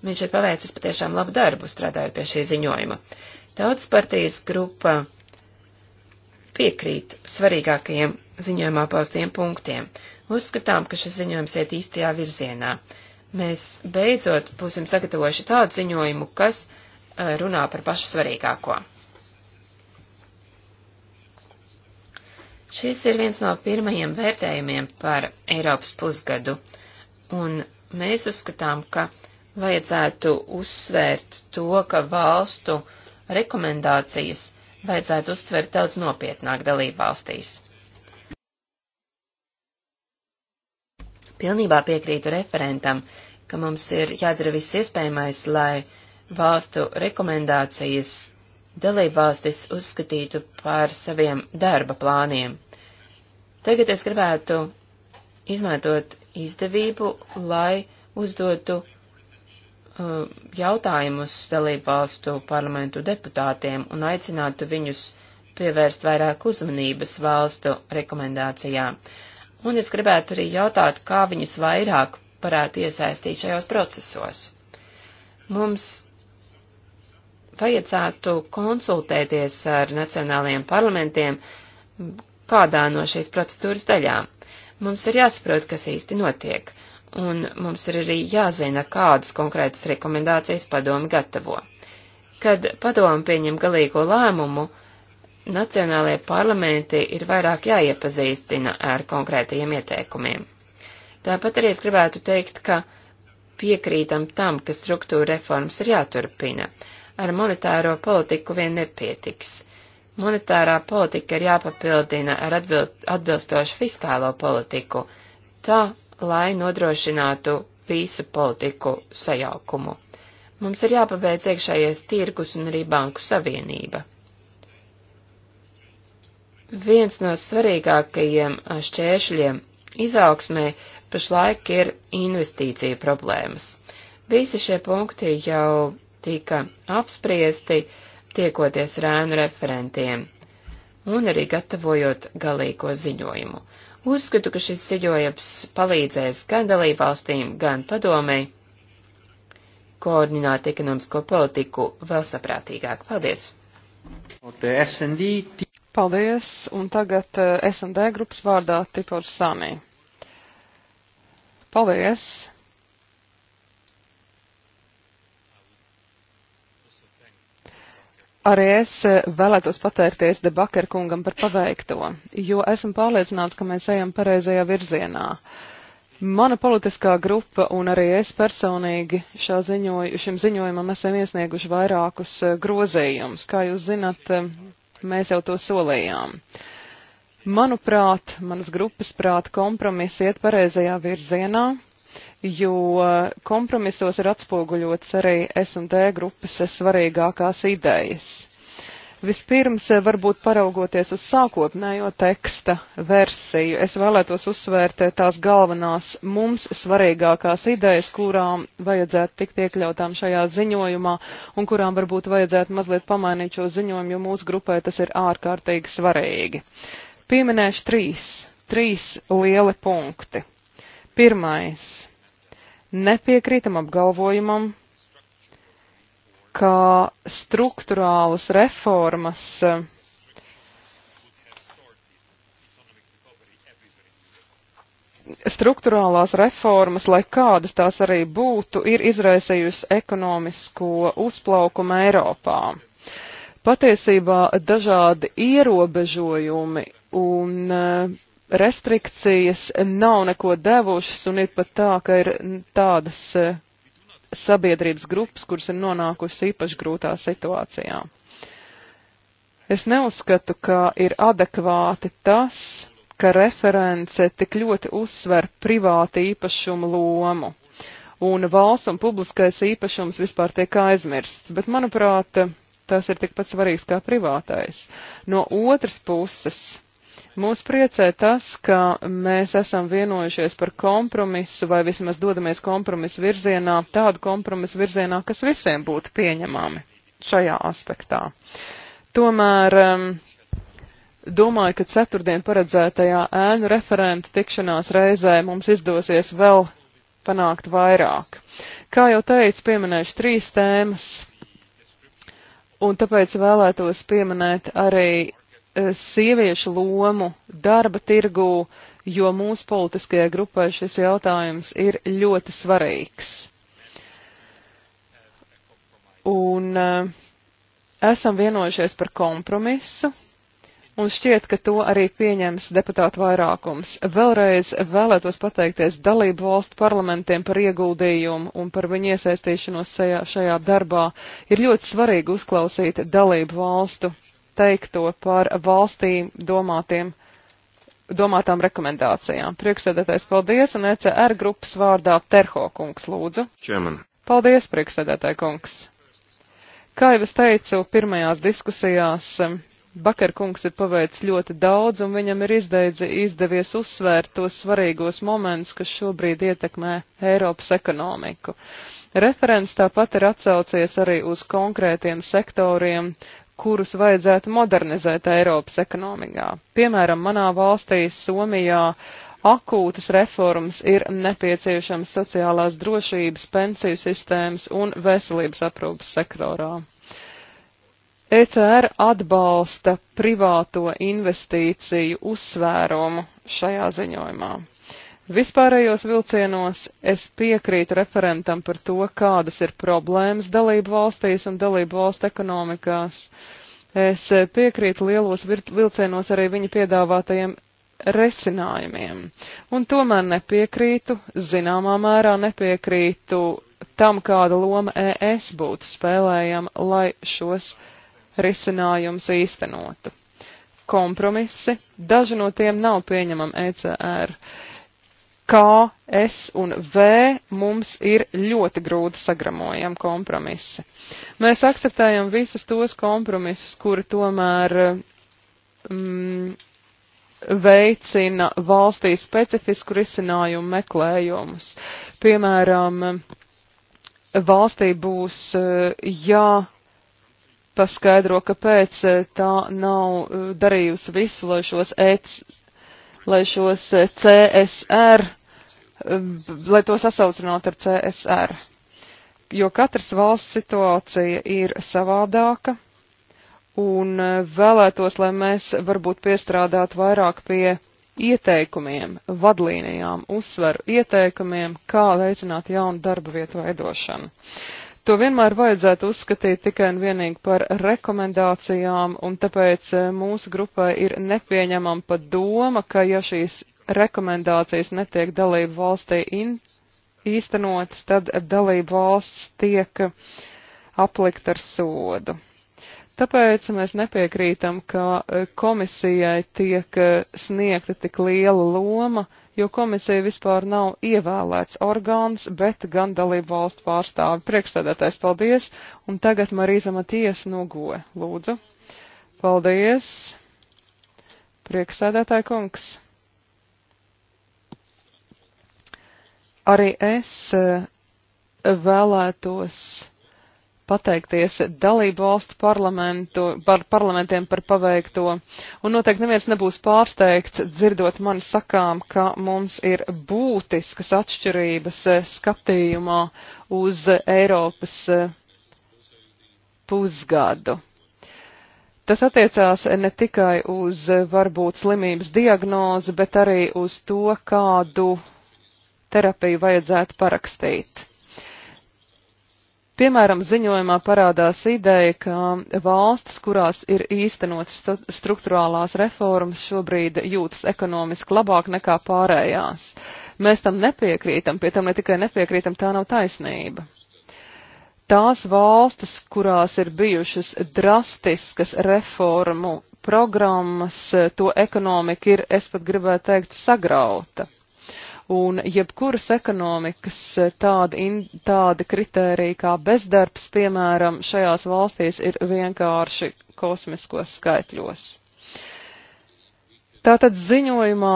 Viņš ir paveicis patiešām labu darbu, strādājot pie šī ziņojuma. Tautas partijas grupa piekrīt svarīgākajiem ziņojumā paustiem punktiem. Uzskatām, ka šis ziņojums iet īstajā virzienā. Mēs beidzot būsim sagatavojuši tādu ziņojumu, kas Eh, runā par pašu svarīgāko. Šis ir viens no pirmajiem vērtējumiem par Eiropas pusgadu, un mēs uzskatām, ka vajadzētu uzsvērt to, ka valstu rekomendācijas vajadzētu uztvert daudz nopietnāk dalību valstīs. Pilnībā piekrītu referentam, ka mums ir jādara viss iespējamais, lai valstu rekomendācijas dalībvalstis uzskatītu par saviem darba plāniem. Tagad es gribētu izmantot izdevību, lai uzdotu uh, jautājumus dalībvalstu parlamentu deputātiem un aicinātu viņus pievērst vairāk uzmanības valstu rekomendācijām. Un es gribētu arī jautāt, kā viņus vairāk varētu iesaistīt šajos procesos. Mums vajadzētu konsultēties ar nacionālajiem parlamentiem kādā no šīs procedūras daļām. Mums ir jāsaprot, kas īsti notiek, un mums ir arī jāzina, kādas konkrētas rekomendācijas padomi gatavo. Kad padomi pieņem galīgo lēmumu, nacionālajie parlamenti ir vairāk jāiepazīstina ar konkrētajiem ieteikumiem. Tāpat arī es gribētu teikt, ka piekrītam tam, ka struktūra reformas ir jāturpina, ar monetāro politiku vien nepietiks. Monetārā politika ir jāpapildina ar atbild, atbilstošu fiskālo politiku, tā, lai nodrošinātu visu politiku sajaukumu. Mums ir jāpabeidz iekšējais tirgus un arī banku savienība. Viens no svarīgākajiem šķēršļiem izaugsmē pašlaik ir investīcija problēmas. Visi šie punkti jau tika apspriesti, tiekoties ar ēnu referentiem un arī gatavojot galīgo ziņojumu. Uzskatu, ka šis ziņojums palīdzēs gan dalībvalstīm, gan padomei koordinēt ekonomisko politiku vēl saprātīgāk. Paldies! Paldies, un tagad eh, SND grupas vārdā Tipors Sāmī. Paldies! Arī es eh, vēlētos pateikties Debakar kungam par paveikto, jo esmu pārliecināts, ka mēs ejam pareizajā virzienā. Mana politiskā grupa un arī es personīgi ziņoju, šim ziņojumam esam iesnieguši vairākus eh, grozījumus. Kā jūs zinat, eh, mēs jau to solījām. Manuprāt, manas grupas prāt kompromiss iet pareizajā virzienā, jo kompromisos ir atspoguļots arī S&D grupas svarīgākās idejas. Vispirms, eh, varbūt paraugoties uz sākotnējo teksta versiju, es vēlētos uzsvērt tās galvenās mums svarīgākās idejas, kurām vajadzētu tikt iekļautām šajā ziņojumā un kurām varbūt vajadzētu mazliet pamainīt šo ziņojumu, jo mūsu grupai tas ir ārkārtīgi svarīgi. Pieminēšu trīs, trīs lieli punkti. Pirmais nepiekrītam apgalvojumam, ka struktūrālas reformas struktūrālās reformas, lai kādas tās arī būtu, ir izraisījusi ekonomisko uzplaukumu Eiropā. Patiesībā dažādi ierobežojumi un eh, restrikcijas nav neko devušas un ir pat tā, ka ir tādas e, sabiedrības grupas, kuras ir nonākušas īpaši grūtā situācijā. Es neuzskatu, ka ir adekvāti tas, ka reference tik ļoti uzsver privāti īpašumu lomu, un valsts un publiskais īpašums vispār tiek aizmirsts, bet, manuprāt, tas ir tikpat svarīgs kā privātais. No otras puses, Mūs priecē tas, ka mēs esam vienojušies par kompromisu, vai vismaz dodamies kompromisu virzienā, tādu kompromisu virzienā, kas visiem būtu pieņemami šajā aspektā. Tomēr um, domāju, ka ceturtdien paredzētajā ēnu referenta tikšanās reizē mums izdosies vēl panākt vairāk. Kā jau teicu, pieminēšu trīs tēmas, un tāpēc vēlētos pieminēt arī Eh, sieviešu lomu darba tirgū, jo mūsu politiskajai grupai šis jautājums ir ļoti svarīgs. Un eh, esam vienojušies par kompromisu, un šķiet, ka to arī pieņems deputātu vairākums. Vēlreiz vēlētos pateikties dalību valstu parlamentiem par ieguldījumu un par viņu iesaistīšanos šajā, šajā darbā. Ir ļoti svarīgi uzklausīt dalību valstu teikto par valstīm domātiem, domātām rekomendācijām. Priekšsēdētais paldies un ECR grupas vārdā Terho kungs lūdzu. Čeman. Paldies, priekšsēdētāji kungs. Kā jau es teicu, pirmajās diskusijās Bakar kungs ir paveicis ļoti daudz, un viņam ir izdeidzi, izdevies uzsvērt tos svarīgos momentus, kas šobrīd ietekmē Eiropas ekonomiku. Referents tāpat ir atsaucies arī uz konkrētiem sektoriem, kurus vajadzētu modernizēt Eiropas ekonomikā. Piemēram, manā valstī, Somijā, akūtas reformas ir nepieciešams sociālās drošības, pensiju sistēmas un veselības aprūpas sektorā. ECR atbalsta privāto investīciju uzsvērumu šajā ziņojumā. Vispārējos vilcienos es piekrītu referentam par to, kādas ir problēmas dalību valstīs un dalību valstu ekonomikās. Es piekrītu lielos vilcienos arī viņa piedāvātajiem risinājumiem. Un tomēr nepiekrītu, zināmā mērā nepiekrītu tam, kāda loma ES būtu spēlējama, lai šos risinājumus īstenotu. Kompromisi, daži no tiem nav pieņemami ECR. Uh, K, S un V mums ir ļoti grūti sagramojam kompromisi. Mēs akceptējam visus tos kompromisus, kuri tomēr mm, veicina valstī specifisku risinājumu meklējumus. Piemēram, valstī būs jāpaskaidro, kāpēc tā nav darījusi visu, lai šos EC, lai šos CSR lai to sasaucinātu ar CSR. Jo katras valsts situācija ir savādāka un vēlētos, lai mēs varbūt piestrādātu vairāk pie ieteikumiem, vadlīnijām, uzsveru ieteikumiem, kā veicināt jaunu darba vietu veidošanu. To vienmēr vajadzētu uzskatīt tikai un vienīgi par rekomendācijām, un tāpēc eh, mūsu grupai ir nepieņemama pat doma, ka ja šīs rekomendācijas netiek dalību valstī in, īstenotas, tad dalību valsts tiek aplikt ar sodu. Tāpēc mēs nepiekrītam, ka e, komisijai tiek e, sniegta tik liela loma, jo komisija vispār nav ievēlēts orgāns, bet gan dalību valstu pārstāvi. Priekšstādātais paldies, un tagad Marīza Matijas nogoja. Lūdzu. Paldies. Priekšsēdētāja kungs. Arī es eh, vēlētos pateikties dalību valstu par parlamentiem par paveikto, un noteikti neviens nebūs pārsteigts dzirdot mani sakām, ka mums ir būtiskas atšķirības eh, skatījumā uz Eiropas eh, pusgadu. Tas attiecās ne tikai uz varbūt slimības diagnozi, bet arī uz to, kādu terapiju vajadzētu parakstīt. Piemēram, ziņojumā parādās ideja, ka valstis, kurās ir īstenotas struktūrālās reformas, šobrīd jūtas ekonomiski labāk nekā pārējās. Mēs tam nepiekrītam, pie tam ne tikai nepiekrītam, tā nav taisnība tās valstis, kurās ir bijušas drastiskas reformu programmas, to ekonomika ir, es pat gribētu teikt, sagrauta un jebkuras ekonomikas eh, tāda, in, tāda kritērija kā bezdarbs, piemēram, šajās valstīs ir vienkārši kosmiskos skaitļos. Tātad ziņojumā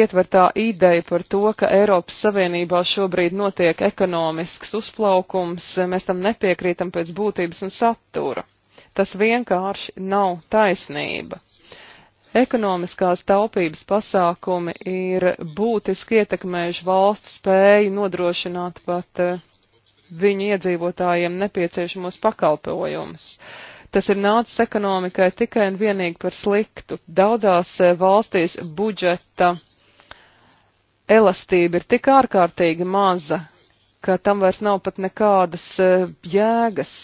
ietvertā ideja par to, ka Eiropas Savienībā šobrīd notiek ekonomisks uzplaukums, eh, mēs tam nepiekrītam pēc būtības un satura. Tas vienkārši nav taisnība. Ekonomiskās taupības pasākumi ir būtiski ietekmējuši valstu spēju nodrošināt pat eh, viņu iedzīvotājiem nepieciešamos pakalpojumus. Tas ir nācis ekonomikai tikai un vienīgi par sliktu. Daudzās eh, valstīs budžeta elastība ir tik ārkārtīgi maza, ka tam vairs nav pat nekādas eh, jēgas.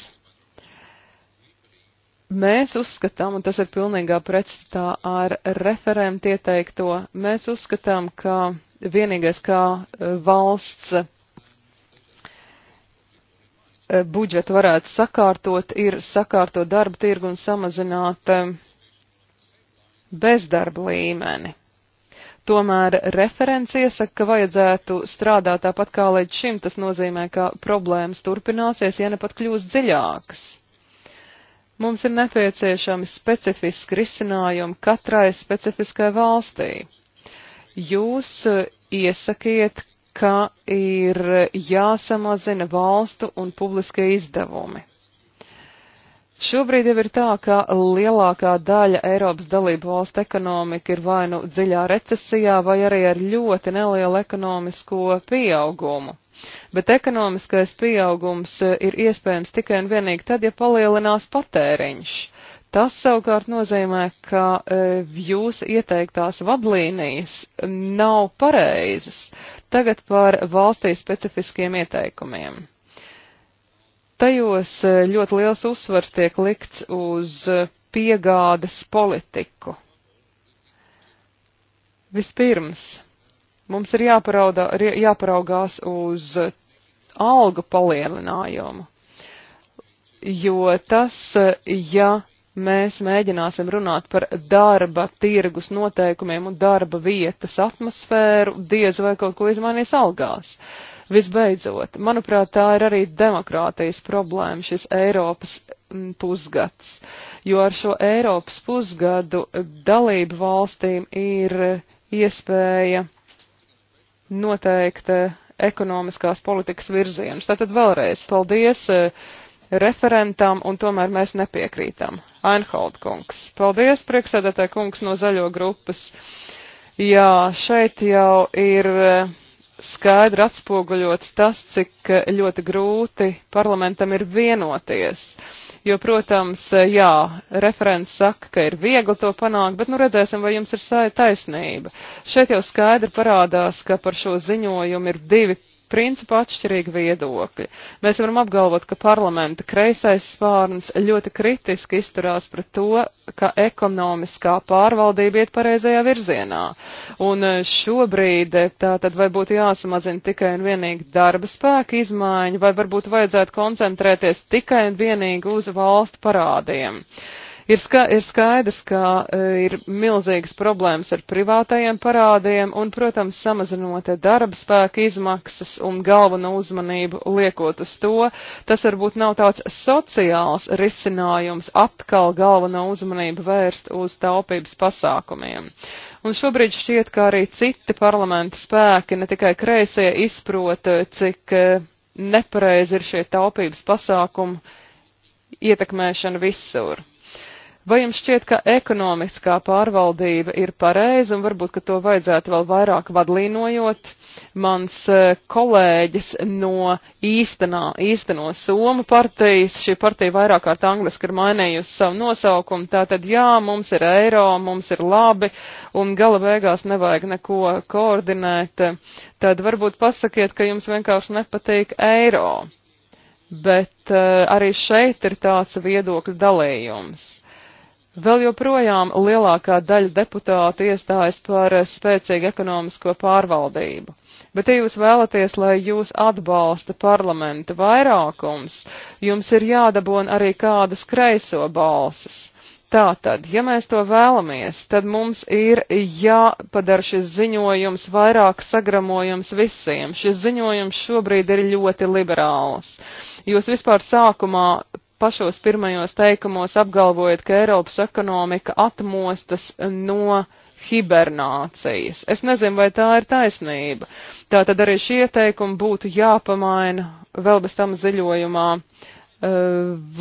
Mēs uzskatām, un tas ir pilnīgā pretstatā ar referentu ieteikto, mēs uzskatām, ka vienīgais, kā e, valsts e, budžetu varētu sakārtot, ir sakārtot darba tirgu un samazināt e, bezdarba līmeni. Tomēr referents iesaka, ka vajadzētu strādāt tāpat kā līdz šim, tas nozīmē, ka problēmas turpināsies, ja ne pat kļūs dziļākas. Mums ir nepieciešami specifiski risinājumi katrai specifiskai valstī. Jūs e, iesakiet, ka ir jāsamazina valstu un publiskie izdevumi. Šobrīd jau ir tā, ka lielākā daļa Eiropas dalību valstu ekonomika ir vai nu dziļā recesijā, vai arī ar ļoti nelielu ekonomisko pieaugumu. Bet ekonomiskais pieaugums eh, ir iespējams tikai un vienīgi tad, ja palielinās patēriņš. Tas savukārt nozīmē, ka e, jūsu ieteiktās vadlīnijas nav pareizas. Tagad par valstī specifiskiem ieteikumiem. Tajos eh, ļoti liels uzsvars tiek likts uz piegādes politiku. Vispirms Mums ir jāparauda, jāparaugās uz algu palielinājumu, jo tas, ja mēs mēģināsim runāt par darba tirgus noteikumiem un darba vietas atmosfēru, diez vai kaut ko izmainīs algās. Visbeidzot, manuprāt, tā ir arī demokrātijas problēma, šis Eiropas pusgads, jo ar šo Eiropas pusgadu dalību valstīm ir iespēja noteikti ekonomiskās politikas virzienus. Tātad vēlreiz paldies eh, referentam un tomēr mēs nepiekrītam. Einhold kungs. Paldies, prieksēdētāji kungs no zaļo grupas. Jā, šeit jau ir eh, skaidri atspoguļots tas, cik eh, ļoti grūti parlamentam ir vienoties. Uh, Jo, protams, jā, referents saka, ka ir viegli to panākt, bet nu redzēsim, vai jums ir saja taisnība. Šeit jau skaidri parādās, ka par šo ziņojumu ir divi principā atšķirīgi viedokļi. Mēs varam apgalvot, ka parlamenta kreisais spārns ļoti kritiski izturās pret to, ka ekonomiskā pārvaldība iet pareizajā virzienā. Un eh, šobrīd eh, tā tad vai būtu jāsamazina tikai un vienīgi darba spēka izmaiņa, vai varbūt vajadzētu koncentrēties tikai un vienīgi uz valstu parādiem. Uh, Ir, ska, ir skaidrs, ka e, ir milzīgas problēmas ar privātajiem parādiem un, protams, samazinot darba spēka izmaksas un galveno uzmanību liekot uz to. Tas varbūt nav tāds sociāls risinājums atkal galveno uzmanību vērst uz taupības pasākumiem. Un šobrīd šķiet, ka arī citi parlamenta spēki, ne tikai kreisie, izprot, e, cik e, nepareizi ir šie taupības pasākumi ietekmēšana visur. Vai jums šķiet, ka ekonomiskā pārvaldība ir pareiza un varbūt, ka to vajadzētu vēl vairāk vadlīnojot? Mans e, kolēģis no īstenā, īsteno Somu partijas, šī partija vairāk kārt angliski ir mainījusi savu nosaukumu, tātad jā, mums ir eiro, mums ir labi un gala beigās nevajag neko koordinēt. Tad varbūt pasakiet, ka jums vienkārši nepatīk eiro bet uh, arī šeit ir tāds viedokļu dalījums. Vēl joprojām lielākā daļa deputātu iestājas par spēcīgu ekonomisko pārvaldību. Bet, ja jūs vēlaties, lai jūs atbalsta parlamenta vairākums, jums ir jādabon arī kādas kreiso balsis. Tātad, ja mēs to vēlamies, tad mums ir jāpadara šis ziņojums vairāk sagramojams visiem. Šis ziņojums šobrīd ir ļoti liberāls. Jūs vispār sākumā pašos pirmajos teikumos apgalvojat, ka Eiropas ekonomika atmostas no hibernācijas. Es nezinu, vai tā ir taisnība. Tā tad arī šie teikumi būtu jāpamaina vēl bez tam ziļojumā. Eh,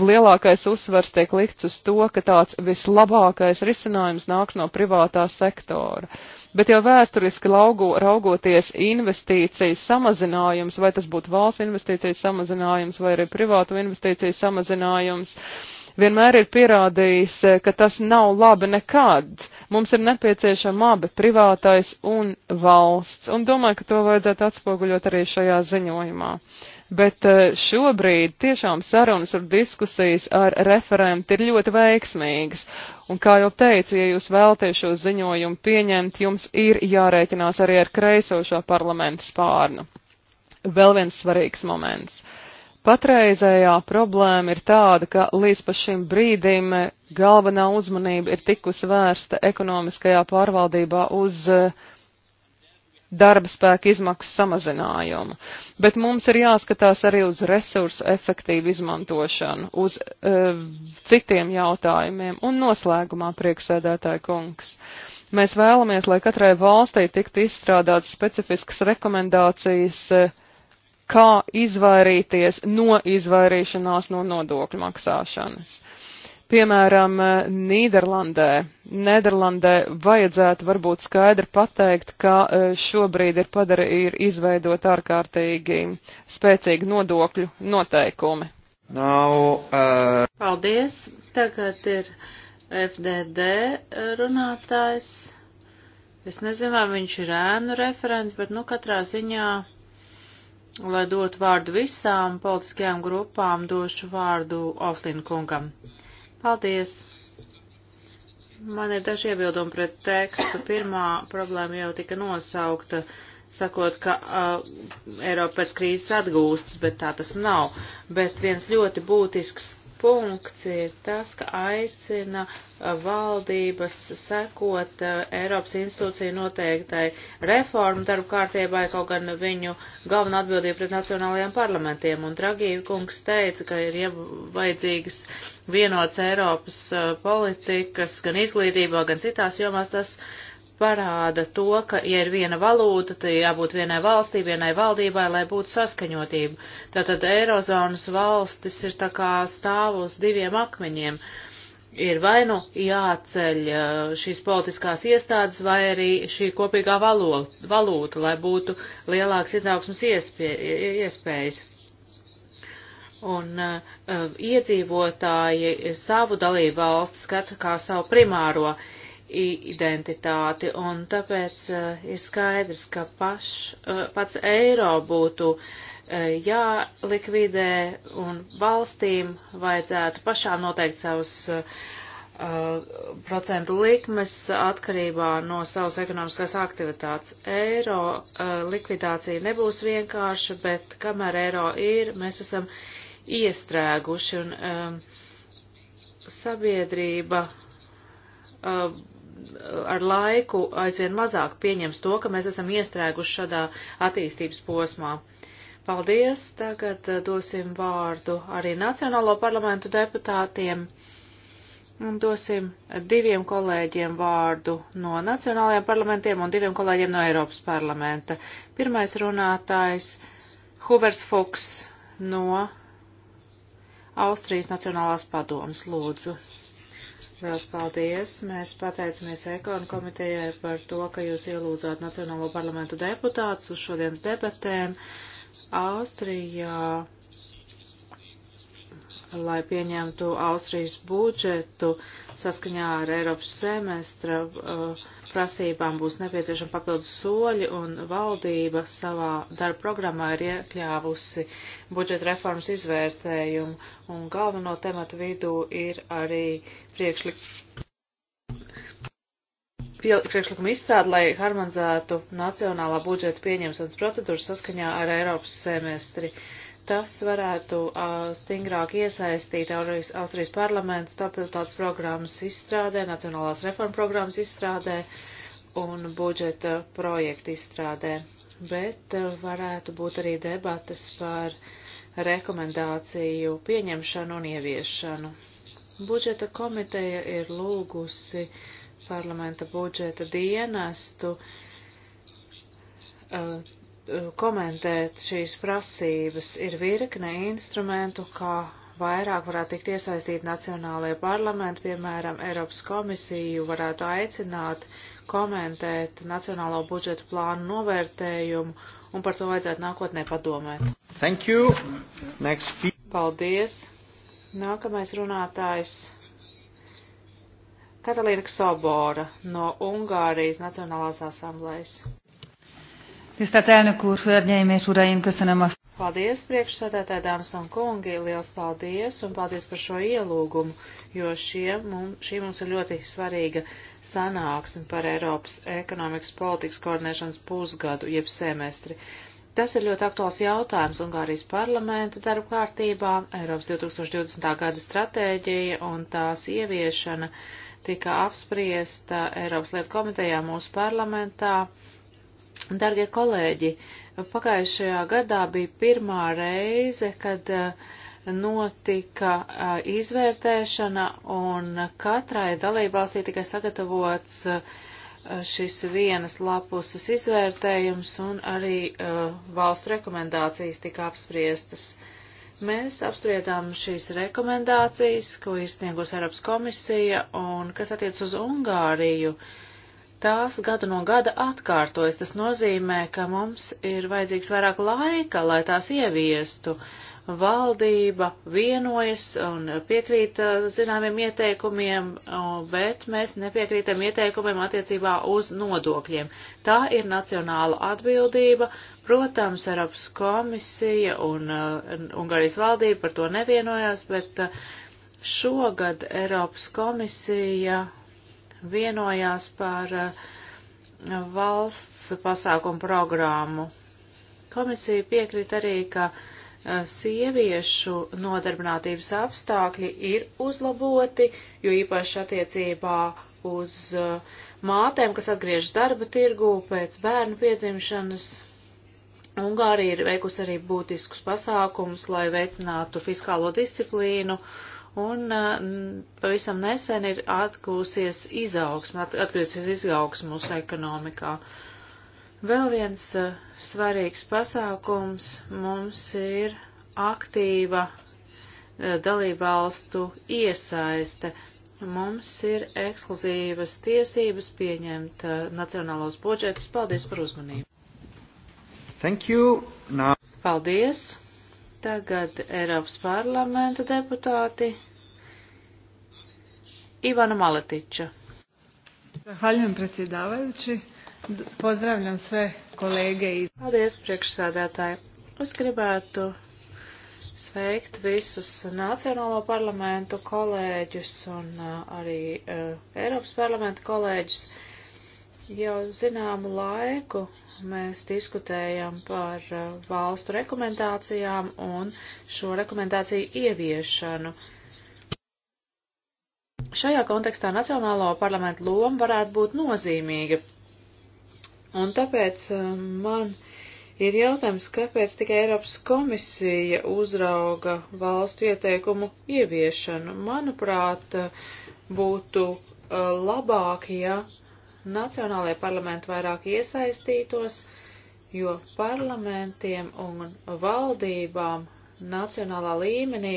lielākais uzsvars tiek likts uz to, ka tāds vislabākais risinājums nāks no privātā sektora bet jau vēsturiski laugo, raugoties investīcijas samazinājums, vai tas būtu valsts investīcijas samazinājums vai arī privātu investīcijas samazinājums, vienmēr ir pierādījis, ka tas nav labi nekad. Mums ir nepieciešama abi privātais un valsts, un domāju, ka to vajadzētu atspoguļot arī šajā ziņojumā. Uh, bet eh, šobrīd tiešām sarunas un diskusijas ar referenti ir ļoti veiksmīgas. Un kā jau teicu, ja jūs vēlaties šo ziņojumu pieņemt, jums ir jārēķinās arī ar kreisošo parlamentu spārnu. Vēl viens svarīgs moments. Patreizējā problēma ir tāda, ka līdz pa šim brīdim eh, galvenā uzmanība ir tikusi vērsta ekonomiskajā pārvaldībā uz uh, darba spēka izmaksu samazinājumu. Bet mums ir jāskatās arī uz resursu efektīvu izmantošanu, uz uh, citiem jautājumiem un noslēgumā priekšsēdētāja kungs. Mēs vēlamies, lai katrai valstī tiktu izstrādātas specifiskas rekomendācijas, uh, kā izvairīties no izvairīšanās no nodokļu maksāšanas. Uh, Piemēram, eh, Nīderlandē. Nīderlandē vajadzētu varbūt skaidri pateikt, ka eh, šobrīd ir, padara, ir izveidot ārkārtīgi spēcīgi nodokļu noteikumi. Nav. Uh... Paldies. Tagad ir FDD runātājs. Es nezinu, vai viņš ir ēnu referents, bet nu katrā ziņā lai dotu vārdu visām politiskajām grupām, došu vārdu Oflin kungam. Paldies! Man ir daži iebildumi pret tekstu. Pirmā problēma jau tika nosaukta, sakot, ka uh, Eiropa pēc krīzes atgūstas, bet tā tas nav. Bet viens ļoti būtisks punkts ir tas, ka aicina valdības sekot Eiropas institūciju noteiktai reformu darbu kārtībai, kaut gan viņu galvenā atbildība pret nacionālajiem parlamentiem. Un Dragīva kungs teica, ka ir vajadzīgas vienots Eiropas politikas gan izglītībā, gan citās jomās. Tas parāda to, ka, ja ir viena valūta, tad jābūt vienai valstī, vienai valdībai, lai būtu saskaņotība. Tātad Eirozonas valstis ir tā kā stāv uz diviem akmeņiem. Ir vai nu jāceļ šīs politiskās iestādes, vai arī šī kopīgā valūta, valūta lai būtu lielāks izaugsmas iespē, iespējas un uh, iedzīvotāji savu dalību valsti skata kā savu primāro identitāti, un tāpēc uh, ir skaidrs, ka paš, uh, pats eiro būtu uh, jālikvidē, un valstīm vajadzētu pašām noteikt savus uh, procentu likmes atkarībā no savas ekonomiskās aktivitātes. Eiro uh, likvidācija nebūs vienkārša, bet kamēr eiro ir, mēs esam iestrēguši, un um, sabiedrība uh, ar laiku aizvien mazāk pieņems to, ka mēs esam iestrēguši šādā attīstības posmā. Paldies! Tagad eh, dosim vārdu arī Nacionālo parlamentu deputātiem un dosim diviem kolēģiem vārdu no Nacionālajiem parlamentiem un diviem kolēģiem no Eiropas parlamenta. Pirmais runātājs Hubers Fuchs no Austrijas Nacionālās padomas. Lūdzu! Vēlas paldies. Mēs pateicamies Ekonu komitejai par to, ka jūs ielūdzāt Nacionālo parlamentu deputātus uz šodienas debatēm Austrijā, lai pieņemtu Austrijas budžetu saskaņā ar Eiropas semestra. Uh, prasībām būs nepieciešama papildus soļi, un valdība savā darba programmā ir iekļāvusi budžeta reformas izvērtējumu, un galveno tematu vidū ir arī priekšlik... priekšlikuma izstrāde, lai harmonizētu nacionālā budžeta pieņemšanas procedūras saskaņā ar Eiropas semestri. Uh, tas varētu uh, stingrāk iesaistīt Austrijas, Austrijas parlamentu stabilitātes programmas izstrādē, nacionālās reforma programmas izstrādē un budžeta projektu izstrādē. Bet uh, varētu būt arī debatas par rekomendāciju pieņemšanu un ieviešanu. Budžeta komiteja ir lūgusi parlamenta budžeta dienestu uh, komentēt šīs prasības. Ir virkne instrumentu, kā vairāk varētu tikt iesaistīt nacionālajie parlamenti, piemēram, Eiropas komisiju varētu aicināt komentēt nacionālo budžetu plānu novērtējumu, un par to vajadzētu nākotnē padomēt. Thank you. Next. Paldies. Nākamais runātājs Katalīna Ksobora no Ungārijas Nacionālās asamblējas. Tisztelt elnök úr, hölgyeim és uraim, köszönöm a... Paldies, priekšsādātāji, dāmas un kungi, liels paldies un paldies par šo ielūgumu, jo šie, mums, šī mums ir ļoti svarīga sanāksme par Eiropas ekonomikas politikas koordinēšanas pusgadu, jeb semestri. Tas ir ļoti aktuāls jautājums Ungārijas parlamenta darba kārtībā, Eiropas 2020. gada stratēģija un tās ieviešana tika apspriesta Eiropas lietu komitejā mūsu parlamentā Dargie kolēģi, pagājušajā gadā bija pirmā reize, kad eh, notika eh, izvērtēšana un katrai dalībvalstī tikai sagatavots eh, šis vienas lapuses izvērtējums un arī valstu rekomendācijas tika apspriestas. Mēs apspriedām šīs rekomendācijas, ko izsniegus Eiropas komisija un kas attiec uz Ungāriju. Uh, tās gadu no gada atkārtojas. Tas nozīmē, ka mums ir vajadzīgs vairāk laika, lai tās ieviestu. Valdība vienojas un piekrīt uh, zināmiem ieteikumiem, bet mēs nepiekrītam ieteikumiem attiecībā uz nodokļiem. Tā ir nacionāla atbildība. Protams, Eiropas komisija un uh, Ungārijas valdība par to nevienojās, bet uh, šogad Eiropas komisija vienojās par eh, valsts pasākumu programmu. Komisija piekrīt arī, ka eh, sieviešu nodarbinātības apstākļi ir uzlaboti, jo īpaši attiecībā uz eh, mātēm, kas atgriežas darba tirgū pēc bērnu piedzimšanas. Ungārija ir veikusi arī būtiskus pasākumus, lai veicinātu fiskālo disciplīnu un eh, pavisam nesen ir atgūsies izaugsme, atgriezies izaugsme mūsu ekonomikā. Vēl viens eh, svarīgs pasākums mums ir aktīva eh, dalībvalstu iesaiste. Mums ir ekskluzīvas tiesības pieņemt nacionālos budžetus. Paldies par uzmanību. Thank you. Now... Paldies. Tagad Eiropas parlamenta deputāti Ivana Maletića. Zahvaljujem predsjedavajući. Pozdravljam sve kolege iz... Paldies, priekšsādātāji. Es gribētu sveikt visus Nacionālo parlamentu kolēģus un uh, arī uh, Eiropas parlamenta kolēģus. Uh, Jau zināmu laiku mēs diskutējam par uh, valstu rekomendācijām un šo rekomendāciju ieviešanu. Šajā kontekstā Nacionālo parlamentu loma varētu būt nozīmīga. Un tāpēc uh, man ir jautājums, kāpēc tikai Eiropas komisija uzrauga valstu ieteikumu ieviešanu. Manuprāt, uh, būtu labāk, ja nacionālajie parlamenti vairāk iesaistītos, jo parlamentiem un valdībām nacionālā līmenī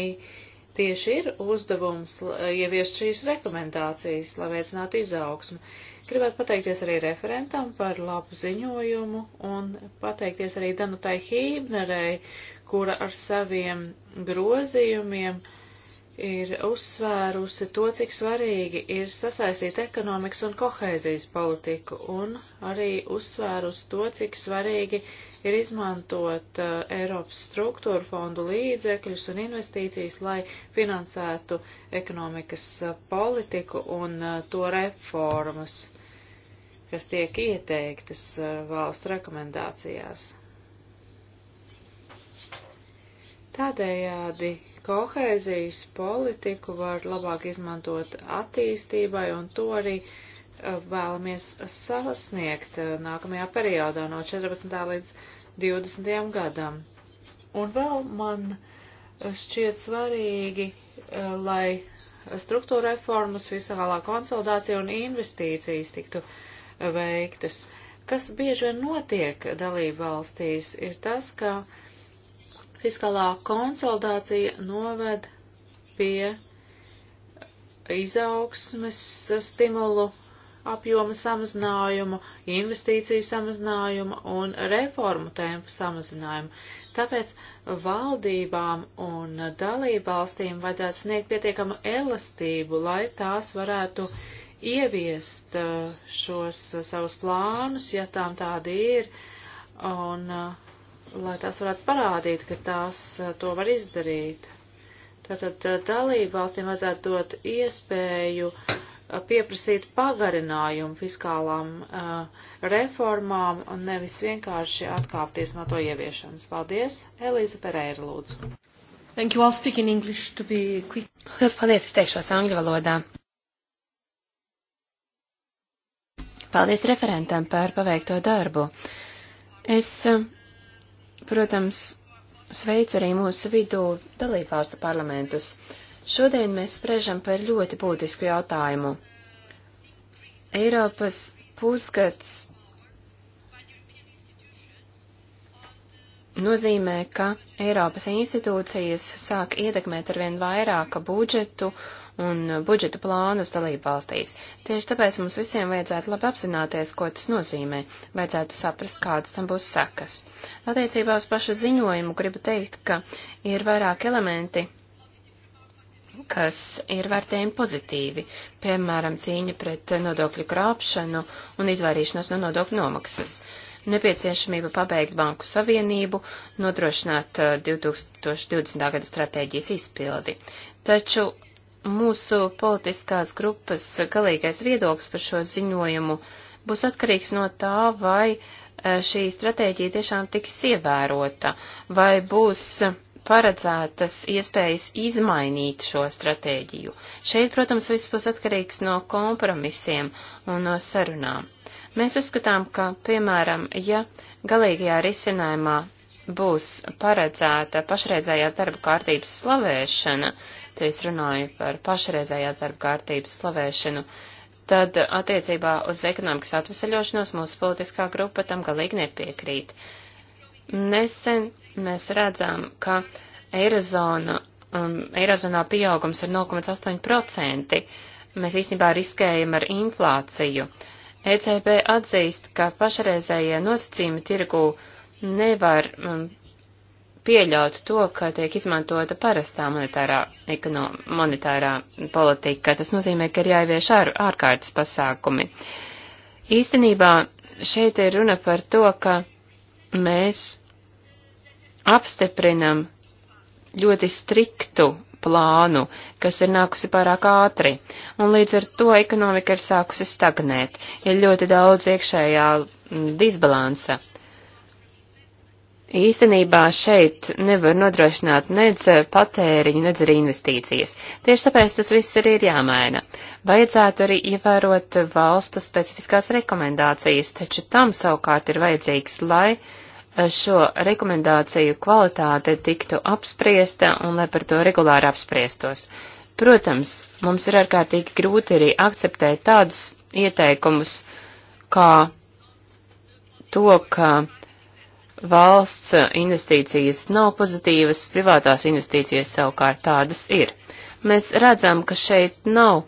tieši ir uzdevums ieviest šīs rekomendācijas, lai veicinātu izaugsmu. Gribētu pateikties arī referentam par labu ziņojumu un pateikties arī Danutai Hībnerei, kura ar saviem grozījumiem uh, ir uzsvērusi to, cik svarīgi ir sasaistīt ekonomikas un kohēzijas politiku, un arī uzsvērusi to, cik svarīgi ir izmantot uh, Eiropas struktūru fondu līdzekļus un investīcijas, lai finansētu ekonomikas uh, politiku un uh, to reformas, kas tiek ieteiktas uh, valstu rekomendācijās. Tādējādi kohēzijas politiku var labāk izmantot attīstībai, un to arī eh, vēlamies sasniegt eh, nākamajā periodā no 14. līdz 20. gadam. Un vēl man eh, šķiet svarīgi, lai struktūra reformas, visālā konsolidācija un investīcijas tiktu veiktas. Kas bieži vien notiek dalību valstīs, ir tas, ka uh, Fiskālā konsolidācija noved pie izaugsmes stimulu apjoma samazinājumu, investīciju samazinājumu un reformu tempu samazinājumu. Tāpēc valdībām un dalībvalstīm vajadzētu sniegt pietiekamu elastību, lai tās varētu ieviest uh, šos uh, savus plānus, ja tām tādi ir, un uh, lai tās varētu parādīt, ka tās eh, to var izdarīt. Tātad eh, dalību valstīm vajadzētu dot iespēju eh, pieprasīt pagarinājumu fiskālām uh, reformām un nevis vienkārši atkāpties no to ieviešanas. Paldies, Elīza Pereira, lūdzu. Thank you all speaking English to be quick. Lielas paldies, es teikšos angļu valodā. Paldies referentam par paveikto darbu. Es uh, Protams, sveicu arī mūsu vidū dalībvalstu parlamentus. Šodien mēs spriežam par ļoti būtisku jautājumu. Eiropas pusgads nozīmē, ka Eiropas institūcijas sāk ietekmēt arvien vairāk budžetu un budžeta plānus dalību valstīs. Tieši tāpēc mums visiem vajadzētu labi apzināties, ko tas nozīmē, vajadzētu saprast, kādas tam būs sekas. Attiecībā uz pašu ziņojumu gribu teikt, ka ir vairāk elementi, kas ir vērtējumi pozitīvi, piemēram, cīņa pret nodokļu krāpšanu un izvairīšanos no nodokļu nomaksas, nepieciešamība pabeigt banku savienību, nodrošināt 2020. Eh, gada stratēģijas izpildi. Taču Mūsu politiskās grupas galīgais viedoklis par šo ziņojumu būs atkarīgs no tā, vai e, šī stratēģija tiešām tiks ievērota, vai būs paredzētas iespējas izmainīt šo stratēģiju. Šeit, protams, viss būs atkarīgs no kompromisiem un no sarunām. Mēs uzskatām, ka, piemēram, ja galīgajā risinājumā būs paredzēta pašreizējās darba kārtības slavēšana, uh, te es runāju par pašreizējās darba kārtības slavēšanu, tad attiecībā uz ekonomikas atvesaļošanos mūsu politiskā grupa tam galīgi nepiekrīt. Nesen mēs redzam, ka Eirozona, um, Eirozonā pieaugums ir 0,8%. Mēs īstenībā riskējam ar inflāciju. ECB atzīst, ka pašreizējie nosacījumi tirgū nevar um, pieļaut to, ka tiek izmantota parastā monetārā, ekono, monetārā politika. Tas nozīmē, ka ir jāievieš ār, ārkārtas pasākumi. Īstenībā šeit ir runa par to, ka mēs apstiprinam ļoti striktu plānu, kas ir nākusi pārāk ātri, un līdz ar to ekonomika ir sākusi stagnēt, ir ļoti daudz iekšējā disbalansa īstenībā šeit nevar nodrošināt nedz eh, patēriņu, nedz arī investīcijas. Tieši tāpēc tas viss arī ir jāmaina. Vajadzētu arī ievērot valstu specifiskās rekomendācijas, taču tam savukārt ir vajadzīgs, lai eh, šo rekomendāciju kvalitāte tiktu apspriesta un lai par to regulāri apspriestos. Protams, mums ir ārkārtīgi grūti arī akceptēt tādus ieteikumus, kā to, ka valsts investīcijas nav pozitīvas, privātās investīcijas savukārt tādas ir. Mēs redzam, ka šeit nav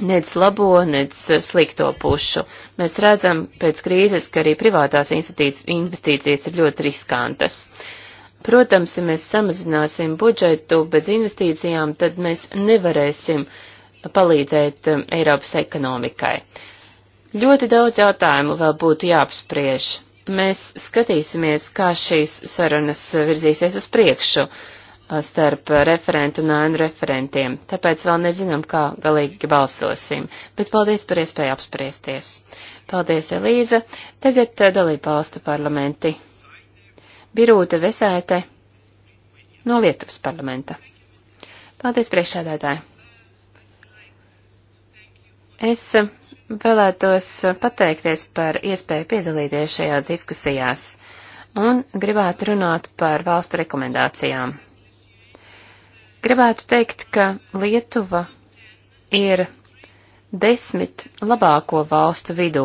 nec labo, nec slikto pušu. Mēs redzam pēc krīzes, ka arī privātās investīcijas ir ļoti riskantas. Protams, ja mēs samazināsim budžetu bez investīcijām, tad mēs nevarēsim palīdzēt um, Eiropas ekonomikai. Ļoti daudz jautājumu vēl būtu jāapspriež. Mēs skatīsimies, kā šīs sarunas virzīsies uz priekšu uh, starp referentu un ēnu referentiem, tāpēc vēl nezinām, kā galīgi balsosim, bet paldies par iespēju apspriesties. Paldies, Elīza. Tagad uh, dalība valstu parlamenti. Birūta Vesēte no Lietuvas parlamenta. Paldies, priekšsēdētāji. Es uh, vēlētos pateikties par iespēju piedalīties šajās diskusijās un gribētu runāt par valstu rekomendācijām. Gribētu teikt, ka Lietuva ir desmit labāko valstu vidū,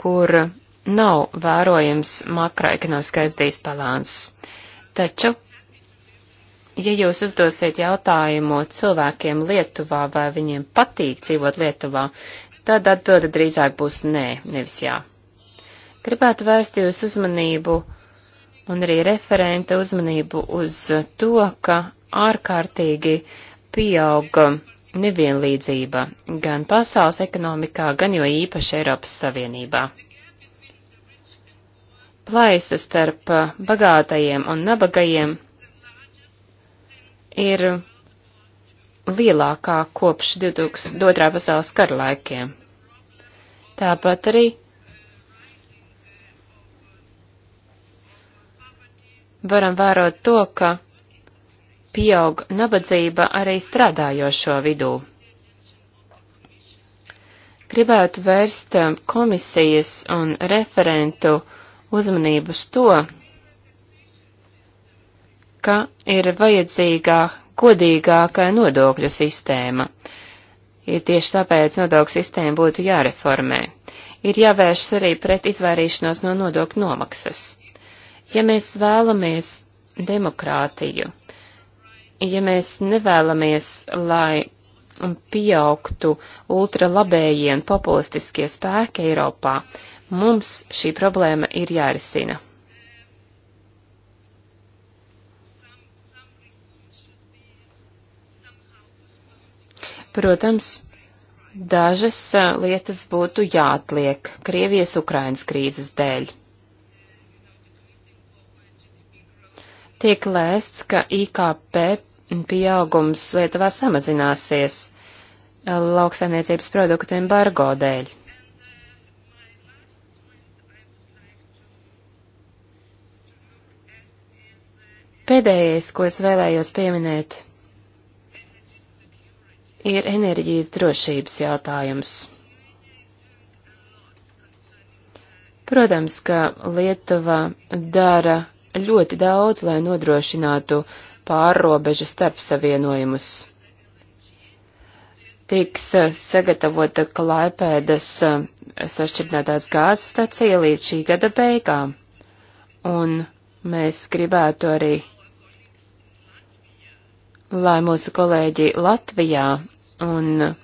kur nav vērojams makroekonomiskais disbalans. Taču ja jūs uzdosiet jautājumu cilvēkiem Lietuvā, vai viņiem patīk dzīvot Lietuvā, tad atbilde drīzāk būs nē, nevis jā. Gribētu vērst jūs uzmanību un arī referenta uzmanību uz to, ka ārkārtīgi pieauga nevienlīdzība gan pasaules ekonomikā, gan jo īpaši Eiropas Savienībā. Plaisa starp bagātajiem un nabagajiem ir lielākā kopš 2002. pasaules kara laikiem. Tāpat arī varam vērot to, ka pieaug nabadzība arī strādājošo vidū. Gribētu vērst komisijas un referentu uzmanību uz to, ka ir vajadzīgā godīgāka nodokļu sistēma. Ir tieši tāpēc nodokļu sistēma būtu jāreformē. Ir jāvēršas arī pret izvairīšanos no nodokļu nomaksas. Ja mēs vēlamies demokrātiju, ja mēs nevēlamies, lai pieaugtu ultralabējie un populistiskie spēki Eiropā, mums šī problēma ir jārisina. Protams, dažas lietas būtu jāatliek Krievijas-Ukrainas krīzes dēļ. Tiek lēsts, ka IKP pieaugums Lietuvā samazināsies lauksaimniecības produktu embargo dēļ. Pēdējais, ko es vēlējos pieminēt, ir enerģijas drošības jautājums. Protams, ka Lietuva dara ļoti daudz, lai nodrošinātu pārrobežu starpsavienojumus. Tiks eh, sagatavota klaipēdas eh, sašķirtinātās gāzes stacija līdz šī gada beigām, un mēs gribētu arī, lai mūsu kolēģi Latvijā un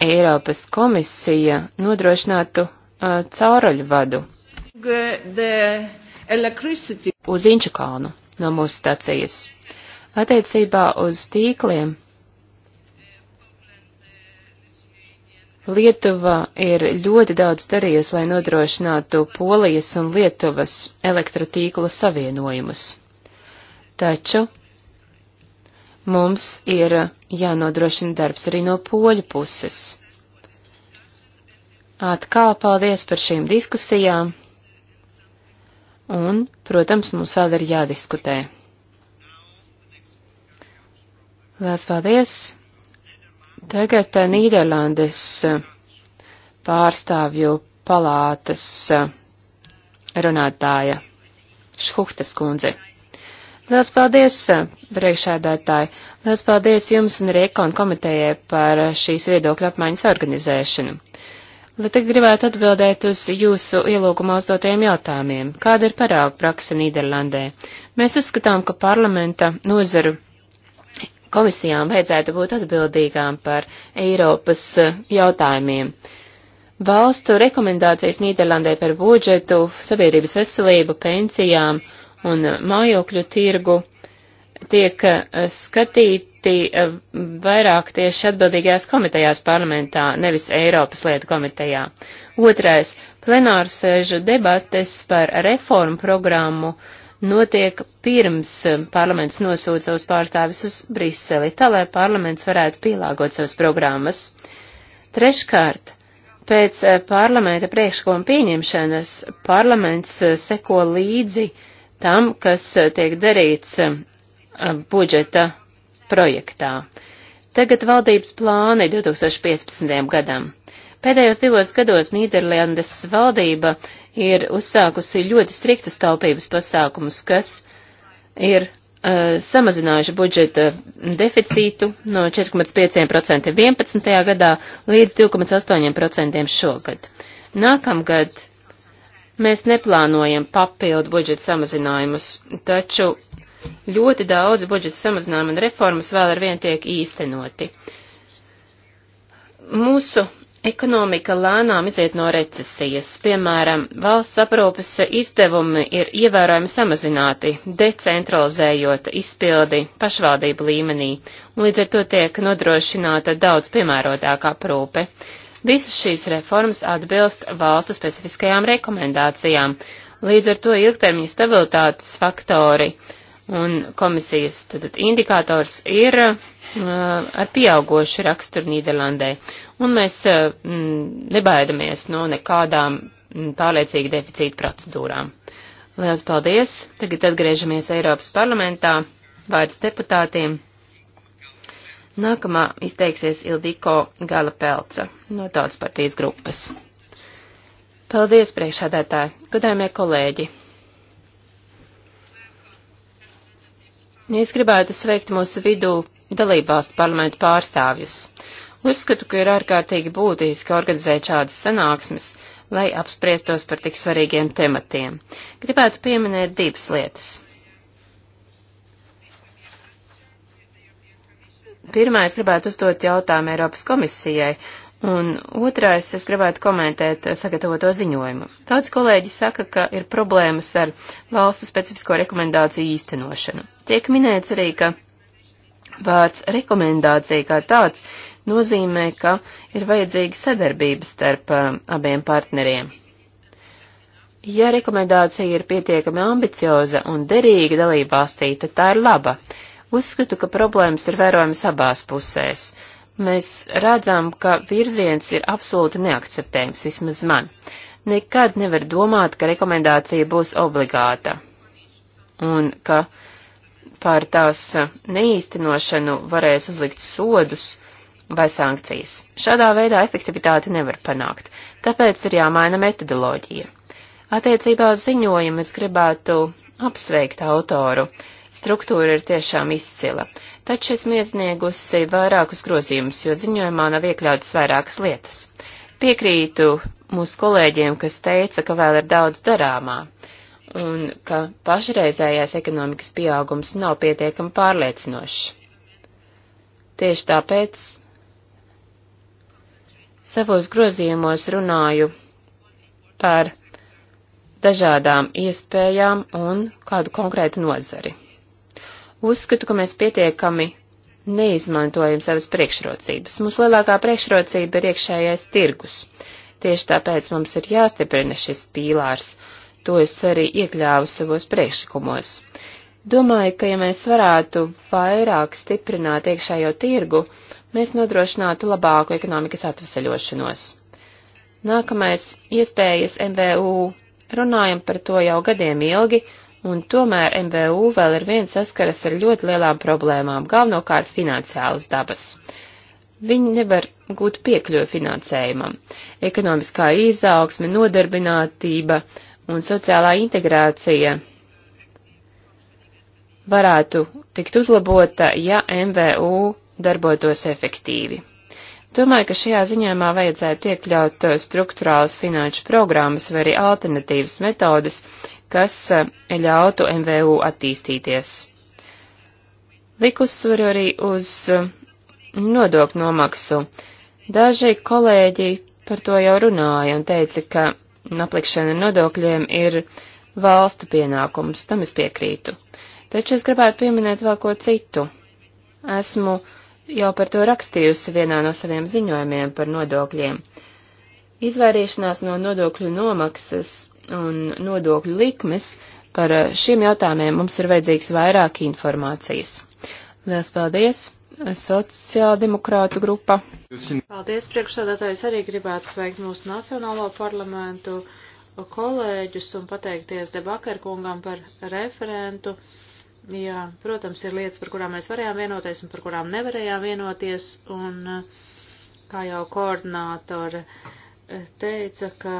Eiropas komisija nodrošinātu uh, cauruļu vadu uz Inču kalnu no mūsu stacijas. Attiecībā uz tīkliem Lietuva ir ļoti daudz darījusi, lai nodrošinātu Polijas un Lietuvas elektrotīkla savienojumus. Taču mums ir jānodrošina darbs arī no poļu puses. Atkal paldies par šīm diskusijām, un, protams, mums vēl ir jādiskutē. Lielas paldies! Tagad eh, Nīderlandes eh, pārstāvju palātas eh, runātāja Šhuhtas kundze. Lielas paldies, eh, priekšēdētāji! Lielas paldies jums un Riekonu komitejai par šīs viedokļa apmaiņas organizēšanu. Lai tagad gribētu atbildēt uz jūsu ielūgumā uzdotajiem jautājumiem, kāda ir parāga praksa Nīderlandē? Mēs uzskatām, ka parlamenta nozaru komisijām vajadzētu būt atbildīgām par Eiropas eh, jautājumiem. Valstu rekomendācijas Nīderlandē par budžetu, sabiedrības veselību, pensijām un uh, mājokļu tirgu tiek uh, skatīti uh, vairāk tieši atbildīgajās komitejās parlamentā, nevis Eiropas lietu komitejā. Otrais - plenārsēžu debates par reformu programmu notiek pirms parlaments nosūta savus pārstāvis uz Briseli, tā lai parlaments varētu pielāgot savas programmas. Treškārt, pēc parlamenta priekšlikuma pieņemšanas parlaments seko līdzi uh, tam, kas tiek darīts eh, budžeta projektā. Tagad valdības plāni 2015. gadam. Pēdējos divos gados Nīderlandes valdība ir uzsākusi ļoti striktus taupības pasākumus, kas ir uh, samazinājuši budžeta deficītu no 4,5% 11. gadā līdz 2,8% šogad. Nākamgad Mēs neplānojam papildu budžeta samazinājumus, taču ļoti daudz budžeta samazinājumu un reformas vēl ar vien tiek īstenoti. Mūsu ekonomika lēnām iziet no recesijas. Piemēram, valsts aprūpes izdevumi ir ievērojami samazināti, decentralizējot izpildi pašvaldību līmenī, un līdz ar to tiek nodrošināta daudz piemērotāka aprūpe. Visas šīs reformas atbilst valstu specifiskajām rekomendācijām. Līdz ar to ilgtermiņa stabilitātes faktori un komisijas tātad, indikators ir uh, ar pieaugošu raksturu Nīderlandē. Un mēs uh, m, nebaidamies no nekādām pārliecīgi deficīta procedūrām. Lielas paldies! Tagad atgriežamies Eiropas parlamentā. Vārds deputātiem. Nākamā izteiksies Ildiko Gala Pelca no Tautas partijas grupas. Paldies, priekšādātāji, godājumie kolēģi! Es gribētu sveikt mūsu vidū dalībvalstu parlamentu pārstāvjus. Uzskatu, ka ir ārkārtīgi būtiski organizēt šādas sanāksmes, lai apspriestos par tik svarīgiem tematiem. Gribētu pieminēt divas lietas. Pirmais gribētu uzdot jautājumu Eiropas komisijai, un otrais es gribētu komentēt eh, sagatavoto ziņojumu. Daudz kolēģi saka, ka ir problēmas ar valstu specifisko rekomendāciju īstenošanu. Tiek minēts arī, ka vārds rekomendācija kā tāds nozīmē, ka ir vajadzīga sadarbība starp um, abiem partneriem. Ja rekomendācija ir pietiekami ambicioza un derīga dalībvalstī, tad tā ir laba. Uzskatu, ka problēmas ir vērojamas abās pusēs. Mēs redzam, ka virziens ir absolūti neakceptējams, vismaz man. Nekad nevar domāt, ka rekomendācija būs obligāta un ka pār tās neīstenošanu varēs uzlikt sodus vai sankcijas. Šādā veidā efektivitāti nevar panākt, tāpēc ir jāmaina metodoloģija. Attiecībā uz ziņojumu es gribētu apsveikt autoru. Struktūra ir tiešām izcila, taču esmu iesniegusi vairākus grozījumus, jo ziņojumā nav iekļautas vairākas lietas. Piekrītu mūsu kolēģiem, kas teica, ka vēl ir daudz darāmā un ka pašreizējais ekonomikas pieaugums nav pietiekami pārliecinošs. Tieši tāpēc savos grozījumos runāju par dažādām iespējām un kādu konkrētu nozari. Uzskatu, ka mēs pietiekami neizmantojam savas priekšrocības. Mūsu lielākā priekšrocība ir iekšējais tirgus. Tieši tāpēc mums ir jāstiprina šis pīlārs. To es arī iekļāvu savos priekšlikumos. Domāju, ka ja mēs varētu vairāk stiprināt iekšējo tirgu, mēs nodrošinātu labāku ekonomikas atveseļošanos. Nākamais - iespējas MVU. Runājam par to jau gadiem ilgi, un tomēr MVU vēl ir viens saskaras ar ļoti lielām problēmām, galvenokārt finansiālas dabas. Viņi nevar gūt piekļuvi finansējumam. Ekonomiskā izaugsme, nodarbinātība un sociālā integrācija varētu tikt uzlabota, ja MVU darbotos efektīvi. Domāju, ka šajā ziņojumā vajadzētu iekļaut eh, struktūrālas finanšu programmas vai arī alternatīvas metodas, kas e, ļautu MVU attīstīties. Likusvaru arī uz e, nodokļu nomaksu. Daži kolēģi par to jau runāja un teica, ka aplikšana nodokļiem ir valstu pienākums, tam es piekrītu. Taču es gribētu pieminēt vēl ko citu. Esmu jau par to rakstījusi vienā no saviem ziņojumiem par nodokļiem. Izvairīšanās no nodokļu nomaksas un nodokļu likmes par eh, šiem jautājumiem mums ir vajadzīgs vairāk informācijas. Lielas paldies! Sociāldemokrātu grupa. Paldies, priekšsādātājs. Arī gribētu sveikt mūsu Nacionālo parlamentu kolēģus un pateikties debakarkungam par referentu. Jā, protams, ir lietas, par kurām mēs varējām vienoties un par kurām nevarējām vienoties. Un, eh, kā jau koordinātore uh, teica, ka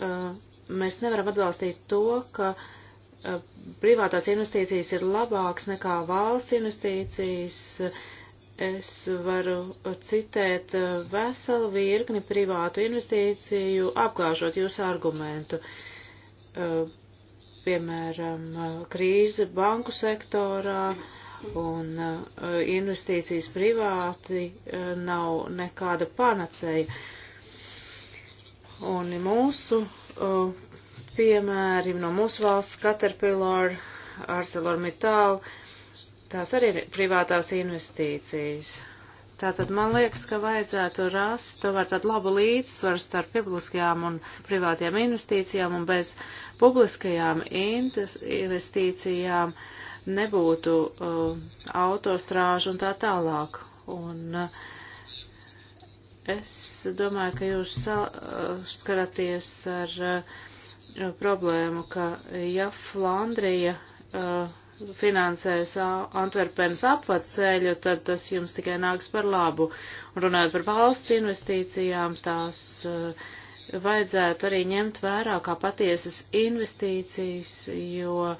uh, mēs nevaram atbalstīt to, ka uh, privātās investīcijas ir labāks nekā valsts investīcijas. Es varu citēt veselu virkni privātu investīciju, apgāžot jūsu argumentu. Uh, piemēram, krīze banku sektorā un investīcijas privāti nav nekāda panacēja Un mūsu uh, piemēri no mūsu valsts Caterpillar, ArcelorMittal, tās arī ir privātās investīcijas. Tātad man liekas, ka vajadzētu rast tomēr tādu labu līdzsvaru starp publiskajām un privātajām investīcijām un bez publiskajām investīcijām nebūtu uh, autostrāžu un tā tālāk. Un, uh, Es domāju, ka jūs skaraties ar uh, problēmu, ka uh, ja Flandrija uh, finansēs Antverpenes apvaceļu, tad tas jums tikai nāks par labu. Un runājot par valsts investīcijām, tās vajadzētu arī ņemt vērā kā patiesas investīcijas, jo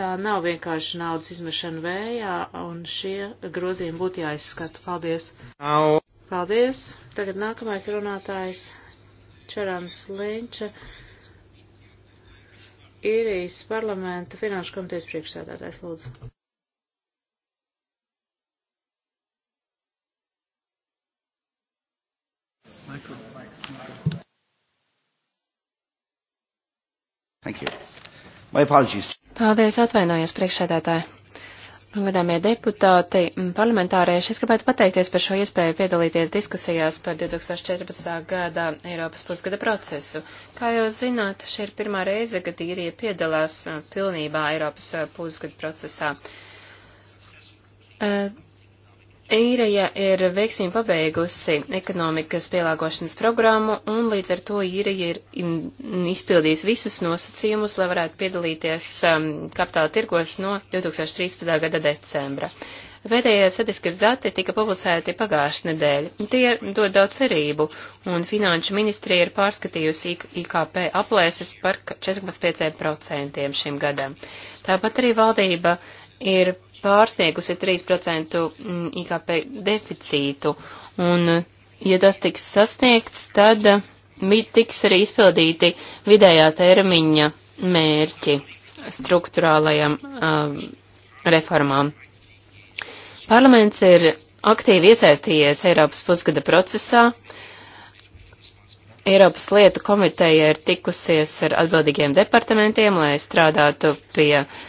tā nav vienkārši naudas izmešana vējā, un šie grozījumi būtu jāizskata. Paldies! Au. Paldies. Tagad nākamais runātājs Čerāns Linča, īrijas parlamenta finanšu komitejas priekšsēdētājs. Lūdzu. Micro, micro. Thank you. My apologies. Paldies, atvainojos priekšsēdētāji. Gadāmie deputāti un parlamentārieši, es gribētu pateikties par šo iespēju piedalīties diskusijās par 2014. gada Eiropas pusgada procesu. Kā jūs zināt, šī ir pirmā reize, kad īrija piedalās pilnībā Eiropas pusgada procesā. Uh, Īrija ir veiksmīgi pabeigusi ekonomikas pielāgošanas programmu, un līdz ar to īrija ir izpildījusi visus nosacījumus, lai varētu piedalīties um, kapitāla tirgos no 2013. gada decembra. Pēdējie statistiskas dati tika publicēti pagājušajā nedēļā. Tie dod daudz cerību, un Finanšu ministrija ir pārskatījusi IKP aplēses par 4,5% šim gadam. Tāpat arī valdība uh, ir pārsniegusi 3% mm, IKP deficītu, un ja tas tiks sasniegts, tad eh, tiks arī izpildīti vidējā termiņa mērķi struktūrālajām um, eh, reformām. Parlaments ir aktīvi iesaistījies Eiropas pusgada procesā. Eiropas lietu komiteja ir tikusies ar atbildīgiem departamentiem, lai strādātu pie uh,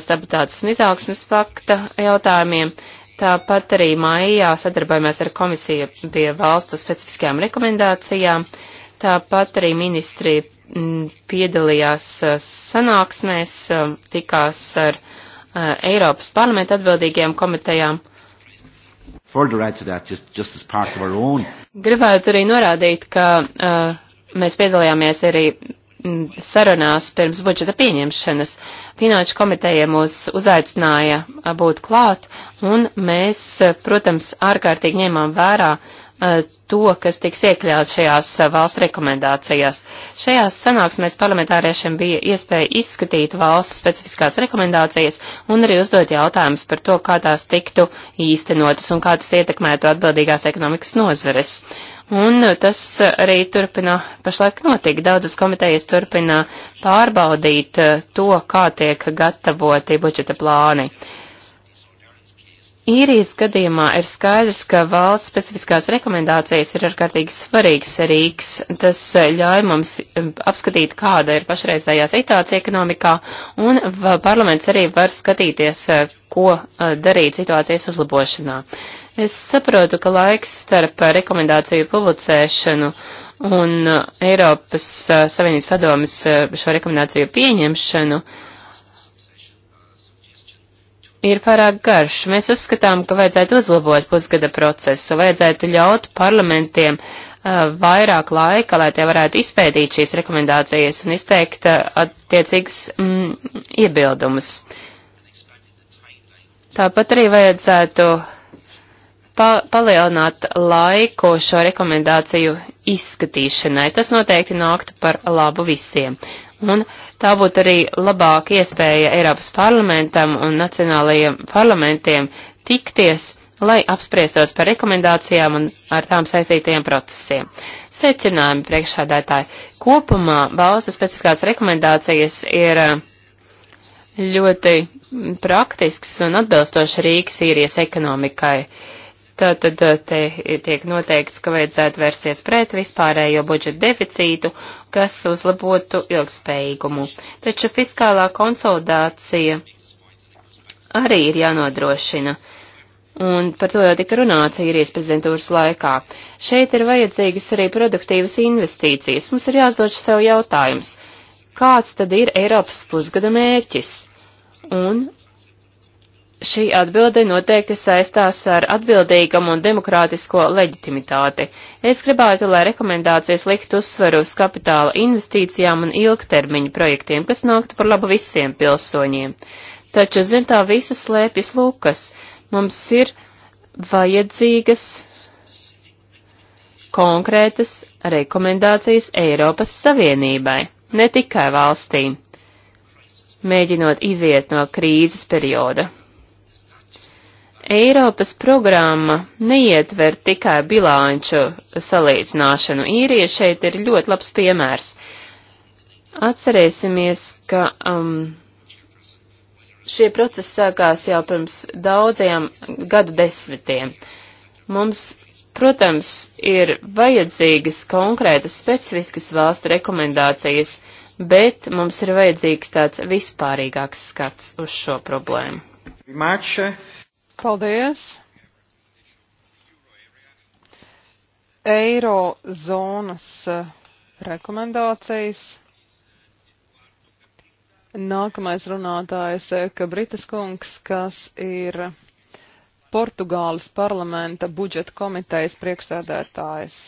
stabilitātes un izaugsmes fakta jautājumiem. Tāpat arī maijā sadarbojamies ar komisiju pie valstu specifiskajām rekomendācijām. Tāpat arī ministri piedalījās sanāksmēs, tikās ar Eiropas parlamenta atbildīgajām komitejām. That, just, just Gribētu arī norādīt, ka uh, mēs piedalījāmies arī Mm, sarunās pirms budžeta pieņemšanas. Finanšu komiteja mūs uzaicināja būt klāt, un mēs, eh, protams, ārkārtīgi ņēmām vērā Eh, to, kas tiks iekļauts šajās eh, valsts rekomendācijās. Šajās sanāksmēs parlamentāriešiem bija iespēja izskatīt valsts specifiskās rekomendācijas un arī uzdot jautājumus par to, kā tās tiktu īstenotas un kā tas ietekmētu atbildīgās ekonomikas nozares. Un eh, tas arī turpina pašlaik notiek. Daudzas komitejas turpina pārbaudīt to, kā tiek gatavoti budžeta plāni. Uh, īrijas gadījumā ir skaidrs, ka valsts specifiskās rekomendācijas ir ārkārtīgi svarīgs rīks. Tas eh, ļauj mums eh, apskatīt, kāda ir pašreizējā situācija ekonomikā, un parlaments arī var skatīties, eh, ko darīt situācijas uzlabošanā. Es saprotu, ka laiks starp rekomendāciju publicēšanu un Eiropas Savienības padomas šo rekomendāciju pieņemšanu uh, ir pārāk garš. Mēs uzskatām, ka vajadzētu uzlabot pusgada procesu, vajadzētu ļaut parlamentiem uh, vairāk laika, lai tie varētu izpētīt šīs rekomendācijas un izteikt uh, attiecīgus mm, iebildumus. Tāpat arī vajadzētu pa palielināt laiku šo rekomendāciju izskatīšanai. Tas noteikti nāktu par labu visiem. Un tā būtu arī labāka iespēja Eiropas parlamentam un nacionālajiem parlamentiem tikties, lai apspriestos par rekomendācijām un ar tām saistītajiem procesiem. Secinājumi priekšādētāji. Kopumā valsts specifikās rekomendācijas ir eh, ļoti praktisks un atbilstoši rīks īrijas ekonomikai. Tātad eh, te tiek noteikts, ka vajadzētu vērsties pret vispārējo budžeta deficītu kas uzlabotu ilgspējīgumu. Taču fiskālā konsolidācija arī ir jānodrošina. Un par to jau tika runāts īrijas prezidentūras laikā. Šeit ir vajadzīgas arī produktīvas investīcijas. Mums ir jāuzdod sev jautājums, kāds tad ir Eiropas pusgada mērķis? Un šī atbilde noteikti saistās ar atbildīgumu un demokrātisko leģitimitāti. Es gribētu, lai rekomendācijas likt uzsveru uz kapitāla investīcijām un ilgtermiņu projektiem, kas nāktu par labu visiem pilsoņiem. Taču zem tā visa slēpjas lūkas. Mums ir vajadzīgas konkrētas rekomendācijas Eiropas Savienībai, ne tikai valstīm, mēģinot iziet no krīzes perioda. Eiropas programma neietver tikai bilanču salīdzināšanu. Īrija šeit ir ļoti labs piemērs. Atcerēsimies, ka um, šie procesi sākās jau pirms daudziem gadu desmitiem. Mums, protams, ir vajadzīgas konkrētas specifiskas valstu rekomendācijas, bet mums ir vajadzīgs tāds vispārīgāks skats uz šo problēmu. Mače. Paldies! Eiro zonas eh, rekomendācijas. Nākamais runātājs eh, Kabritas kungs, kas ir Portugāles parlamenta budžeta komitejas priekšsēdētājs.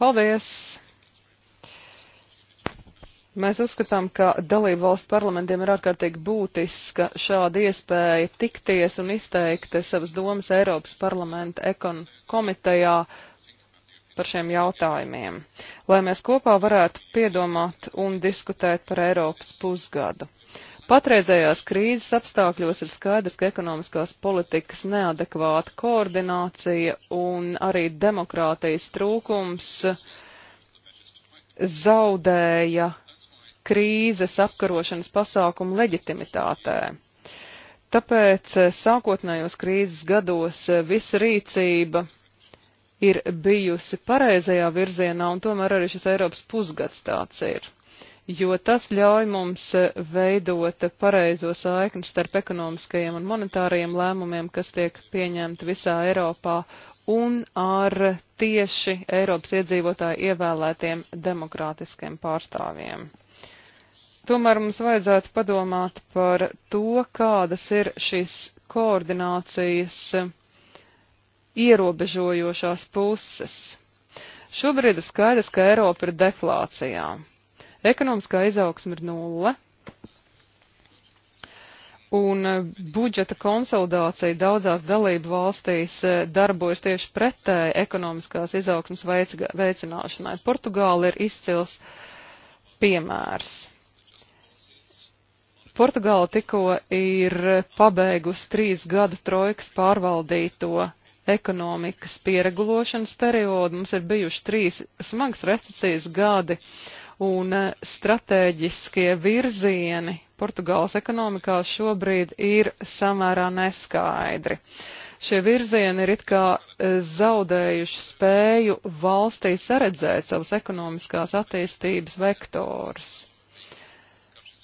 Paldies! Mēs uzskatām, ka dalību valstu parlamentiem ir ārkārtīgi būtiska šāda iespēja tikties un izteikt savas domas Eiropas parlamenta ekon komitejā par šiem jautājumiem, lai mēs kopā varētu piedomāt un diskutēt par Eiropas pusgadu. Patreizējās krīzes apstākļos ir skaidrs, ka ekonomiskās politikas neadekvāta koordinācija un arī demokrātijas trūkums zaudēja krīzes apkarošanas pasākumu leģitimitātē. Tāpēc eh, sākotnējos krīzes gados eh, visa rīcība ir bijusi pareizajā virzienā, un tomēr arī šis Eiropas pusgads tāds ir. Jo tas ļauj mums eh, veidot pareizo saikni starp ekonomiskajiem un monetārajiem lēmumiem, kas tiek pieņemti visā Eiropā un ar tieši Eiropas iedzīvotāju ievēlētiem demokrātiskiem pārstāvjiem. Tomēr mums vajadzētu padomāt par to, kādas ir šīs koordinācijas ierobežojošās puses. Šobrīd ir skaidrs, ka Eiropa ir deflācijā. Ekonomiskā izaugsme ir nulle, un budžeta konsolidācija daudzās dalību valstīs darbojas tieši pretēji ekonomiskās izaugsmas veicināšanai. Portugāla ir izcils piemērs. Portugāla tikko ir pabeigusi trīs gadu trojkas pārvaldīto ekonomikas pieregulošanas periodu. Mums ir bijuši trīs smags recesijas gadi un e, stratēģiskie virzieni Portugāles ekonomikā šobrīd ir samērā neskaidri. Šie virzieni ir it kā e, zaudējuši spēju valstī saredzēt savas ekonomiskās attīstības vektorus.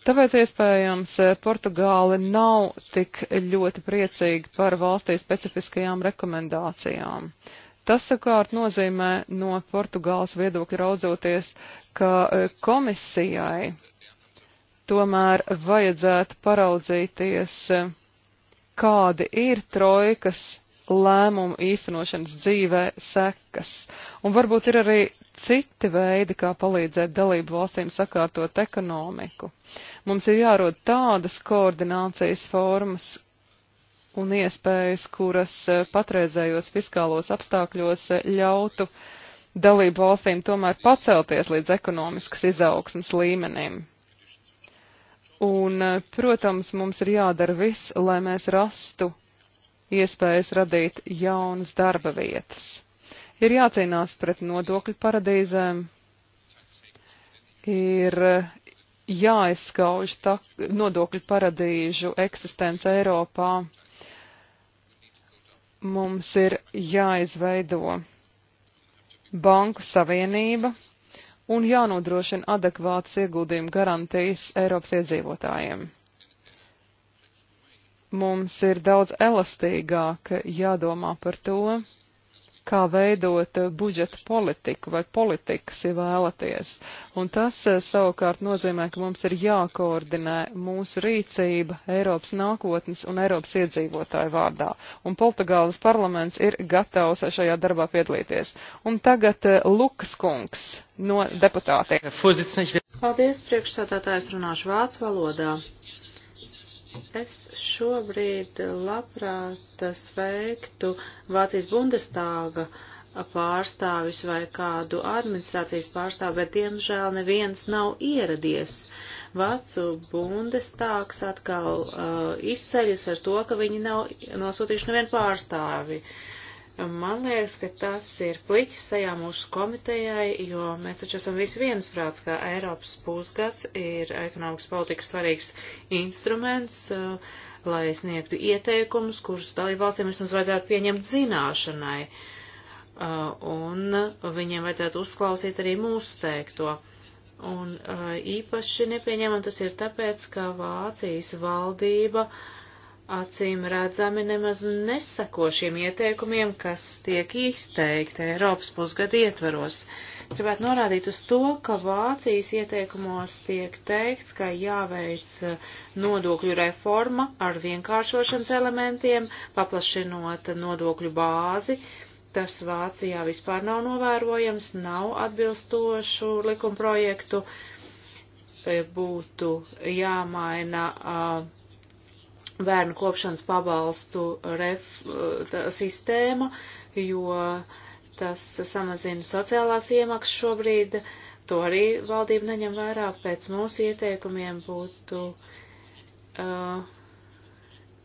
Tāpēc iespējams eh, Portugāli nav tik ļoti priecīgi par valstī specifiskajām rekomendācijām. Tas sakārt nozīmē no Portugāles viedokļa raudzoties, ka eh, komisijai tomēr vajadzētu paraudzīties, eh, kādi ir trojkas lēmumu īstenošanas dzīvē sekas. Un varbūt ir arī citi veidi, kā palīdzēt dalību valstīm sakārtot ekonomiku. Mums ir jārod tādas koordinācijas formas un iespējas, kuras e, patreizējos fiskālos apstākļos e, ļautu dalību valstīm tomēr pacelties līdz ekonomiskas izaugsmas līmenim. Un, e, protams, mums ir jādara viss, lai mēs rastu iespējas radīt jaunas darba vietas. Ir jācīnās pret nodokļu paradīzēm, ir jāizskauž ta, nodokļu paradīžu eksistence Eiropā. Mums ir jāizveido banku savienība un jānodrošina adekvātas ieguldījumu garantijas Eiropas iedzīvotājiem mums ir daudz elastīgāk jādomā par to, kā veidot budžeta politiku vai politikas, ja vēlaties. Un tas eh, savukārt nozīmē, ka mums ir jākoordinē mūsu rīcība Eiropas nākotnes un Eiropas iedzīvotāju vārdā. Un Portugāles parlaments ir gatavs šajā darbā piedalīties. Un tagad eh, Lukas kungs no deputātiem. Paldies, priekšsādātājs runāšu vācu valodā. Es šobrīd labprāt sveiktu Vācijas Bundestāga pārstāvis vai kādu administrācijas pārstāvi, bet diemžēl neviens nav ieradies. Vācu Bundestāgs atkal uh, izceļas ar to, ka viņi nav nosūtījuši nevienu pārstāvi. Uh, Man liekas, ka tas ir pliķis sajā mūsu komitejai, jo mēs taču esam visi viensprāts, ka Eiropas pusgads ir ekonomikas politikas svarīgs instruments, uh, lai sniegtu ieteikumus, kurus dalībvalstīm vismaz vajadzētu pieņemt zināšanai, uh, un viņiem vajadzētu uzklausīt arī mūsu teikto. Un uh, īpaši nepieņemam tas ir tāpēc, ka Vācijas valdība uh, acīm redzami nemaz nesako šiem ieteikumiem, kas tiek izteikti Eiropas pusgada ietvaros. Gribētu norādīt uz to, ka Vācijas ieteikumos tiek teikts, ka jāveic eh, nodokļu reforma ar vienkāršošanas elementiem, paplašinot nodokļu bāzi. Tas Vācijā vispār nav novērojams, nav atbilstošu likumprojektu, būtu jāmaina. Uh, bērnu kopšanas pabalstu ref, tā, sistēma, jo tas samazina sociālās iemaksas šobrīd. To arī valdība neņem vērā. Pēc mūsu ieteikumiem būtu uh,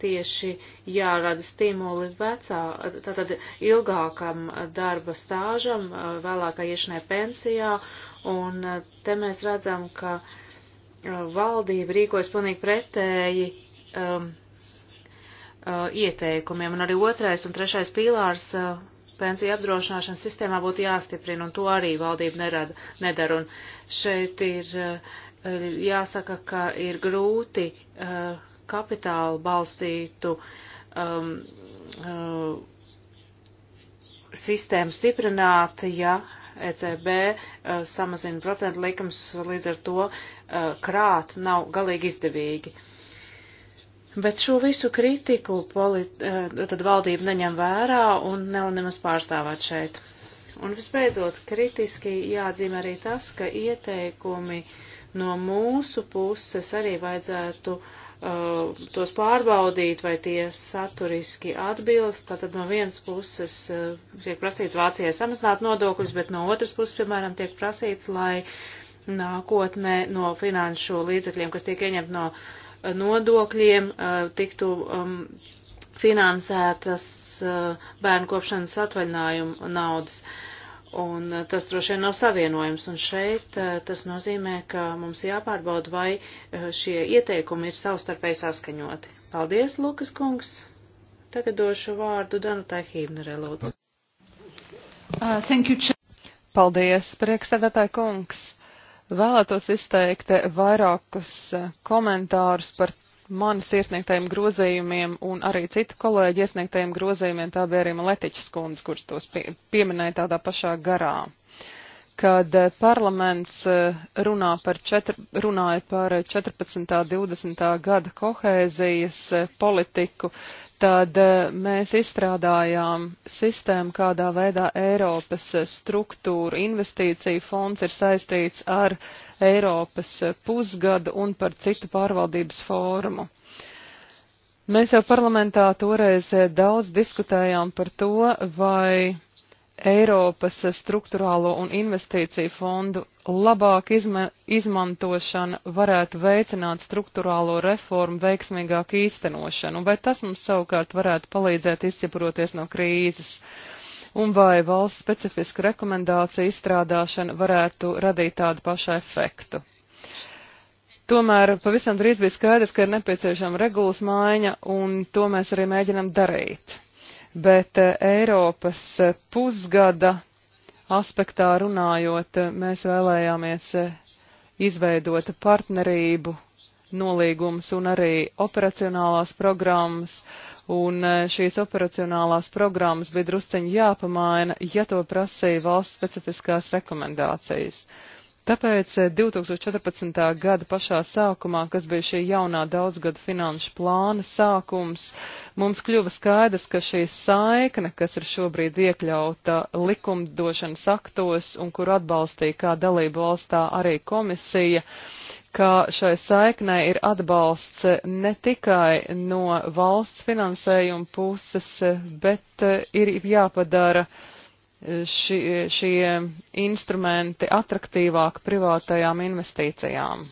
tieši jārada stimuli vecā, tātad ilgākam darba stāžam, uh, vēlākā iešanai pensijā, un uh, te mēs redzam, ka uh, valdība rīkojas pilnīgi pretēji um, uh, ieteikumiem. Un arī otrais un trešais pīlārs uh, pensiju apdrošināšanas sistēmā būtu jāstiprina, un to arī valdība nerada, nedara. Un šeit ir uh, uh jāsaka, ka ir grūti uh, kapitālu balstītu um, uh, sistēmu stiprināt, ja ECB uh, samazina procentu likums, līdz ar to uh, krāt nav galīgi izdevīgi. Uh, Bet šo visu kritiku polit, eh, tad valdība neņem vērā un nav nemaz pārstāvāt šeit. Un visbeidzot, kritiski jāatzīmē arī tas, ka ieteikumi no mūsu puses arī vajadzētu uh, tos pārbaudīt, vai tie saturiski atbilst. Tātad no vienas puses uh, tiek prasīts Vācijai samazināt nodokļus, bet no otras puses, piemēram, tiek prasīts, lai nākotnē no finanšu līdzekļiem, kas tiek ieņemt no uh, nodokļiem tiktu um, finansētas uh, bērnu kopšanas atvaļinājuma naudas. Un uh, tas droši vien nav savienojums. Un šeit uh, tas nozīmē, ka mums jāpārbauda, vai šie ieteikumi ir savstarpēji saskaņoti. Paldies, Lukas kungs! Tagad došu vārdu Danutai Hībnerē, lūdzu. Uh, you, Paldies, priekšsēdētāji kungs! Vēlētos izteikt vairākus eh, komentārus par manis iesniegtajiem grozījumiem un arī citu kolēģi iesniegtajiem grozījumiem. Tā bija arī Maletiķis kundze, kurš tos pie, pieminēja tādā pašā garā. Kad eh, parlaments eh, runā par četr, runāja par 14. 20. gada kohēzijas politiku, uh, tad eh, mēs izstrādājām sistēmu, kādā veidā Eiropas eh, struktūra investīcija fonds ir saistīts ar Eiropas eh, pusgadu un par citu pārvaldības fórumu. Mēs jau parlamentā toreiz daudz diskutējām par to, vai Eiropas struktūrālo un investīciju fondu labāk izma izmantošana varētu veicināt struktūrālo reformu veiksmīgāku īstenošanu, vai tas mums savukārt varētu palīdzēt izķepuroties no krīzes, un vai valsts specifisku rekomendāciju izstrādāšana varētu radīt tādu pašu efektu. Tomēr pavisam drīz bija skaidrs, ka ir nepieciešama regulas maiņa, un to mēs arī mēģinam darīt bet eh, Eiropas eh, pusgada aspektā runājot, eh, mēs vēlējāmies izveidot partnerību nolīgums un arī operacionālās programmas, un šīs operacionālās programmas bija drusceņi jāpamaina, ja to prasīja valsts specifiskās rekomendācijas. Uh, Tāpēc 2014. Eh, gada pašā sākumā, kas bija šī jaunā daudzgada finanšu plāna sākums, mums kļuva skaidrs, ka šī saikne, kas ir šobrīd iekļauta likumdošanas aktos un kur atbalstīja kā dalību valstā arī komisija, ka šai saiknē ir atbalsts eh, ne tikai no valsts finansējuma puses, eh, bet ir jāpadara uh, šie, šie instrumenti atraktīvāk privātajām investīcijām.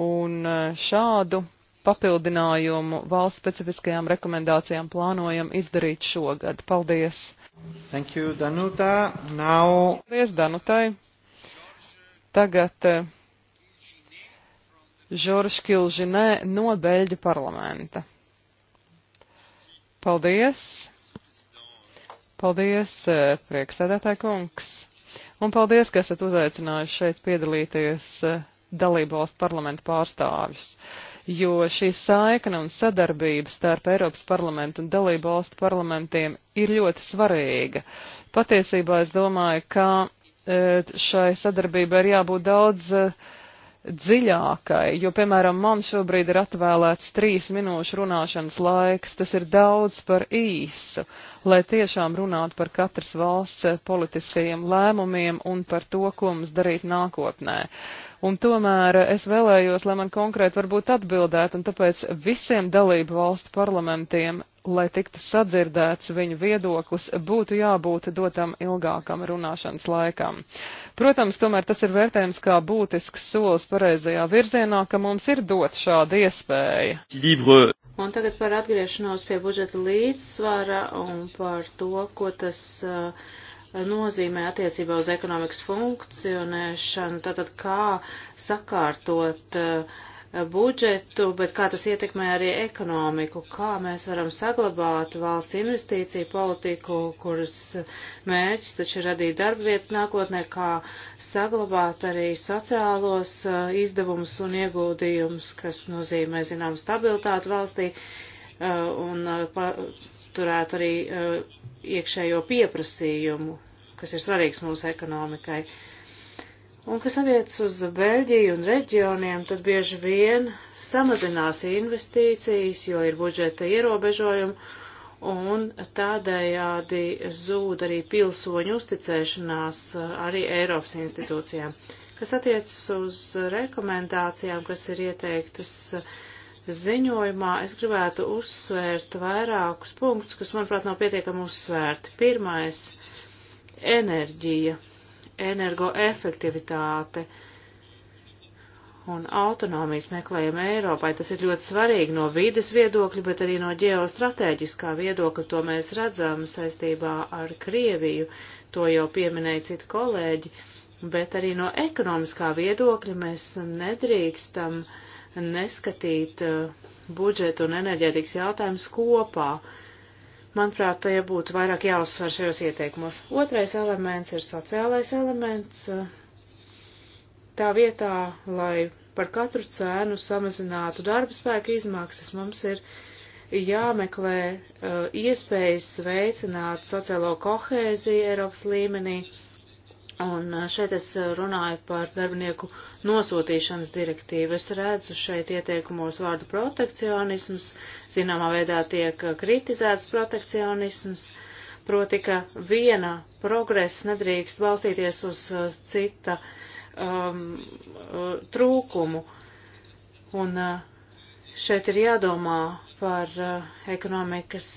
Un e, šādu papildinājumu valsts specifiskajām rekomendācijām plānojam izdarīt šogad. Paldies! Thank you, Danuta. Now... Paldies, Danutai. Tagad e, Žoržs Kilžinē no Beļģu parlamenta. Paldies! Paldies, eh, prieksēdētāji kungs! Un paldies, ka esat uzaicinājuši šeit piedalīties eh, dalību valstu parlamentu pārstāvjus, jo šī saikne un sadarbība starp Eiropas parlamentu un dalību valstu parlamentiem ir ļoti svarīga. Patiesībā es domāju, ka eh, šai sadarbībai ir jābūt daudz uh, dziļākai, jo, piemēram, man šobrīd ir atvēlēts trīs minūšu runāšanas laiks, tas ir daudz par īsu, lai tiešām runātu par katras valsts eh, politiskajiem lēmumiem un par to, ko mums darīt nākotnē. Un tomēr es vēlējos, lai man konkrēti varbūt atbildētu, un tāpēc visiem dalību valstu parlamentiem lai tiktu sadzirdēts viņu viedoklis, būtu jābūt dotam ilgākam runāšanas laikam. Protams, tomēr tas ir vērtējums kā būtisks solis pareizajā virzienā, ka mums ir dot šāda iespēja. Libre. Un tagad par atgriešanos pie budžeta līdzsvara un par to, ko tas uh, nozīmē attiecībā uz ekonomikas funkcionēšanu, tātad kā sakārtot uh, budžetu, bet kā tas ietekmē arī ekonomiku, kā mēs varam saglabāt valsts investīciju politiku, kuras mērķis taču ir radīt darba vietas nākotnē, kā saglabāt arī sociālos izdevumus un ieguldījumus, kas nozīmē, zinām, stabilitāti valstī un turēt arī iekšējo pieprasījumu, kas ir svarīgs mūsu ekonomikai. Uh, Un kas attiec uz Beļģiju un reģioniem, tad bieži vien samazinās investīcijas, jo ir budžeta ierobežojumi, un tādējādi zūd arī pilsoņu uzticēšanās uh, arī Eiropas institūcijām. Kas attiec uz rekomendācijām, kas ir ieteiktas uh, ziņojumā, es gribētu uzsvērt vairākus punktus, kas, manuprāt, nav pietiekami uzsvērti. Pirmais - enerģija energoefektivitāte un autonomijas meklējuma Eiropai. Tas ir ļoti svarīgi no vides viedokļa, bet arī no ģeostrateģiskā viedokļa. To mēs redzam saistībā ar Krieviju, to jau pieminēja citi kolēģi, bet arī no ekonomiskā viedokļa mēs nedrīkstam neskatīt uh, budžetu un enerģētikas jautājumus kopā. Uh, Manuprāt, tie būtu vairāk jāuzsver šajos ieteikumos. Otrais elements ir sociālais elements. Tā vietā, lai par katru cēnu samazinātu darba spēka izmaksas, mums ir jāmeklē uh, iespējas veicināt sociālo kohēziju Eiropas līmenī Un šeit es runāju par darbinieku nosūtīšanas direktīvu. Es redzu šeit ieteikumos vārdu protekcionisms, zināmā veidā tiek kritizēts protekcionisms, proti, ka viena progress nedrīkst balstīties uz cita um, trūkumu. Un šeit ir jādomā par ekonomikas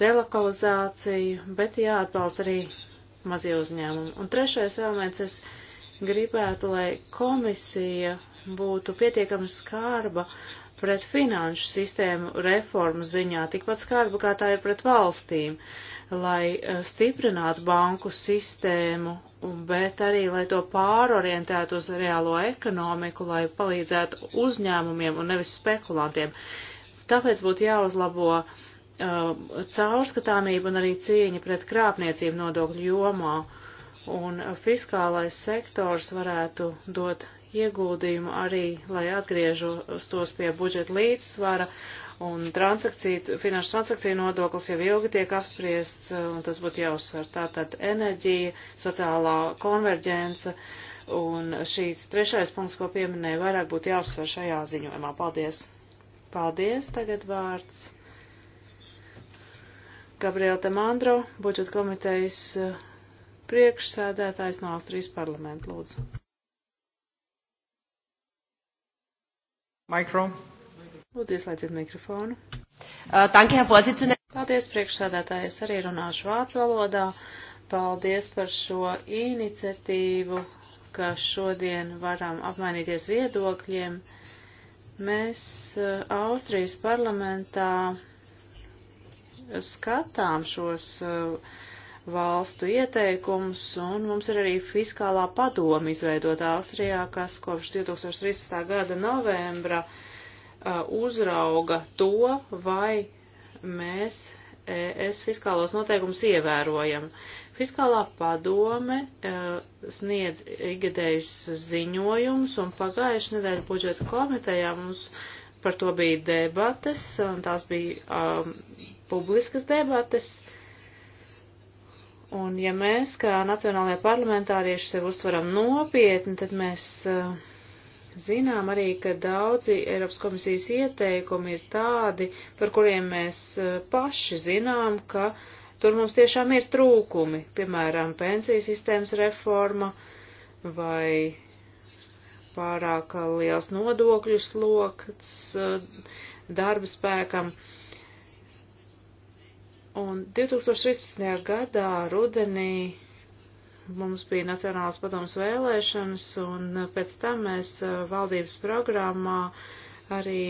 delokalizāciju, bet jāatbalsta arī mazie uzņēmumi. Un trešais elements, es gribētu, lai komisija būtu pietiekami skarba pret finanšu sistēmu reformu ziņā, tikpat skarba, kā tā ir pret valstīm, lai eh, stiprinātu banku sistēmu, bet arī, lai to pārorientētu uz reālo ekonomiku, lai palīdzētu uzņēmumiem un nevis spekulantiem. Tāpēc būtu jāuzlabo uh, Uh, caurskatāmība un arī cīņa pret krāpniecību nodokļu jomā. Un fiskālais sektors varētu dot ieguldījumu arī, lai atgriežos pie budžeta līdzsvara, un transakciju, finanšu transakciju nodoklis jau ilgi tiek apspriests, uh, un tas būtu jāuzsver. Tātad enerģija, sociālā konverģence, un šīs trešais punkts, ko pieminēja, vairāk būtu jāuzsver šajā ziņojumā. Paldies! Paldies! Tagad vārds Gabriela Tamandro, budžeta komitejas eh, priekšsēdētājs no Austrijas parlamenta. Lūdzu. Mikro. Lūdzu, ieslēdziet mikrofonu. Uh, danke, Herr Vorsitzende. Paldies, priekšsēdētāji. Es arī runāšu vācu valodā. Paldies par šo iniciatīvu, ka šodien varam apmainīties viedokļiem. Mēs uh, Austrijas parlamentā skatām šos uh, valstu ieteikumus, un mums ir arī fiskālā padoma izveidota Austrijā, kas kopš 2013. gada novembra uh, uzrauga to, vai mēs ES fiskālos noteikumus ievērojam. Fiskālā padome uh, sniedz ikgadējus ziņojumus, un pagājušajā nedēļā budžeta komitejā mums par to bija debates, un tās bija um, publiskas debates. Un ja mēs, kā nacionālajie parlamentārieši, sev uztveram nopietni, tad mēs uh, zinām arī, ka daudzi Eiropas komisijas ieteikumi ir tādi, par kuriem mēs uh, paši zinām, ka tur mums tiešām ir trūkumi, piemēram, pensijas sistēmas reforma vai pārāk liels nodokļu sloks eh, darba spēkam. Un 2013. gadā rudenī mums bija Nacionālas padomas vēlēšanas, un pēc tam mēs eh, valdības programmā arī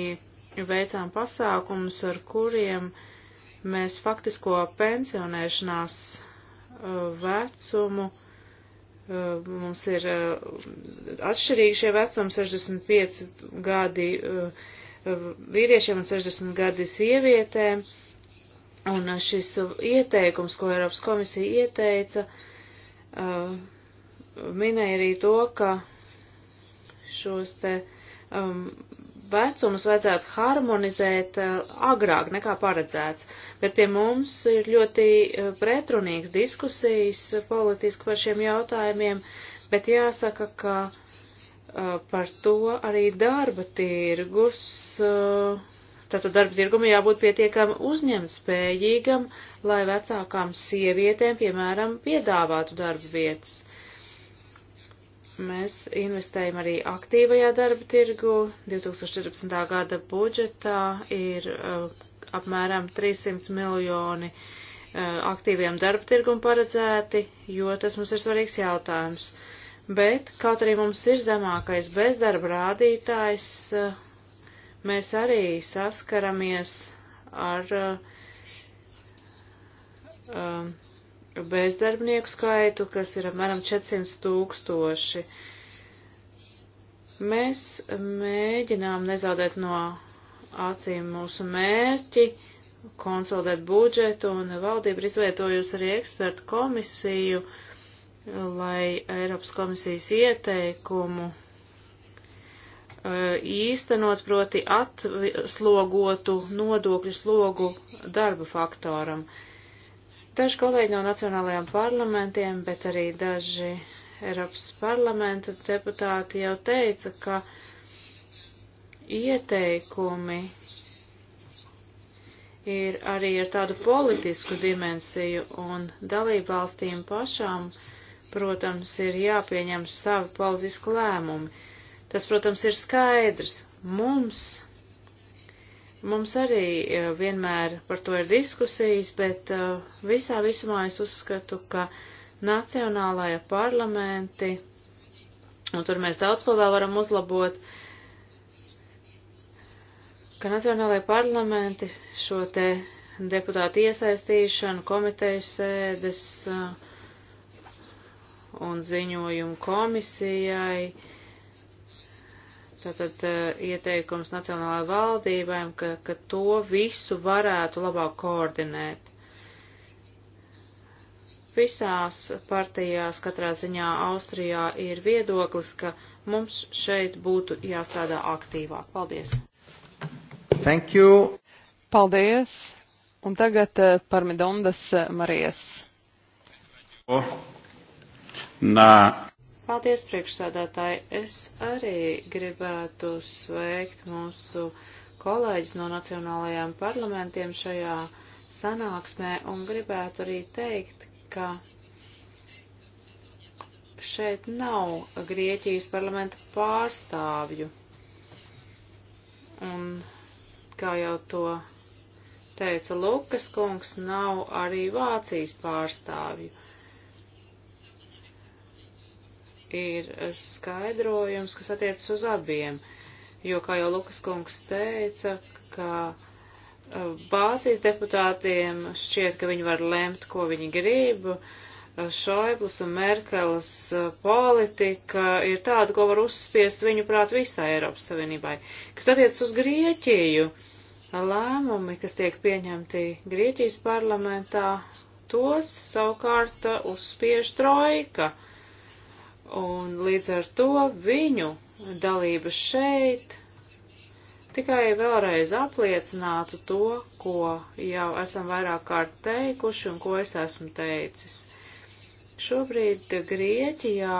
veicām pasākumus, ar kuriem mēs faktisko pensionēšanās eh, vecumu uh, Eh, mums ir eh, atšķirīgi šie vecumi - 65 gadi eh, vīriešiem un 60 gadi sievietēm. Un šis ieteikums, ko Eiropas komisija ieteica, minēja arī to, ka šos te um, vecumus vajadzētu harmonizēt eh, agrāk nekā paredzēts, bet pie mums ir ļoti eh, pretrunīgas diskusijas eh, politiski par šiem jautājumiem, bet jāsaka, ka par to arī darba tirgus, tātad darba tirgumi jābūt pietiekami uzņemtspējīgam, lai vecākām sievietēm, piemēram, piedāvātu darba vietas. Mēs investējam arī aktīvajā darba tirgu. 2014. gada budžetā ir uh, apmēram 300 miljoni uh, aktīviem darba tirgumu paredzēti, jo tas mums ir svarīgs jautājums. Bet, kaut arī mums ir zemākais bezdarba rādītājs, uh, mēs arī saskaramies ar uh, uh, bezdarbnieku skaitu, kas ir apmēram 400 tūkstoši. Mēs mēģinām nezaudēt no acīm mūsu mērķi, konsolidēt budžetu, un valdība ir izvietojusi arī ekspertu komisiju, lai Eiropas komisijas ieteikumu e, īstenot, proti atslogotu nodokļu slogu darba faktoram. Uh, Daži kolēģi no nacionālajiem parlamentiem, bet arī daži Eiropas parlamenta deputāti jau teica, ka ieteikumi ir arī ar tādu politisku dimensiju un dalībvalstīm pašām, protams, ir jāpieņem savi politiski lēmumi. Tas, protams, ir skaidrs. Mums Mums arī e, vienmēr par to ir diskusijas, bet e, visā visumā es uzskatu, ka nacionālajie parlamenti, un tur mēs daudz ko vēl varam uzlabot, ka nacionālajie parlamenti šo te deputātu iesaistīšanu, komitejas sēdes e, un ziņojumu komisijai, Tātad eh, ieteikums nacionālajām valdībām, ka, ka to visu varētu labāk koordinēt. Visās partijās katrā ziņā Austrijā ir viedoklis, ka mums šeit būtu jāstrādā aktīvāk. Paldies! Thank you! Paldies! Un tagad eh, par Midondas eh, Marijas. O, nā. Paldies, priekšsādātāji. Es arī gribētu sveikt mūsu kolēģis no nacionālajām parlamentiem šajā sanāksmē un gribētu arī teikt, ka šeit nav Grieķijas parlamenta pārstāvju. Un, kā jau to teica Lukas kungs, nav arī Vācijas pārstāvju ir eh, skaidrojums, kas attiecas uz abiem, jo, kā jau Lukas kungs teica, ka eh, Vācijas deputātiem šķiet, ka viņi var lemt, ko viņi grib. Eh, Šoiblis un Merkeles politika ir tāda, ko var uzspiest viņu prāt visai Eiropas Savienībai. Kas attiecas uz Grieķiju, lēmumi, kas tiek pieņemti Grieķijas parlamentā, tos savukārt uzspiež trojka. Uh, Un līdz ar to viņu dalība šeit tikai vēlreiz apliecinātu to, ko jau esam vairāk kārt teikuši un ko es esmu teicis. Šobrīd Grieķijā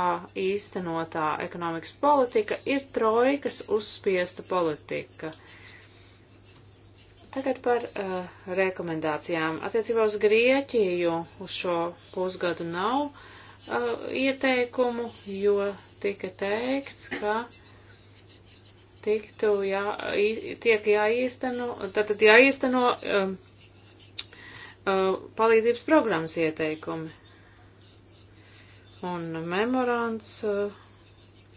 īstenotā ekonomikas politika ir trojkas uzspiesta politika. Tagad par uh, rekomendācijām. Attiecībā uz Grieķiju uz šo pusgadu nav uh, ieteikumu, jo tika teikts, ka tiktu jā, tiek jāīsteno, tātad jāīsteno um, uh, palīdzības programmas ieteikumi. Un memorands uh,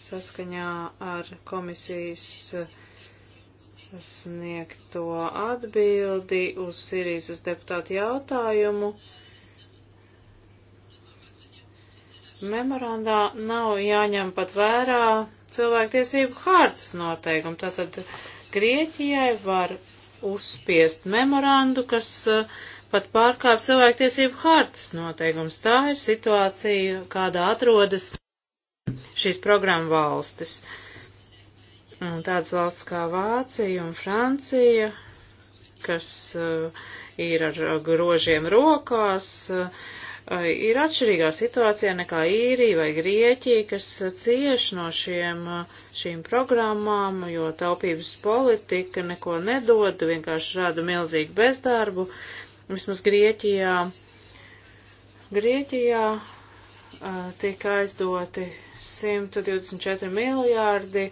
saskaņā ar komisijas uh, sniegto atbildi uz Sirijas deputātu jautājumu uh, Memorandā nav jāņem pat vērā cilvēktiesību hārtas noteikumi. Tātad Grieķijai var uzspiest memorandu, kas uh, pat pārkāp cilvēktiesību hārtas noteikums. Tā ir situācija, kādā atrodas šīs programma valstis. Un tādas valsts kā Vācija un Francija, kas uh, ir ar grožiem rokās, uh, ir atšķirīgā situācijā nekā īrija vai Grieķija, kas cieš no šiem, šīm programmām, jo taupības politika neko nedod, vienkārši rada milzīgu bezdarbu. Vismaz Grieķijā, Grieķijā tika aizdoti 124 miljārdi,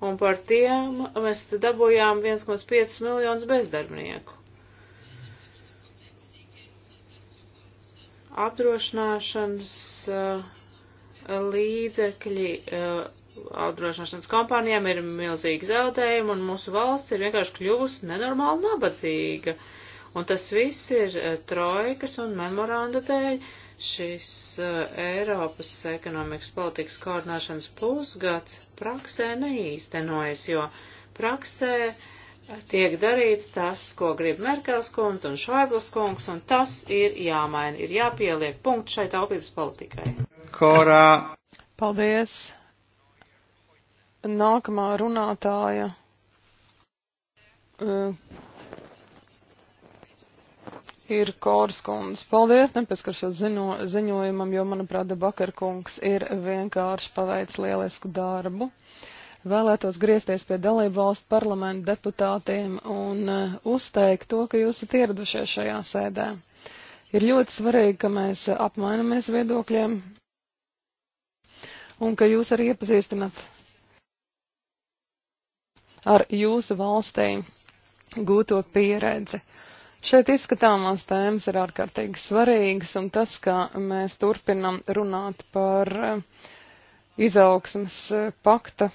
un par tiem mēs dabūjām 1,5 miljonus bezdarbnieku. apdrošināšanas eh, līdzekļi eh, apdrošināšanas kompānijām ir milzīgi zaudējumi, un mūsu valsts ir vienkārši kļuvusi nenormāli nabadzīga. Un tas viss ir eh, trojkas un memoranda dēļ. Šis Eiropas ekonomikas politikas koordināšanas pusgads praksē neīstenojas, jo praksē uh, tiek darīts tas, ko grib Merkels kungs un Šoibls kungs, un tas ir jāmaina, ir jāpieliek punkts šai taupības politikai. Korā. Paldies. Nākamā runātāja. Uh, ir Kors Paldies, nepaskaršos ziņojumam, jo, manuprāt, Bakar kungs ir vienkārši paveicis lielisku darbu. Vēlētos griezties pie dalību valstu parlamentu deputātiem un e, uzteikt to, ka jūs esat ieradušies šajā sēdē. Ir ļoti svarīgi, ka mēs apmainamies viedokļiem un ka jūs arī iepazīstināt ar jūsu valstī gūto pieredzi. Šeit izskatāmās tēmas ir ārkārtīgi svarīgas, un tas, ka mēs turpinam runāt par e, izaugsmas e, pakta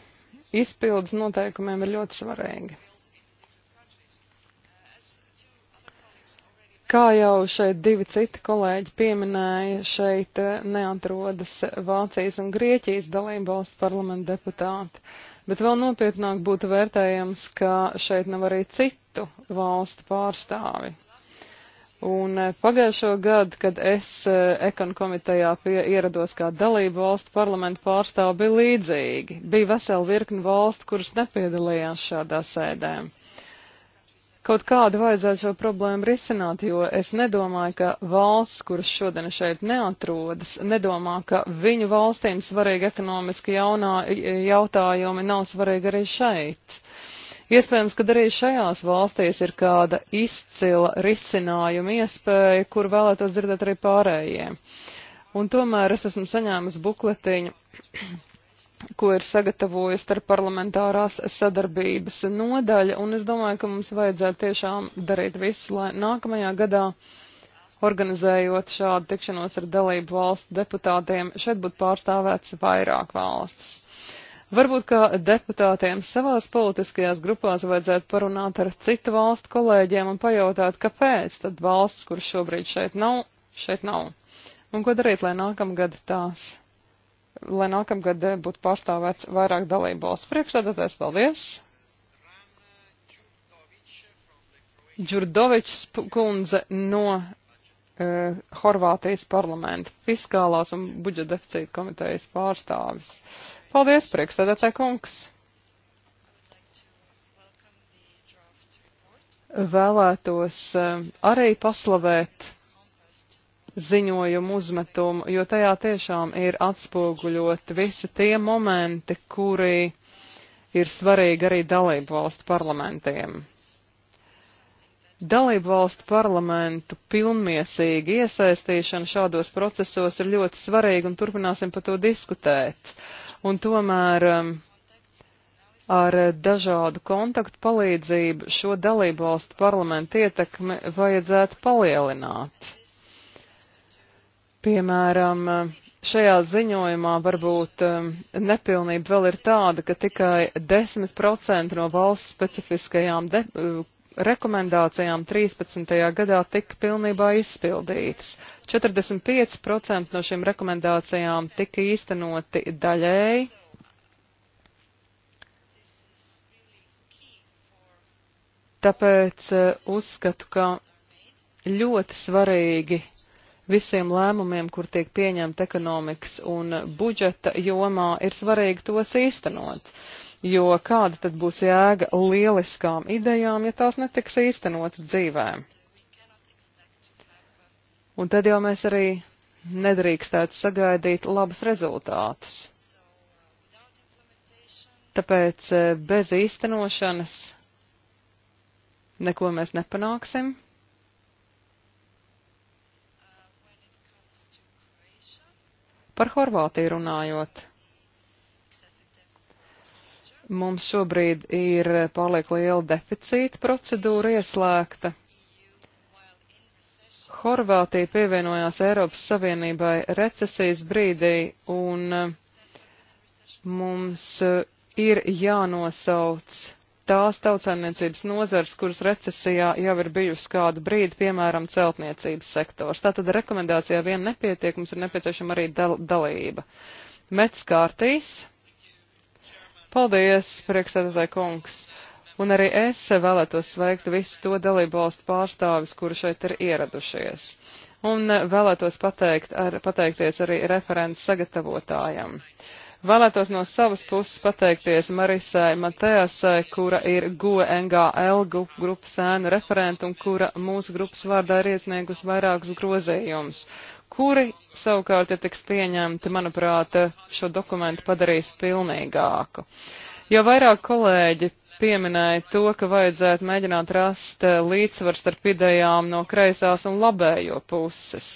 izpildes noteikumiem ir ļoti svarīgi. Kā jau šeit divi citi kolēģi pieminēja, šeit eh, neatrodas Vācijas un Grieķijas dalībvalsts parlamenta deputāti, bet vēl nopietnāk būtu vērtējams, ka šeit nav arī citu valstu pārstāvi. Un eh, pagājušo gadu, kad es eh, ekon komitejā pie, ierados kā dalību valstu parlamentu pārstāv, bija līdzīgi. Bija vesela virkni valstu, kuras nepiedalījās šādā sēdēm. Kaut kādu vajadzētu šo problēmu risināt, jo es nedomāju, ka valsts, kuras šodien šeit neatrodas, nedomā, ka viņu valstīm svarīgi ekonomiski jaunā jautājumi nav svarīgi arī šeit. Iespējams, ka arī šajās valstīs ir kāda izcila risinājuma iespēja, kur vēlētos dzirdēt arī pārējiem. Un tomēr es esmu saņēmis bukletiņu, ko ir sagatavojis ar parlamentārās sadarbības nodaļa, un es domāju, ka mums vajadzētu tiešām darīt visu, lai nākamajā gadā organizējot šādu tikšanos ar dalību valstu deputātiem, šeit būtu pārstāvēts vairāk valstis. Varbūt kā deputātiem savās politiskajās grupās vajadzētu parunāt ar citu valstu kolēģiem un pajautāt, kāpēc tad valsts, kuras šobrīd šeit nav, šeit nav. Un ko darīt, lai nākamgad tās, lai nākamgad būtu pārstāvēts vairāk dalību valsts priekšsēdētājs. Paldies! Džurdovičs kundze no uh, Horvātijas parlamenta fiskālās un budžeta deficīta komitejas pārstāvis. Paldies, priekšsēdētāji kungs! Vēlētos um, arī paslavēt ziņojumu uzmetumu, jo tajā tiešām ir atspoguļot visi tie momenti, kuri ir svarīgi arī dalību valstu parlamentiem. Dalību valstu parlamentu pilnmiesīga iesaistīšana šādos procesos ir ļoti svarīga un turpināsim par to diskutēt. Un tomēr um, ar dažādu kontaktu palīdzību šo dalību valstu parlamentu ietekmi vajadzētu palielināt. Piemēram, šajā ziņojumā varbūt um, nepilnība vēl ir tāda, ka tikai 10% no valsts specifiskajām de rekomendācijām 13. gadā tika pilnībā izpildītas. 45% no šīm rekomendācijām tika īstenoti daļēji. Tāpēc eh, uzskatu, ka ļoti svarīgi visiem lēmumiem, kur tiek pieņemta ekonomikas un budžeta jomā, ir svarīgi tos īstenot. Uh, jo kāda tad būs jēga lieliskām idejām, ja tās netiks īstenotas dzīvēm? Un tad jau mēs arī nedrīkstētu sagaidīt labus rezultātus. Tāpēc e, bez īstenošanas neko mēs nepanāksim. Par Horvātiju runājot. Mums šobrīd ir paliek liela deficīta procedūra ieslēgta. Horvātija pievienojās Eiropas Savienībai recesijas brīdī, un eh, mums eh, ir jānosauc tās tautsaimniecības nozars, kuras recesijā jau ir bijusi kādu brīdi, piemēram, celtniecības sektors. Tātad rekomendācijā vien nepietiek, mums ir nepieciešama arī dal dalība. Mets kārtīs Paldies, priekšstādātāji kungs! Un arī es vēlētos sveikt visu to dalību valstu pārstāvis, kuri šeit ir ieradušies. Un vēlētos pateikt ar, pateikties arī referents sagatavotājam. Vēlētos no savas puses pateikties Marisai Mateasai, kura ir GONGL grupas ēna referenta un kura mūsu grupas vārdā ir iesniegus vairākus grozījumus kuri savukārt, ja tiks pieņemti, manuprāt, šo dokumentu padarīs pilnīgāku. Jo vairāk kolēģi pieminēja to, ka vajadzētu mēģināt rast eh, līdzsvars starp idejām no kreisās un labējo puses.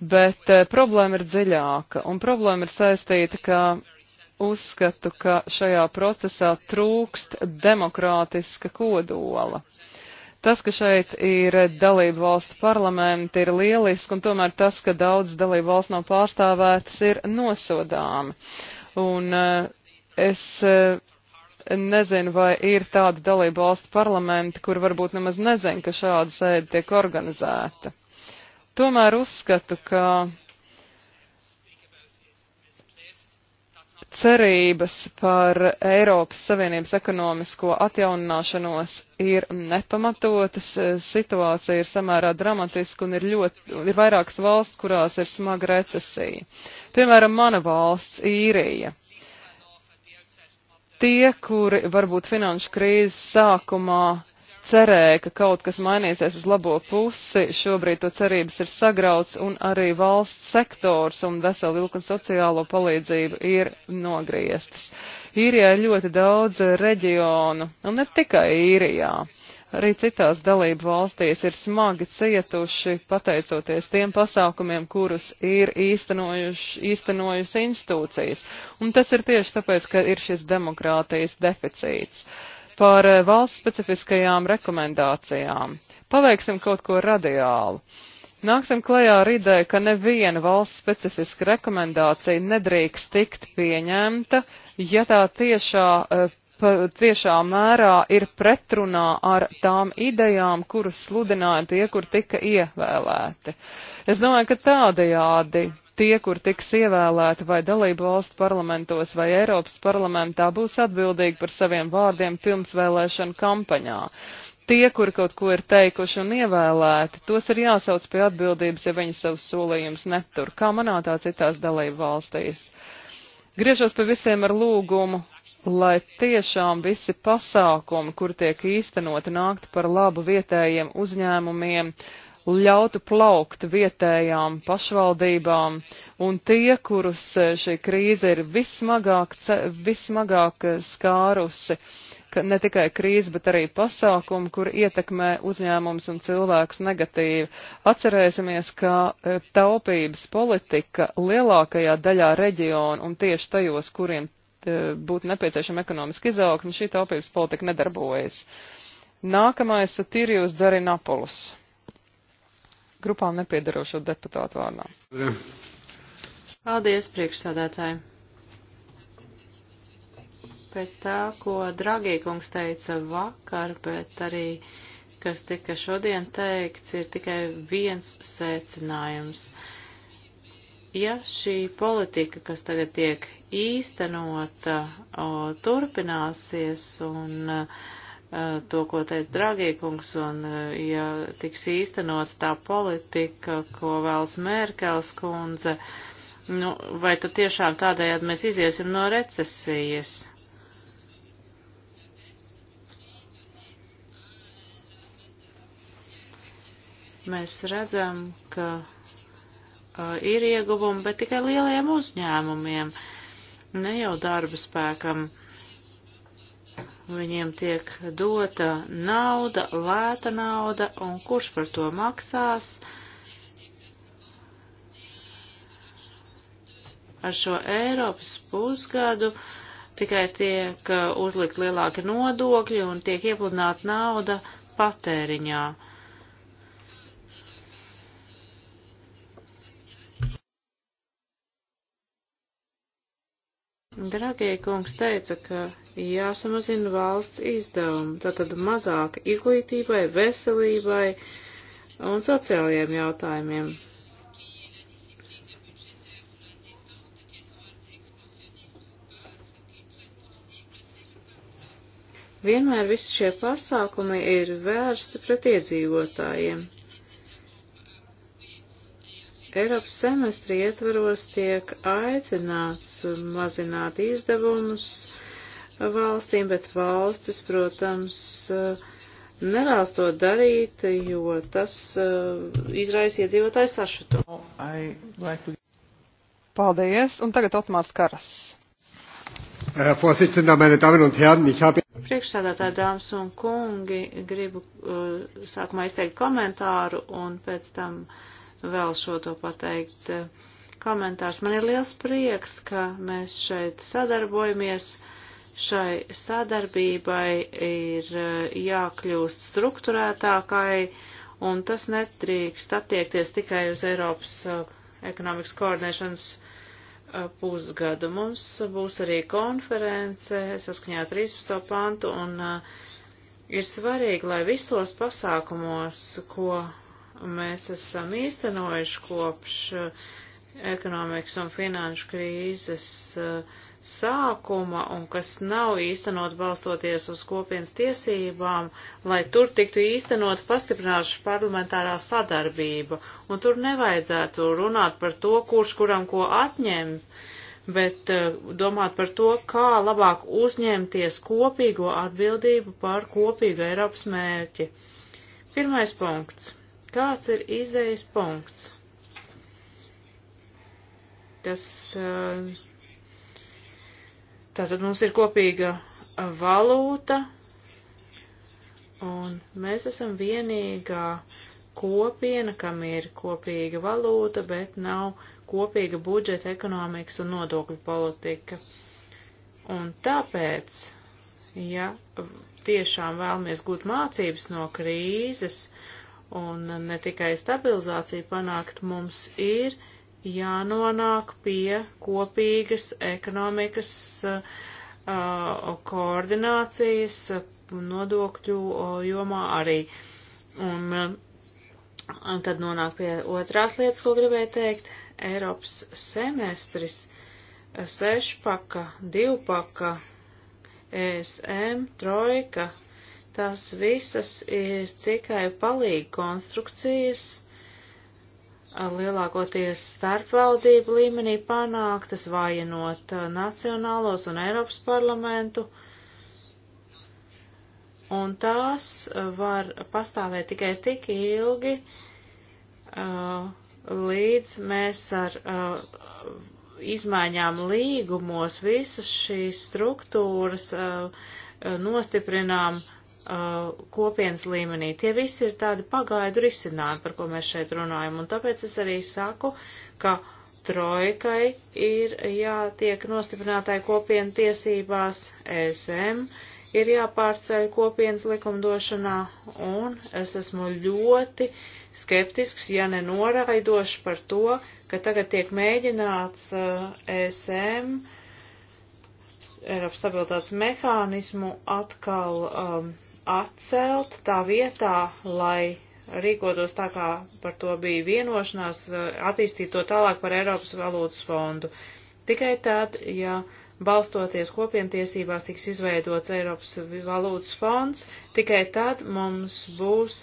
Bet eh, problēma ir dziļāka, un problēma ir saistīta, ka uzskatu, ka šajā procesā trūkst demokrātiska kodola. Uh, Tas, ka šeit ir dalību valstu parlamenti, ir lieliski, un tomēr tas, ka daudz dalību valsts nav pārstāvētas, ir nosodāmi. Un eh, es eh, nezinu, vai ir tāda dalību valstu parlamenti, kur varbūt nemaz nezinu, ka šāda sēde tiek organizēta. Tomēr uzskatu, ka cerības par Eiropas Savienības ekonomisko atjaunināšanos ir nepamatotas. Situācija ir samērā dramatiska un ir, ļoti, ir vairākas valsts, kurās ir smaga recesija. Piemēram, mana valsts - īrija. Tie, kuri varbūt finanšu krīzes sākumā cerēja, ka kaut kas mainīsies uz labo pusi, šobrīd to cerības ir sagrauts un arī valsts sektors un veseli vilku un sociālo palīdzību ir nogrieztas. Īrijā ir ļoti daudz reģionu, un ne tikai īrijā. Arī citās dalību valstīs ir smagi cietuši pateicoties tiem pasākumiem, kurus ir īstenojusi institūcijas. Un tas ir tieši tāpēc, ka ir šis demokrātijas deficīts. Uh, par eh, valsts specifiskajām rekomendācijām. Paveiksim kaut ko radiālu. Nāksim klajā ar ideju, ka neviena valsts specifiska rekomendācija nedrīkst tikt pieņemta, ja tā tiešā, eh, tiešā mērā ir pretrunā ar tām idejām, kuras sludināja tie, kur tika ievēlēti. Es domāju, ka tādajādi tie, kur tiks ievēlēti vai dalību valstu parlamentos vai Eiropas parlamentā, būs atbildīgi par saviem vārdiem pirmsvēlēšanu kampaņā. Tie, kur kaut ko ir teikuši un ievēlēti, tos ir jāsauc pie atbildības, ja viņi savus solījumus netur, kā manā tā citās dalību valstīs. Griežos pie visiem ar lūgumu, lai tiešām visi pasākumi, kur tiek īstenoti, nākt par labu vietējiem uzņēmumiem ļautu plaukt vietējām pašvaldībām, un tie, kurus eh, šī krīze ir vismagāk, vismagāk eh, skārusi, ne tikai krīze, bet arī pasākumi, kur ietekmē uzņēmums un cilvēks negatīvi. Atcerēsimies, ka eh, taupības politika lielākajā daļā reģionu un tieši tajos, kuriem būtu nepieciešama ekonomiska izaugsme, šī taupības politika nedarbojas. Nākamais Tīrijus Dzarinapolus grupām nepiedarošo deputātu vārdā. Paldies, priekšsādātāji. Pēc tā, ko Dragīkungs teica vakar, bet arī, kas tika šodien teikts, ir tikai viens secinājums. Ja šī politika, kas tagad tiek īstenota, o, turpināsies un uh, to, ko teica Dragīkungs, un ja tiks īstenot tā politika, ko vēlas Mērkels kundze, nu, vai tad tiešām tādējādi mēs iziesim no recesijas? Mēs redzam, ka uh, ir ieguvumi, bet tikai lielajiem uzņēmumiem, ne jau darba spēkam. Uh, Nu, viņiem tiek dota nauda, lēta nauda, un kurš par to maksās ar šo Eiropas pusgadu. Tikai tiek uh, uzlikt lielāki nodokļi un tiek iepludināta nauda patēriņā. Dragie kungs teica, ka jāsamazina valsts izdevumi, tātad mazāk izglītībai, veselībai un sociālajiem jautājumiem. Vienmēr visi šie pasākumi ir vērsti pret iedzīvotājiem. Eiropas semestri ietvaros tiek aicināts mazināt izdevumus valstīm, bet valstis, protams, nevēlas to darīt, jo tas uh, izraisa iedzīvotāju sašutumu. Oh, Paldies, un tagad Otmārs Karas. Priekšsēdētāji, dāmas un kungi, gribu uh, sākumā izteikt komentāru un pēc tam uh, vēl šo to pateikt eh, komentārs. Man ir liels prieks, ka mēs šeit sadarbojamies. Šai sadarbībai ir eh, jākļūst struktūrētākai, un tas netrīkst attiekties tikai uz Eiropas eh, ekonomikas koordinēšanas pusgadu. Mums būs arī konference saskaņā 13. pantu, un ir svarīgi, lai visos pasākumos, ko mēs esam īstenojuši kopš eh, ekonomikas un finanšu krīzes eh, sākuma un kas nav īstenot balstoties uz kopienas tiesībām, lai tur tiktu īstenot pastiprināšu parlamentārā sadarbība. Un tur nevajadzētu runāt par to, kurš kuram ko atņem, bet eh, domāt par to, kā labāk uzņemties kopīgo atbildību par kopīgu Eiropas mērķi. Pirmais punkts Kāds ir izējas punkts? Tas, eh, tātad mums ir kopīga valūta, un mēs esam vienīgā kopiena, kam ir kopīga valūta, bet nav kopīga budžeta, ekonomikas un nodokļu politika. Un tāpēc, ja tiešām vēlamies gūt mācības no krīzes un ne tikai stabilizāciju panākt, mums ir jānonāk pie kopīgas ekonomikas uh, koordinācijas uh, nodokļu uh, jomā arī. Un, uh, un tad nonāk pie otrās lietas, ko gribēju teikt. Eiropas semestris, sešpaka, divpaka, ESM, trojka, uh, tās visas ir tikai palīgi konstrukcijas, lielākoties starpvaldību līmenī panāktas, vājinot nacionālos un Eiropas parlamentu, un tās var pastāvēt tikai tik ilgi, līdz mēs ar izmaiņām līgumos visas šīs struktūras nostiprinām uh, uh, kopienas līmenī. Tie visi ir tādi pagaidu risinājumi, par ko mēs šeit runājam, un tāpēc es arī saku, ka trojkai ir jātiek nostiprinātai kopienu tiesībās, ESM ir jāpārceļ kopienas likumdošanā, un es esmu ļoti skeptisks, ja nenoraidošs par to, ka tagad tiek mēģināts uh, ESM, Eiropas stabilitātes mehānismu atkal um, atcelt tā vietā, lai rīkotos tā, kā par to bija vienošanās, eh, attīstīt to tālāk par Eiropas valūtas fondu. Tikai tad, ja balstoties kopientiesībās tiks izveidots Eiropas valūtas fonds, tikai tad mums būs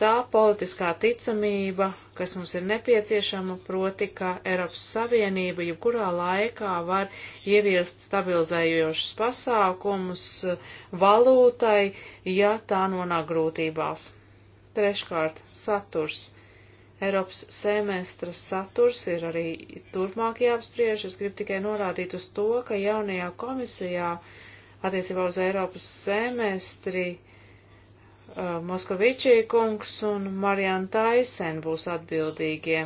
tā politiskā ticamība, kas mums ir nepieciešama, proti, ka Eiropas Savienība jebkurā laikā var ieviest stabilizējošus pasākumus valūtai, ja tā nonāk grūtībās. Treškārt, saturs. Eiropas semestra saturs ir arī turpmāk jāapspriež. Es gribu tikai norādīt uz to, ka jaunajā komisijā attiecībā uz Eiropas semestri uh, Uh, Moskavičī kungs un Marian Taisen būs atbildīgie.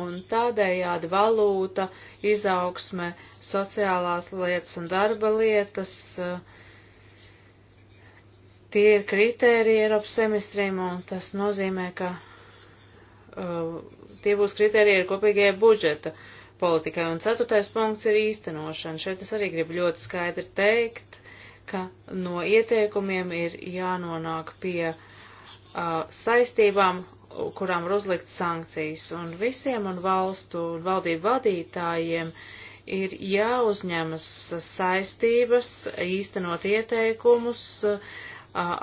Un tādējādi valūta, izaugsme, sociālās lietas un darba lietas, uh, tie ir kritēriji Eiropas semestrim, un tas nozīmē, ka uh, tie būs kritēriji ar kopīgajai budžeta politikai. Un ceturtais punkts ir īstenošana. Šeit es arī gribu ļoti skaidri teikt, ka no ieteikumiem ir jānonāk pie uh, saistībām, kurām ir uzlikt sankcijas, un visiem un valstu un valdību vadītājiem ir jāuzņemas saistības, īstenot ieteikumus, uh,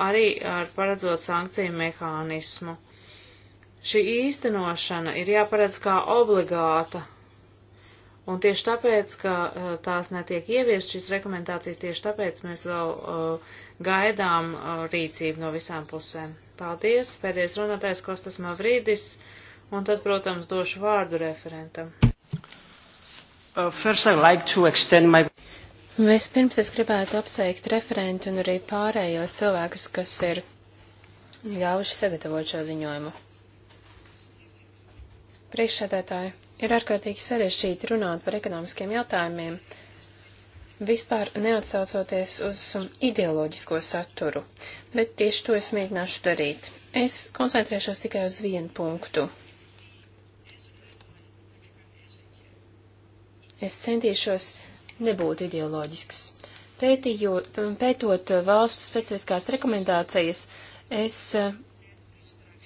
arī ar paredzot sankciju mehānismu. Šī īstenošana ir jāparedz kā obligāta Un tieši tāpēc, ka eh, tās netiek ieviest šīs rekomendācijas, tieši tāpēc mēs vēl uh, gaidām uh, rīcību no visām pusēm. Paldies, pēdējais runātājs Kostas Mavrīdis, un tad, protams, došu vārdu referentam. Uh, first, I like to extend my... Vispirms es gribētu apsveikt referentu un arī pārējos cilvēkus, kas ir ļāvuši sagatavot šo ziņojumu. Priekšsēdētāji, Ir ārkārtīgi sarežģīti runāt par ekonomiskiem jautājumiem, vispār neatsaucoties uz um, ideoloģisko saturu, bet tieši to es mēģināšu darīt. Es koncentrēšos tikai uz vienu punktu. Es centīšos nebūt ideoloģisks. Pētījot, pētot valsts specifiskās rekomendācijas, es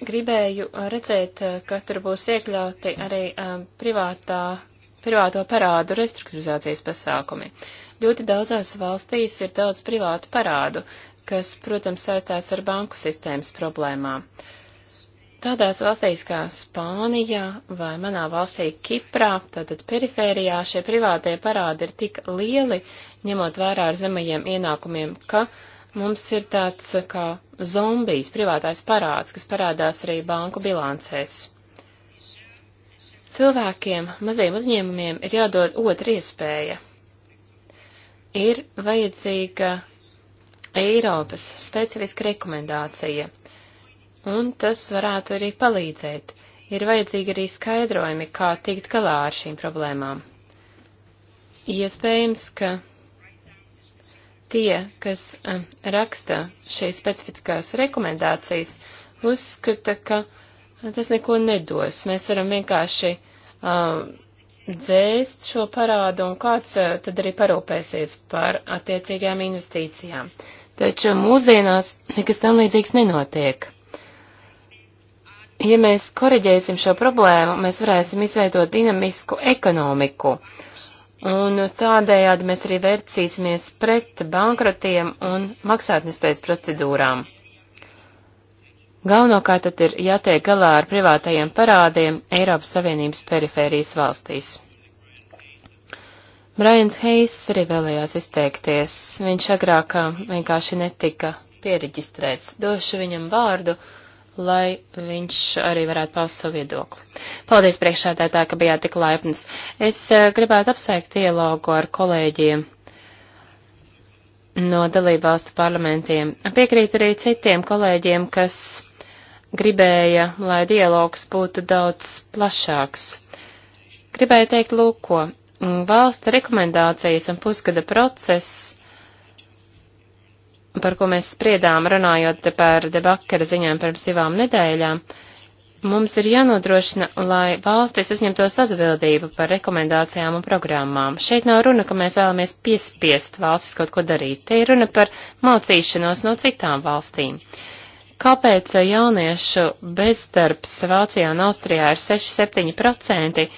gribēju uh, redzēt, uh, ka tur būs iekļauti arī um, privātā, privāto parādu restruktūrizācijas pasākumi. Ļoti daudzās valstīs ir daudz privātu parādu, kas, protams, saistās ar banku sistēmas problēmām. Tādās valstīs kā Spānijā vai manā valstī Kiprā, tātad perifērijā, šie privātie parādi ir tik lieli, ņemot vērā ar zemajiem ienākumiem, ka uh, mums ir tāds eh, kā zombijs, privātais parāds, kas parādās arī banku bilancēs. Cilvēkiem, maziem uzņēmumiem ir jādod otra iespēja. Ir vajadzīga Eiropas specifiska rekomendācija, un tas varētu arī palīdzēt. Ir vajadzīgi arī skaidrojumi, kā tikt galā ar šīm problēmām. Iespējams, ka Tie, kas eh, raksta šīs specifiskās rekomendācijas, uzskata, ka eh, tas neko nedos. Mēs varam vienkārši uh, dzēst šo parādu un kāds uh, tad arī parūpēsies par attiecīgām investīcijām. Taču mūsdienās nekas tam līdzīgs nenotiek. Ja mēs koriģēsim šo problēmu, mēs varēsim izveidot dinamisku ekonomiku, Un tādējādi mēs arī vērcīsimies pret bankrotiem un maksātnespējas procedūrām. Galvenokārt tad ir jātiek galā ar privātajiem parādiem Eiropas Savienības perifērijas valstīs. Brians Heiss arī vēlējās izteikties. Viņš agrāk uh, vienkārši netika pieregistrēts. Došu viņam vārdu lai viņš arī varētu paust savu viedokli. Paldies priekšādētā, ka bijāt tik laipnas. Es eh, gribētu apsveikt dialogu ar kolēģiem no dalībvalstu parlamentiem. Piekrītu arī citiem kolēģiem, kas gribēja, lai dialogs būtu daudz plašāks. Gribēju teikt, lūko, mm, valsta rekomendācijas un pusgada process par ko mēs spriedām, runājot par debakara ziņām pirms divām nedēļām, mums ir jānodrošina, lai valstis uzņemtos atbildību par rekomendācijām un programmām. Šeit nav runa, ka mēs vēlamies piespiest valstis kaut ko darīt. Te ir runa par mācīšanos no citām valstīm. Kāpēc jauniešu bezdarbs Vācijā un Austrijā ir 6-7%,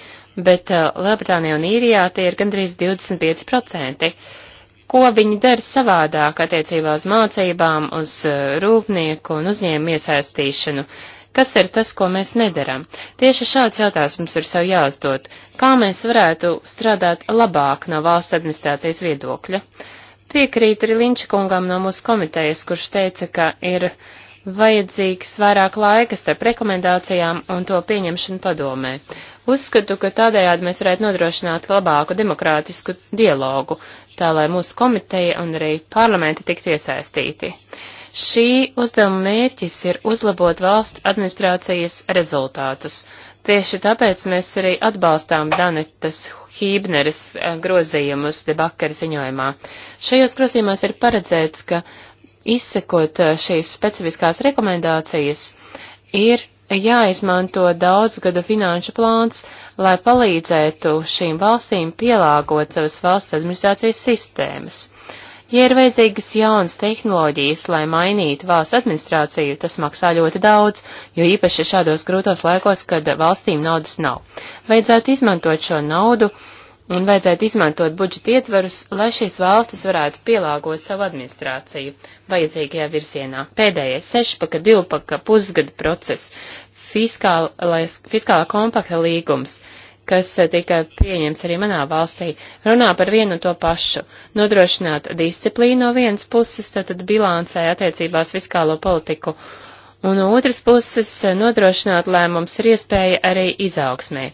bet eh, Lielbritānijā un Īrijā tie ir gandrīz 25%? ko viņi dara savādāk attiecībā uz mācībām, uz eh, rūpnieku un uzņēmumu iesaistīšanu. Kas ir tas, ko mēs nedaram? Tieši šāds jautājums mums ir sev jāuzdod. Kā mēs varētu strādāt labāk no valsts administrācijas viedokļa? Piekrītu arī Linča kungam no mūsu komitejas, kurš teica, ka ir uh, vajadzīgs vairāk laika starp rekomendācijām un to pieņemšanu padomē. Uzskatu, ka tādējādi mēs varētu nodrošināt labāku demokrātisku dialogu, tā lai mūsu komiteja un arī parlamenti tiktu iesaistīti. Šī uzdevuma mērķis ir uzlabot valsts administrācijas rezultātus. Tieši tāpēc mēs arī atbalstām Danetas Hībneres eh, grozījumus debakara ziņojumā. Šajos grozījumos ir paredzēts, ka izsekot eh, šīs specifiskās rekomendācijas, ir jāizmanto daudzgada finanšu plāns, lai palīdzētu šīm valstīm pielāgot savas valsts administrācijas sistēmas. Ja ir vajadzīgas jaunas tehnoloģijas, lai mainītu valsts administrāciju, tas maksā ļoti daudz, jo īpaši šādos grūtos laikos, kad valstīm naudas nav. Vajadzētu izmantot šo naudu, uh, un vajadzētu izmantot budžeta ietverus, lai šīs valstis varētu pielāgot savu administrāciju vajadzīgajā virzienā. Pēdējais sešpaka, divpaka, pusgada process, fiskālais, fiskālā kompakta līgums, kas eh, tika pieņemts arī manā valstī, runā par vienu un to pašu - nodrošināt disciplīnu no vienas puses, tātad bilancē attiecībās fiskālo politiku, un no otras puses eh, nodrošināt, lai mums ir iespēja arī izaugsmē.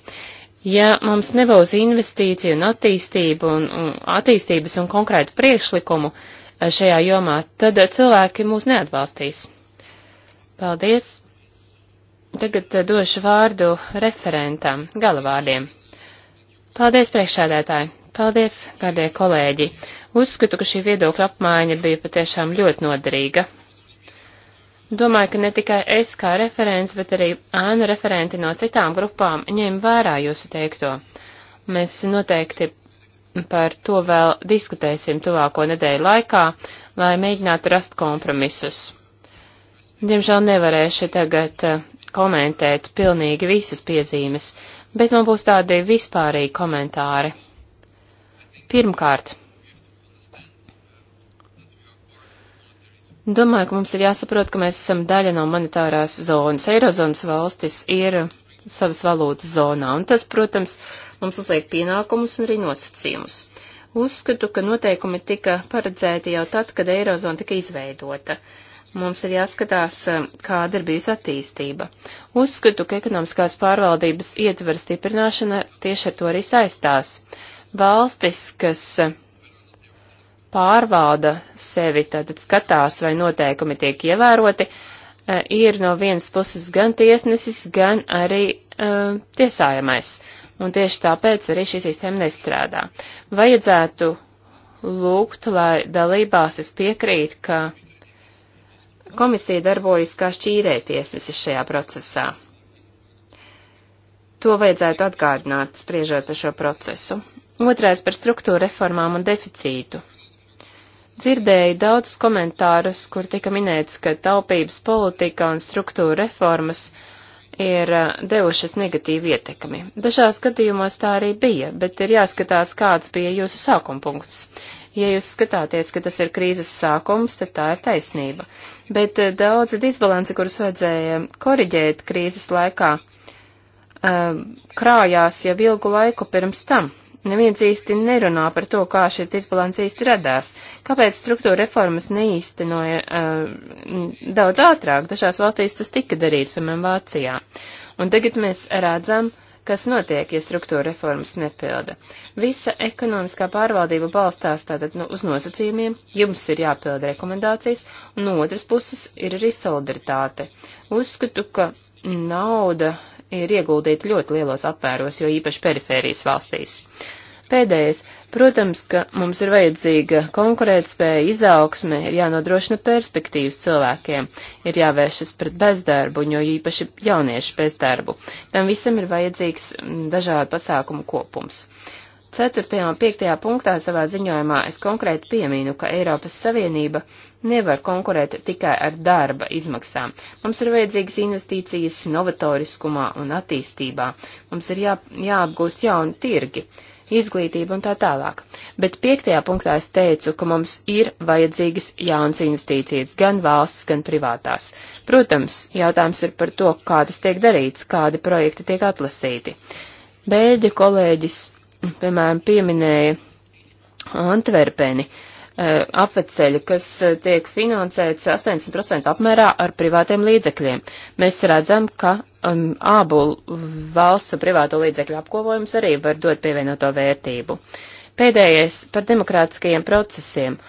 Ja mums nebūs investīciju un attīstību un, un attīstības un konkrētu priekšlikumu eh, šajā jomā, tad eh, cilvēki mūs neatbalstīs. Paldies! Tagad eh, došu vārdu referentam, galavārdiem. Paldies, priekšsēdētāji! Paldies, gādie kolēģi! Uzskatu, ka šī viedokļa apmaiņa bija patiešām ļoti noderīga. Domāju, ka ne tikai es kā referents, bet arī ēnu referenti no citām grupām ņem vērā jūsu teikto. Mēs noteikti par to vēl diskutēsim tuvāko nedēļu laikā, lai mēģinātu rast kompromisus. Diemžēl nevarēšu tagad eh, komentēt pilnīgi visas piezīmes, bet man būs tādi vispārīgi komentāri. Pirmkārt, Domāju, ka mums ir jāsaprot, ka mēs esam daļa no monetārās zonas. Eirozonas valstis ir savas valūtas zonā, un tas, protams, mums uzliek pienākumus un arī nosacījumus. Uzskatu, ka noteikumi tika paredzēti jau tad, kad Eirozona tika izveidota. Mums ir jāskatās, kāda ir bijusi attīstība. Uzskatu, ka ekonomiskās pārvaldības ietveru stiprināšana tieši ar to arī saistās. Valstis, kas pārvalda sevi, tātad skatās, vai noteikumi tiek ievēroti, eh, ir no vienas puses gan tiesnesis, gan arī uh, tiesājamais. Un tieši tāpēc arī šī sistēma nestrādā. Vajadzētu lūgt, lai dalībāsis piekrīt, ka komisija darbojas kā šķīrē tiesnesis šajā procesā. To vajadzētu atgādināt, spriežot par šo procesu. Otrais par struktūra reformām un deficītu. Dzirdēju daudzus komentārus, kur tika minēts, ka taupības politika un struktūra reformas ir eh, devušas negatīvu ietekmi. Dažās gadījumos tā arī bija, bet ir jāskatās, kāds bija jūsu sākuma punkts. Ja jūs skatāties, ka tas ir krīzes sākums, tad tā ir taisnība. Bet eh, daudzi disbalansi, kurus vajadzēja koriģēt krīzes laikā, eh, krājās jau ilgu laiku pirms tam. Neviens īsti nerunā par to, kā šis disbalans īsti radās. Kāpēc struktūra reformas neīstenoja uh, daudz ātrāk? Dažās valstīs tas tika darīts, piemēram, Vācijā. Un tagad mēs redzam, kas notiek, ja struktūra reformas nepilda. Visa ekonomiskā pārvaldība balstās tātad nu, uz nosacījumiem, jums ir jāpilda rekomendācijas, un no otras puses ir arī solidaritāte. Uzskatu, ka nauda ir ieguldīti ļoti lielos apmēros, jo īpaši perifērijas valstīs. Pēdējais, protams, ka mums ir vajadzīga konkurētspēja, izaugsme, ir jānodrošina perspektīvas cilvēkiem, ir jāvēršas pret bezdarbu, jo īpaši jauniešu bezdarbu. Tam visam ir vajadzīgs dažādu pasākumu kopums. Uh, 4. un 5. punktā savā ziņojumā es konkrēti piemīnu, ka Eiropas Savienība nevar konkurēt tikai ar darba izmaksām. Mums ir vajadzīgas investīcijas novatoriskumā un attīstībā. Mums ir jā, jāapgūst jauni tirgi izglītība un tā tālāk. Bet piektajā punktā es teicu, ka mums ir vajadzīgas jaunas investīcijas, gan valsts, gan privātās. Protams, jautājums ir par to, kā tas tiek darīts, kādi projekti tiek atlasīti. Bēļģi kolēģis piemēram, pieminēja Antverpeni, eh, apveceļu, kas eh, tiek finansēts 80% apmērā ar privātiem līdzekļiem. Mēs redzam, ka um, abu valsts privāto līdzekļu apkopojums arī var dot pievienoto vērtību. Pēdējais par demokrātiskajiem procesiem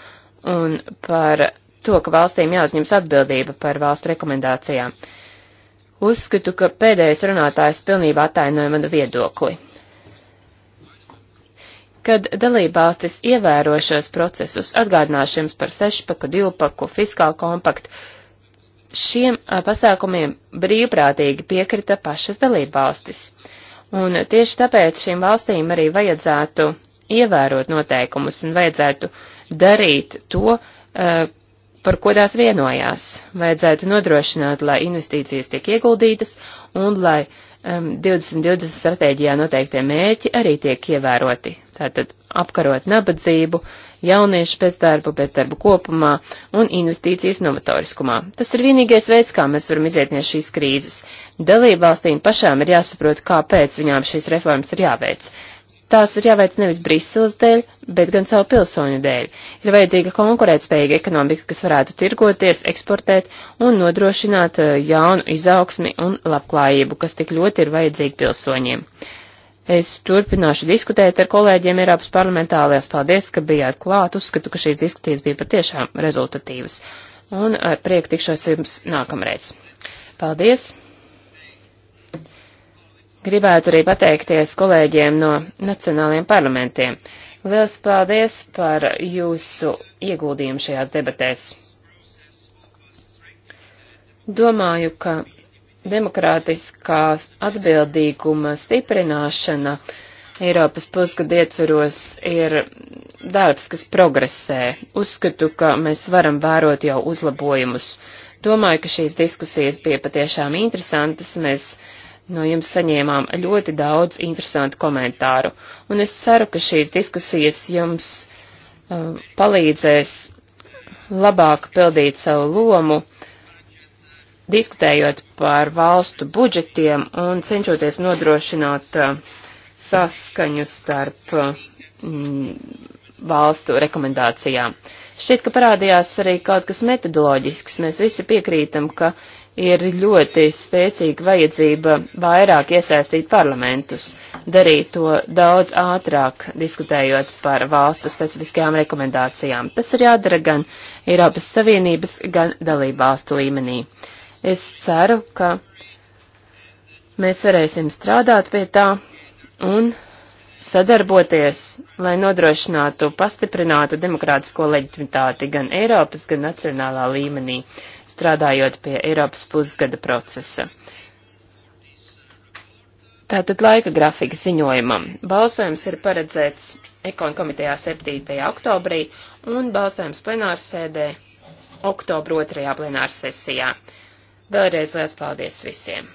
un par to, ka valstīm jāuzņems atbildība par valstu rekomendācijām. Uzskatu, ka pēdējais runātājs pilnībā attainoja manu viedokli. Kad dalībvalstis ievēro šos procesus, atgādināšu jums par sešpaku, divpaku, fiskālu kompaktu, šiem pasākumiem brīvprātīgi piekrita pašas dalībvalstis. Un tieši tāpēc šīm valstīm arī vajadzētu ievērot noteikumus un vajadzētu darīt to, par ko tās vienojās. Vajadzētu nodrošināt, lai investīcijas tiek ieguldītas un lai uh, 2020 um, stratēģijā noteiktie mēķi arī tiek ievēroti. Tātad apkarot nabadzību, jauniešu bezdarbu, bezdarbu kopumā un investīcijas novatoriskumā. Tas ir vienīgais veids, kā mēs varam iziet no šīs krīzes. Dalībvalstīm pašām ir jāsaprot, kāpēc viņām šīs reformas ir jāveic. Tās ir jāveic nevis Briseles dēļ, bet gan savu pilsoņu dēļ. Ir vajadzīga konkurētspējīga ekonomika, kas varētu tirgoties, eksportēt un nodrošināt eh, jaunu izaugsmi un labklājību, kas tik ļoti ir vajadzīga pilsoņiem. Es turpināšu diskutēt ar kolēģiem Eiropas parlamentālajās. Paldies, ka bijāt klāt. Uzskatu, ka šīs diskusijas bija patiešām rezultatīvas. Un ar prieku tikšos jums nākamreiz. Paldies! Gribētu arī pateikties kolēģiem no nacionāliem parlamentiem. Liels paldies par jūsu ieguldījumu šajās debatēs. Domāju, ka demokrātiskās atbildīguma stiprināšana Eiropas pusgada ietveros ir darbs, kas progresē. Uzskatu, ka mēs varam vērot jau uzlabojumus. Domāju, ka šīs diskusijas bija patiešām interesantas. Mēs no jums saņēmām ļoti daudz interesantu komentāru, un es ceru, ka šīs diskusijas jums uh, palīdzēs labāk pildīt savu lomu, diskutējot par valstu budžetiem un cenšoties nodrošināt uh, saskaņu starp uh, mm, valstu rekomendācijām. Šķiet, ka parādījās arī kaut kas metodoloģisks. Mēs visi piekrītam, ka uh, ir ļoti spēcīga vajadzība vairāk iesaistīt parlamentus, darīt to daudz ātrāk, diskutējot par valstu specifiskajām rekomendācijām. Tas ir jādara gan Eiropas Savienības, gan dalību valstu līmenī. Es ceru, ka mēs varēsim strādāt pie tā un sadarboties, lai nodrošinātu pastiprinātu demokrātisko leģitimitāti gan Eiropas, gan nacionālā līmenī. Uh, strādājot pie Eiropas pusgada procesa. Tātad laika grafika ziņojumam. Balsojums ir paredzēts Ekonu komitejā 7. oktobrī un balsojums plenārsēdē oktobra 2. plenārsesijā. Vēlreiz liels paldies visiem!